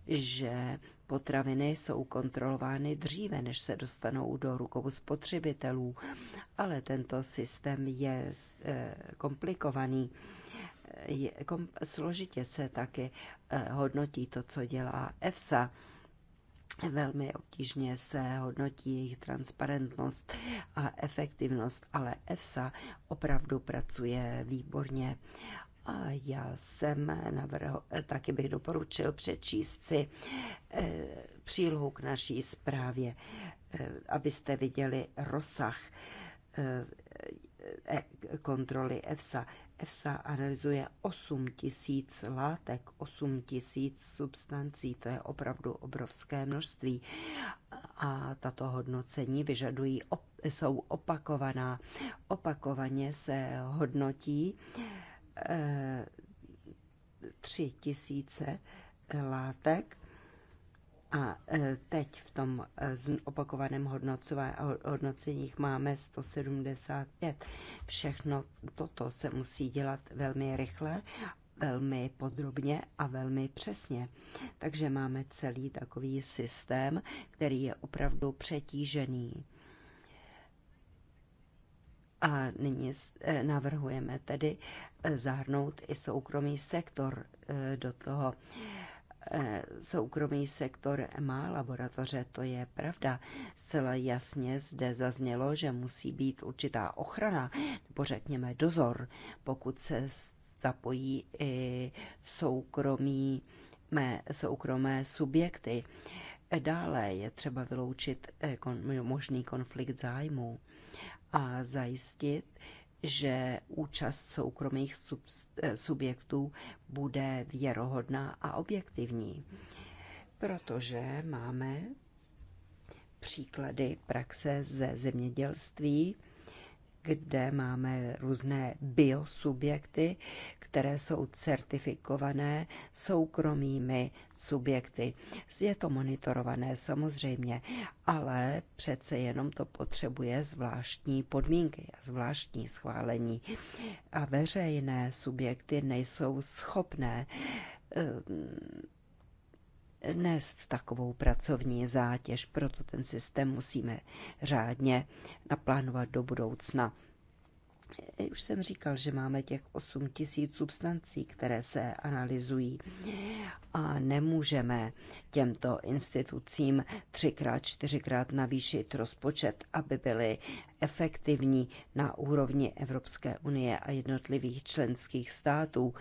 že potraviny jsou kontrolovány dříve, než se dostanou do rukou spotřebitelů, ale tento systém je e, komplikovaný je, kom, jako složitě se taky eh, hodnotí to, co dělá EFSA. Velmi obtížně se hodnotí jejich transparentnost a efektivnost, ale EFSA opravdu pracuje výborně. A já jsem navrho, taky bych doporučil přečíst si eh, přílohu k naší zprávě, eh, abyste viděli rozsah E, kontroly EFSA. EFSA analyzuje 8 tisíc látek, 8 tisíc substancí, to je opravdu obrovské množství. A tato hodnocení vyžadují, jsou opakovaná. Opakovaně se hodnotí e, tři tisíce látek a e, teď v tom e, opakovaném hodnoceních máme 175. Všechno toto se musí dělat velmi rychle, velmi podrobně a velmi přesně. Takže máme celý takový systém, který je opravdu přetížený. A nyní e, navrhujeme tedy zahrnout i soukromý sektor do toho Eh, soukromý sektor má laboratoře, to je pravda. Zcela jasně zde zaznělo, že musí být určitá ochrana, nebo řekněme dozor, pokud se zapojí i soukromí, mé, soukromé subjekty. Dále je třeba vyloučit eh, kon, možný konflikt zájmů a zajistit, že účast soukromých sub, eh, subjektů bude věrohodná a objektivní, protože máme příklady praxe ze zemědělství, kde máme různé biosubjekty, které jsou certifikované soukromými subjekty. Je to monitorované samozřejmě, ale přece jenom to potřebuje zvláštní podmínky a zvláštní schválení. A veřejné subjekty nejsou schopné eh, nést takovou pracovní zátěž, proto ten systém musíme řádně naplánovat do budoucna. Eh, už jsem říkal, že máme těch 8 tisíc substancí, které se analyzují a nemůžeme těmto institucím třikrát, čtyřikrát navýšit rozpočet, aby byly efektivní na úrovni Evropské unie a jednotlivých členských států.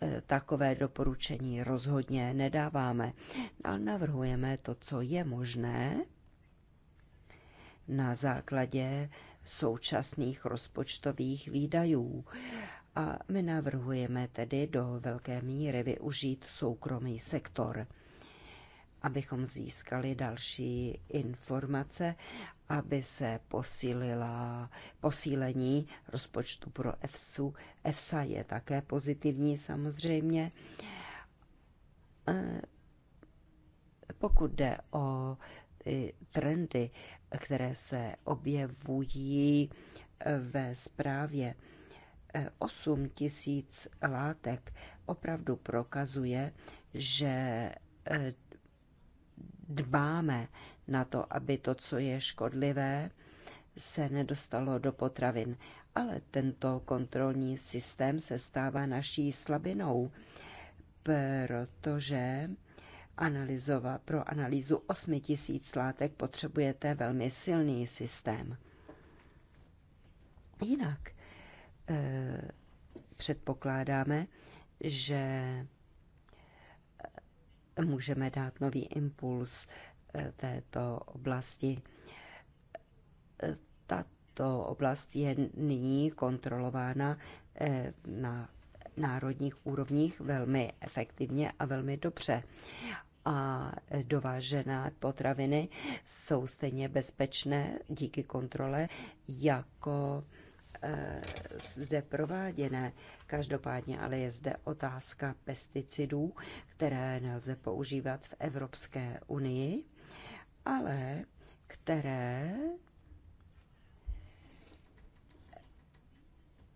Eh, takové doporučení rozhodně nedáváme, no, ale navrhujeme to, co je možné na základě současných rozpočtových výdajů. A my navrhujeme tedy do velké míry využít soukromý sektor, abychom získali další informace, aby se posílila posílení rozpočtu pro EFSU. EFSA je také pozitivní samozřejmě. E, pokud jde o e, trendy které se objevují eh, ve zprávě. 8 eh, tisíc látek opravdu prokazuje, že eh, dbáme na to, aby to, co je škodlivé, se nedostalo do potravin. Ale tento kontrolní systém se stává naší slabinou, protože analyzovat, pro analýzu 8 tisíc látek potřebujete velmi silný systém. Jinak eh, předpokládáme, že eh, můžeme dát nový impuls eh, této oblasti. Eh, tato oblast je nyní kontrolována na národních úrovních velmi efektivně a velmi dobře a dovážené potraviny jsou stejně bezpečné díky kontrole jako e, zde prováděné. Každopádně ale je zde otázka pesticidů, které nelze používat v Evropské unii, ale které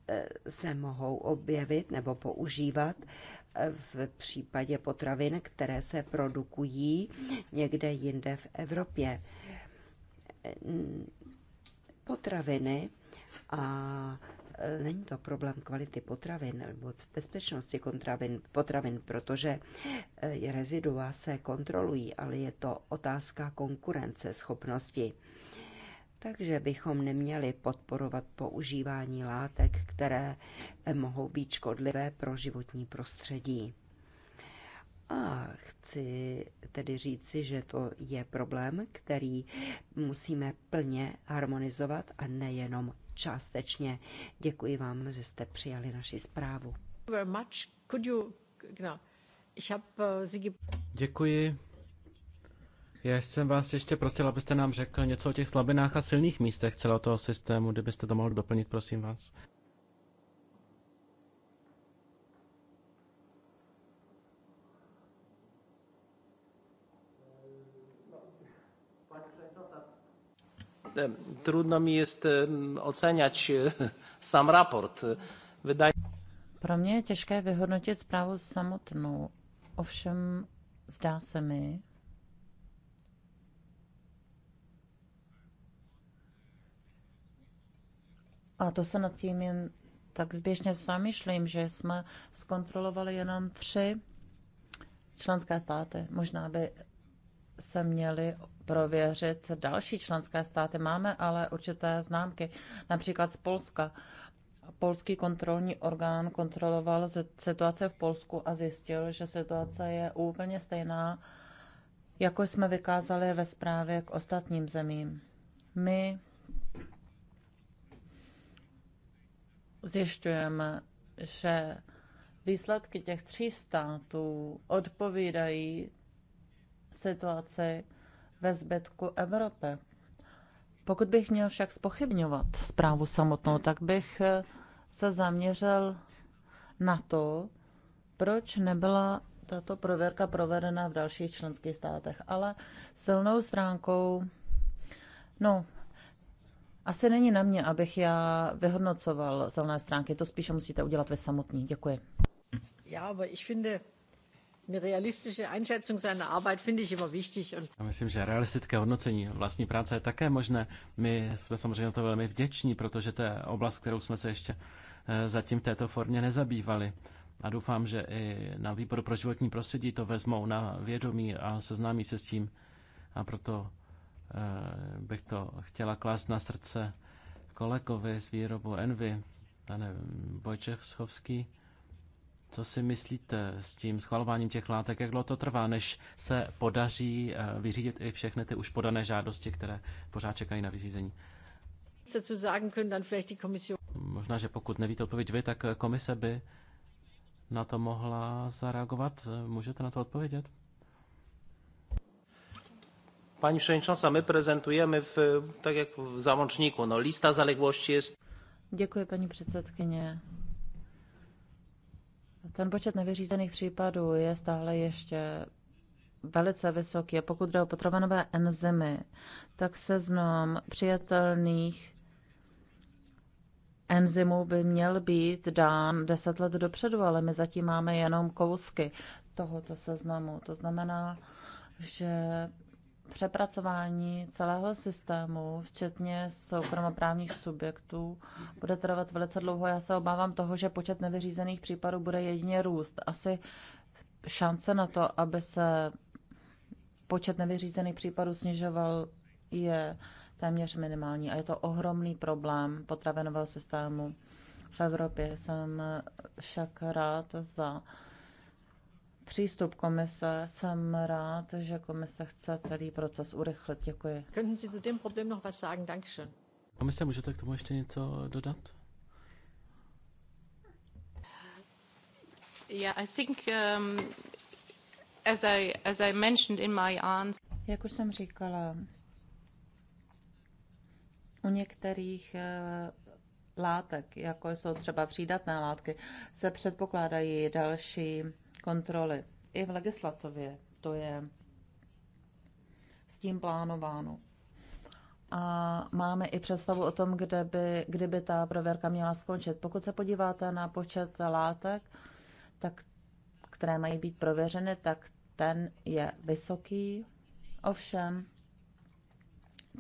e, se mohou objevit nebo používat v případě potravin, které se produkují někde jinde v Evropě. Potraviny a e, není to problém kvality potravin nebo bezpečnosti kontravin, potravin, protože e, rezidua se kontrolují, ale je to otázka konkurence schopnosti. Takže bychom neměli podporovat používání látek, které eh, mohou být škodlivé pro životní prostředí. A chci tedy říci, že to je problém, který musíme plně harmonizovat a nejenom částečně. Děkuji vám, že jste přijali naši zprávu. Eh, Děkuji. Já jsem vás ještě prosil, abyste nám řekl něco o těch slabinách a silných místech celého toho systému, kdybyste to mohl doplnit, prosím vás. Ehm, trudno mi jest ehm, oceniać e, sam raport. Wydaje... Pro mě je těžké vyhodnotit zprávu samotnou. Ovšem zdá se mi, A to se nad tím jen tak zběžně zamýšlím, že jsme zkontrolovali jenom tři členské státy. Možná by se měly prověřit další členské státy. Máme ale určité známky, například z Polska. Polský kontrolní orgán kontroloval situace v Polsku a zjistil, že situace je úplně stejná, jako jsme vykázali ve zprávě k ostatním zemím. My zjišťujeme, že výsledky těch tří států odpovídají situaci ve zbytku Evropy. Pokud bych měl však spochybňovat zprávu samotnou, tak bych eh, se zaměřil na to, proč nebyla tato prověrka provedena v dalších členských státech. Ale silnou stránkou, no, asi není na mě, abych já vyhodnocoval zelené stránky, to spíše musíte udělat vy samotní. Děkuji. Já, ale ich finde, eine realistische Einschätzung seiner Arbeit finde ich immer wichtig. Und Já myslím, že realistické hodnocení vlastní práce je také možné. My jsme samozřejmě to velmi vděční, protože to je oblast, kterou jsme se ještě eh, zatím v této formě nezabývali. A doufám, že i na výboru pro životní prostředí to vezmou na vědomí a seznámí se s tím. A proto Eh, bych to chtěla klást na srdce kolegovi z výrobu Envy, pane Vojčechovský. Co si myslíte s tím schvalováním těch látek? Jak dlouho to trvá, než se podaří eh, vyřídit i všechny ty už podané žádosti, které pořád čekají na vyřízení? Možná, že pokud nevíte odpověď vy, tak eh, komise by na to mohla zareagovat. Můžete na to odpovědět? Pani przewodnicząca, my prezentujemy, w, tak jak w załączniku, no, lista zaległości jest. Děkuji, paní předsedkyně. Ten počet nevyřízených případů je stále ještě velice vysoký. A pokud jde o potravinové enzymy, tak seznam přijatelných enzymů by měl být dán deset let dopředu, ale my zatím máme jenom kousky tohoto seznamu. To znamená, že přepracování celého systému, včetně soukromoprávních subjektů, bude trvat velice dlouho. Já se obávám toho, že počet nevyřízených případů bude jedině růst. Asi šance na to, aby se počet nevyřízených případů snižoval, je téměř minimální a je to ohromný problém potravinového systému v Evropě. Jsem však rád za přístup komise. Jsem rád, že komise chce celý proces urychlit. Děkuji. Könnten Sie zu dem Problem noch was sagen? Dankeschön. Komise, můžete k tomu ještě něco dodat? Yeah, I think um, as I as I mentioned in my Jak už jsem říkala, u některých eh, látek, jako jsou třeba přídatné látky, se předpokládají další kontroly. I v legislativě to je s tím plánováno. A máme i představu o tom, kde by, kdyby ta prověrka měla skončit. Pokud se podíváte na počet látek, tak, které mají být prověřeny, tak ten je vysoký. Ovšem,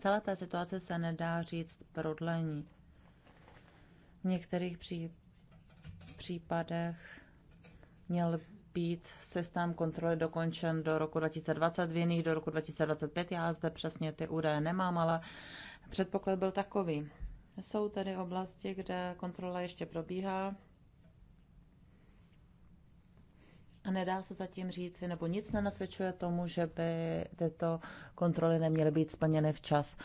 celé té situace se nedá říct prodlení. V některých pří, případech měl být systém kontroly dokončen do roku 2020, v jiných do roku 2025. Já zde přesně ty údaje nemám, ale předpoklad byl takový. Jsou tedy oblasti, kde kontrola ještě probíhá a nedá se zatím říci, nebo nic nenasvědčuje tomu, že by tyto kontroly neměly být splněny včas.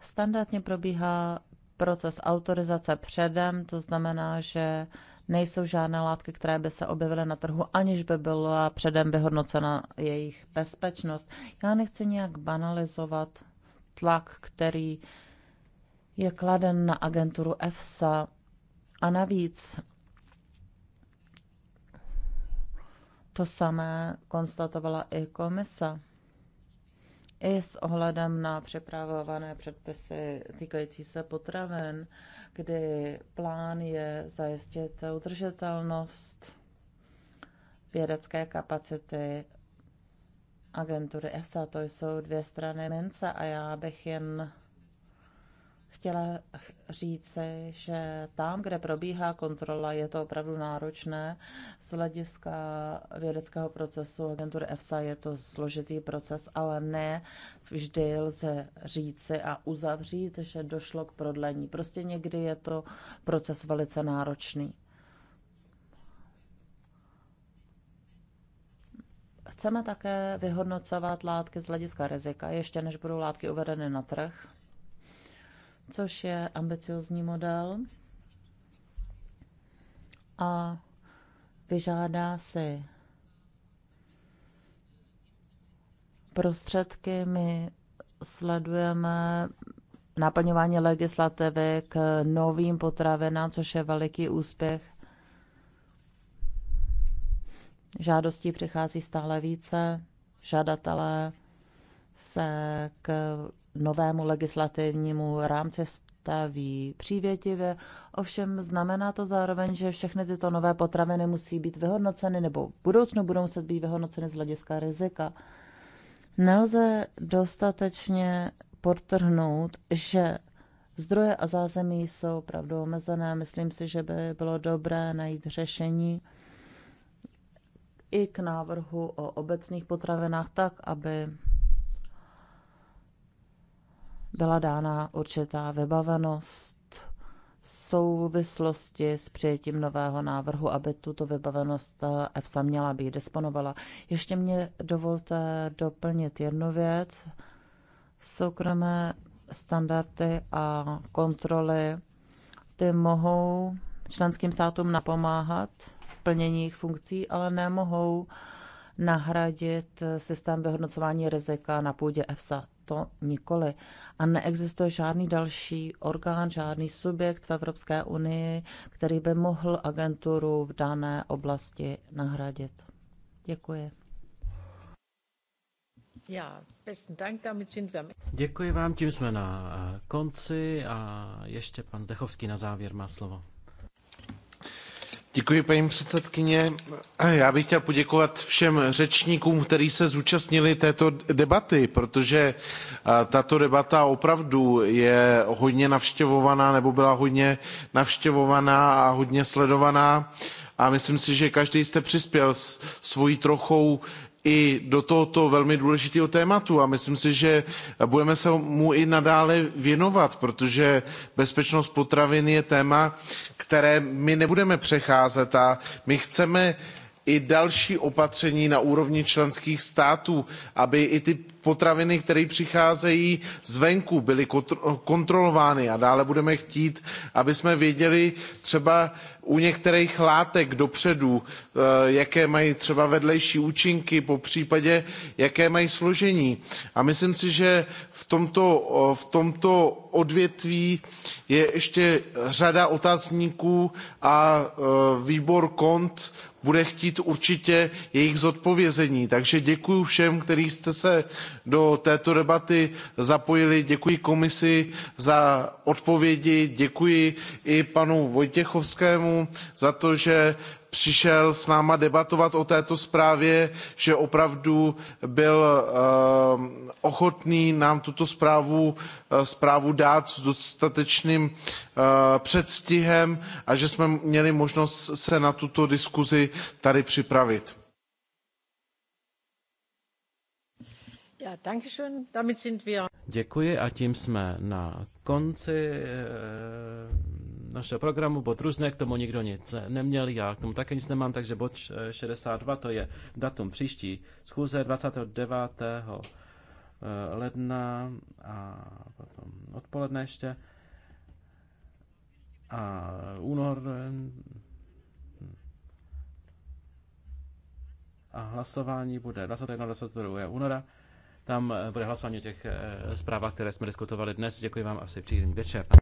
Standardně probíhá proces autorizace předem, to znamená, že nejsou žádné látky, které by se objevily na trhu, aniž by byla předem vyhodnocena jejich bezpečnost. Já nechci nějak banalizovat tlak, který je kladen na agenturu EFSA. A navíc to samé konstatovala i komisa i s ohledem na přepravované předpisy týkající se potravin, kdy plán je zajistit udržitelnost vědecké kapacity agentury EFSA. To jsou dvě strany mince a já bych jen chtěla říci, že tam, kde probíhá kontrola, je to opravdu náročné. Z hlediska vědeckého procesu agentury EFSA je to složitý proces, ale ne vždy lze říci a uzavřít, že došlo k prodlení. Prostě někdy je to proces velice náročný. Chceme také vyhodnocovat látky z hlediska rizika, ještě než budou látky uvedeny na trh což je ambiciozní model a vyžádá si prostředky. My sledujeme naplňování legislativy k novým potravinám, což je veliký úspěch. Žádostí přichází stále více, žadatelé se k novému legislativnímu rámci staví přívětivě, ovšem znamená to zároveň, že všechny tyto nové potraviny musí být vyhodnoceny nebo v budoucnu budou muset být vyhodnoceny z hlediska rizika. Nelze dostatečně podtrhnout, že zdroje a zázemí jsou opravdu omezené. Myslím si, že by bylo dobré najít řešení i k návrhu o obecných potravinách tak, aby byla dána určitá vybavenost souvislosti s přijetím nového návrhu, aby tuto vybavenost eh, EFSA měla být disponovala. Ještě mě dovolte doplnit jednu věc. Soukromé standardy a kontroly, ty mohou členským státům napomáhat v plnění jejich funkcí, ale nemohou uh, nahradit systém vyhodnocování rizika na půdě EFSA. To nikoli. A neexistuje žádný další orgán, žádný subjekt v Evropské unii, který by mohl agenturu v dané oblasti nahradit. Děkuji. Děkuji vám, tím jsme na konci a ještě pan Zdechovský na závěr má slovo. Děkuji, paní předsedkyně. Eh, já bych chtěl poděkovat všem řečníkům, kteří se zúčastnili této debaty, protože eh, tato debata opravdu je hodně navštěvovaná, nebo byla hodně navštěvovaná a hodně sledovaná. A myslím si, že každý jste přispěl svojí trochou i do tohoto velmi důležitého tématu a myslím si, že budeme se mu i nadále věnovat, protože bezpečnost potravin je téma, které my nebudeme přecházet a my chceme i další opatření na úrovni členských států aby i ty potraviny které přicházejí zvenku byly kontrolovány a dále budeme chtít abychom věděli třeba u některých látek dopředu eh, jaké mají třeba vedlejší účinky popřípadě jaké mají složení. a myslím si že v tomto, v tomto odvětví je ještě řada otazníků a eh, výbor cont bude chtít určitě jejich zodpovězení. takže děkuji všem kteří jste se do této debaty zapojili děkuji komisi za odpovědi děkuji i panu wojciechowskému za to že přišel s námi debatovat o této zprávě, že opravdu byl eh, ochotný nám tuto zprávu, eh, zprávu dát s dostatečným eh, předstihem a že jsme měli možnost se na tuto diskuzi tady připravit. Děkuji a tím jsme na konci našeho programu, bod různé, k tomu nikdo nic neměl, já k tomu také nic nemám, takže bod 62, eh, to je datum příští schůze 29. Eh, ledna a potom odpoledne ještě a eh, únor a hlasování bude 21. 22. února. Tam bude hlasování o těch zprávách, které jsme diskutovali dnes. Děkuji vám asi příjemný večer.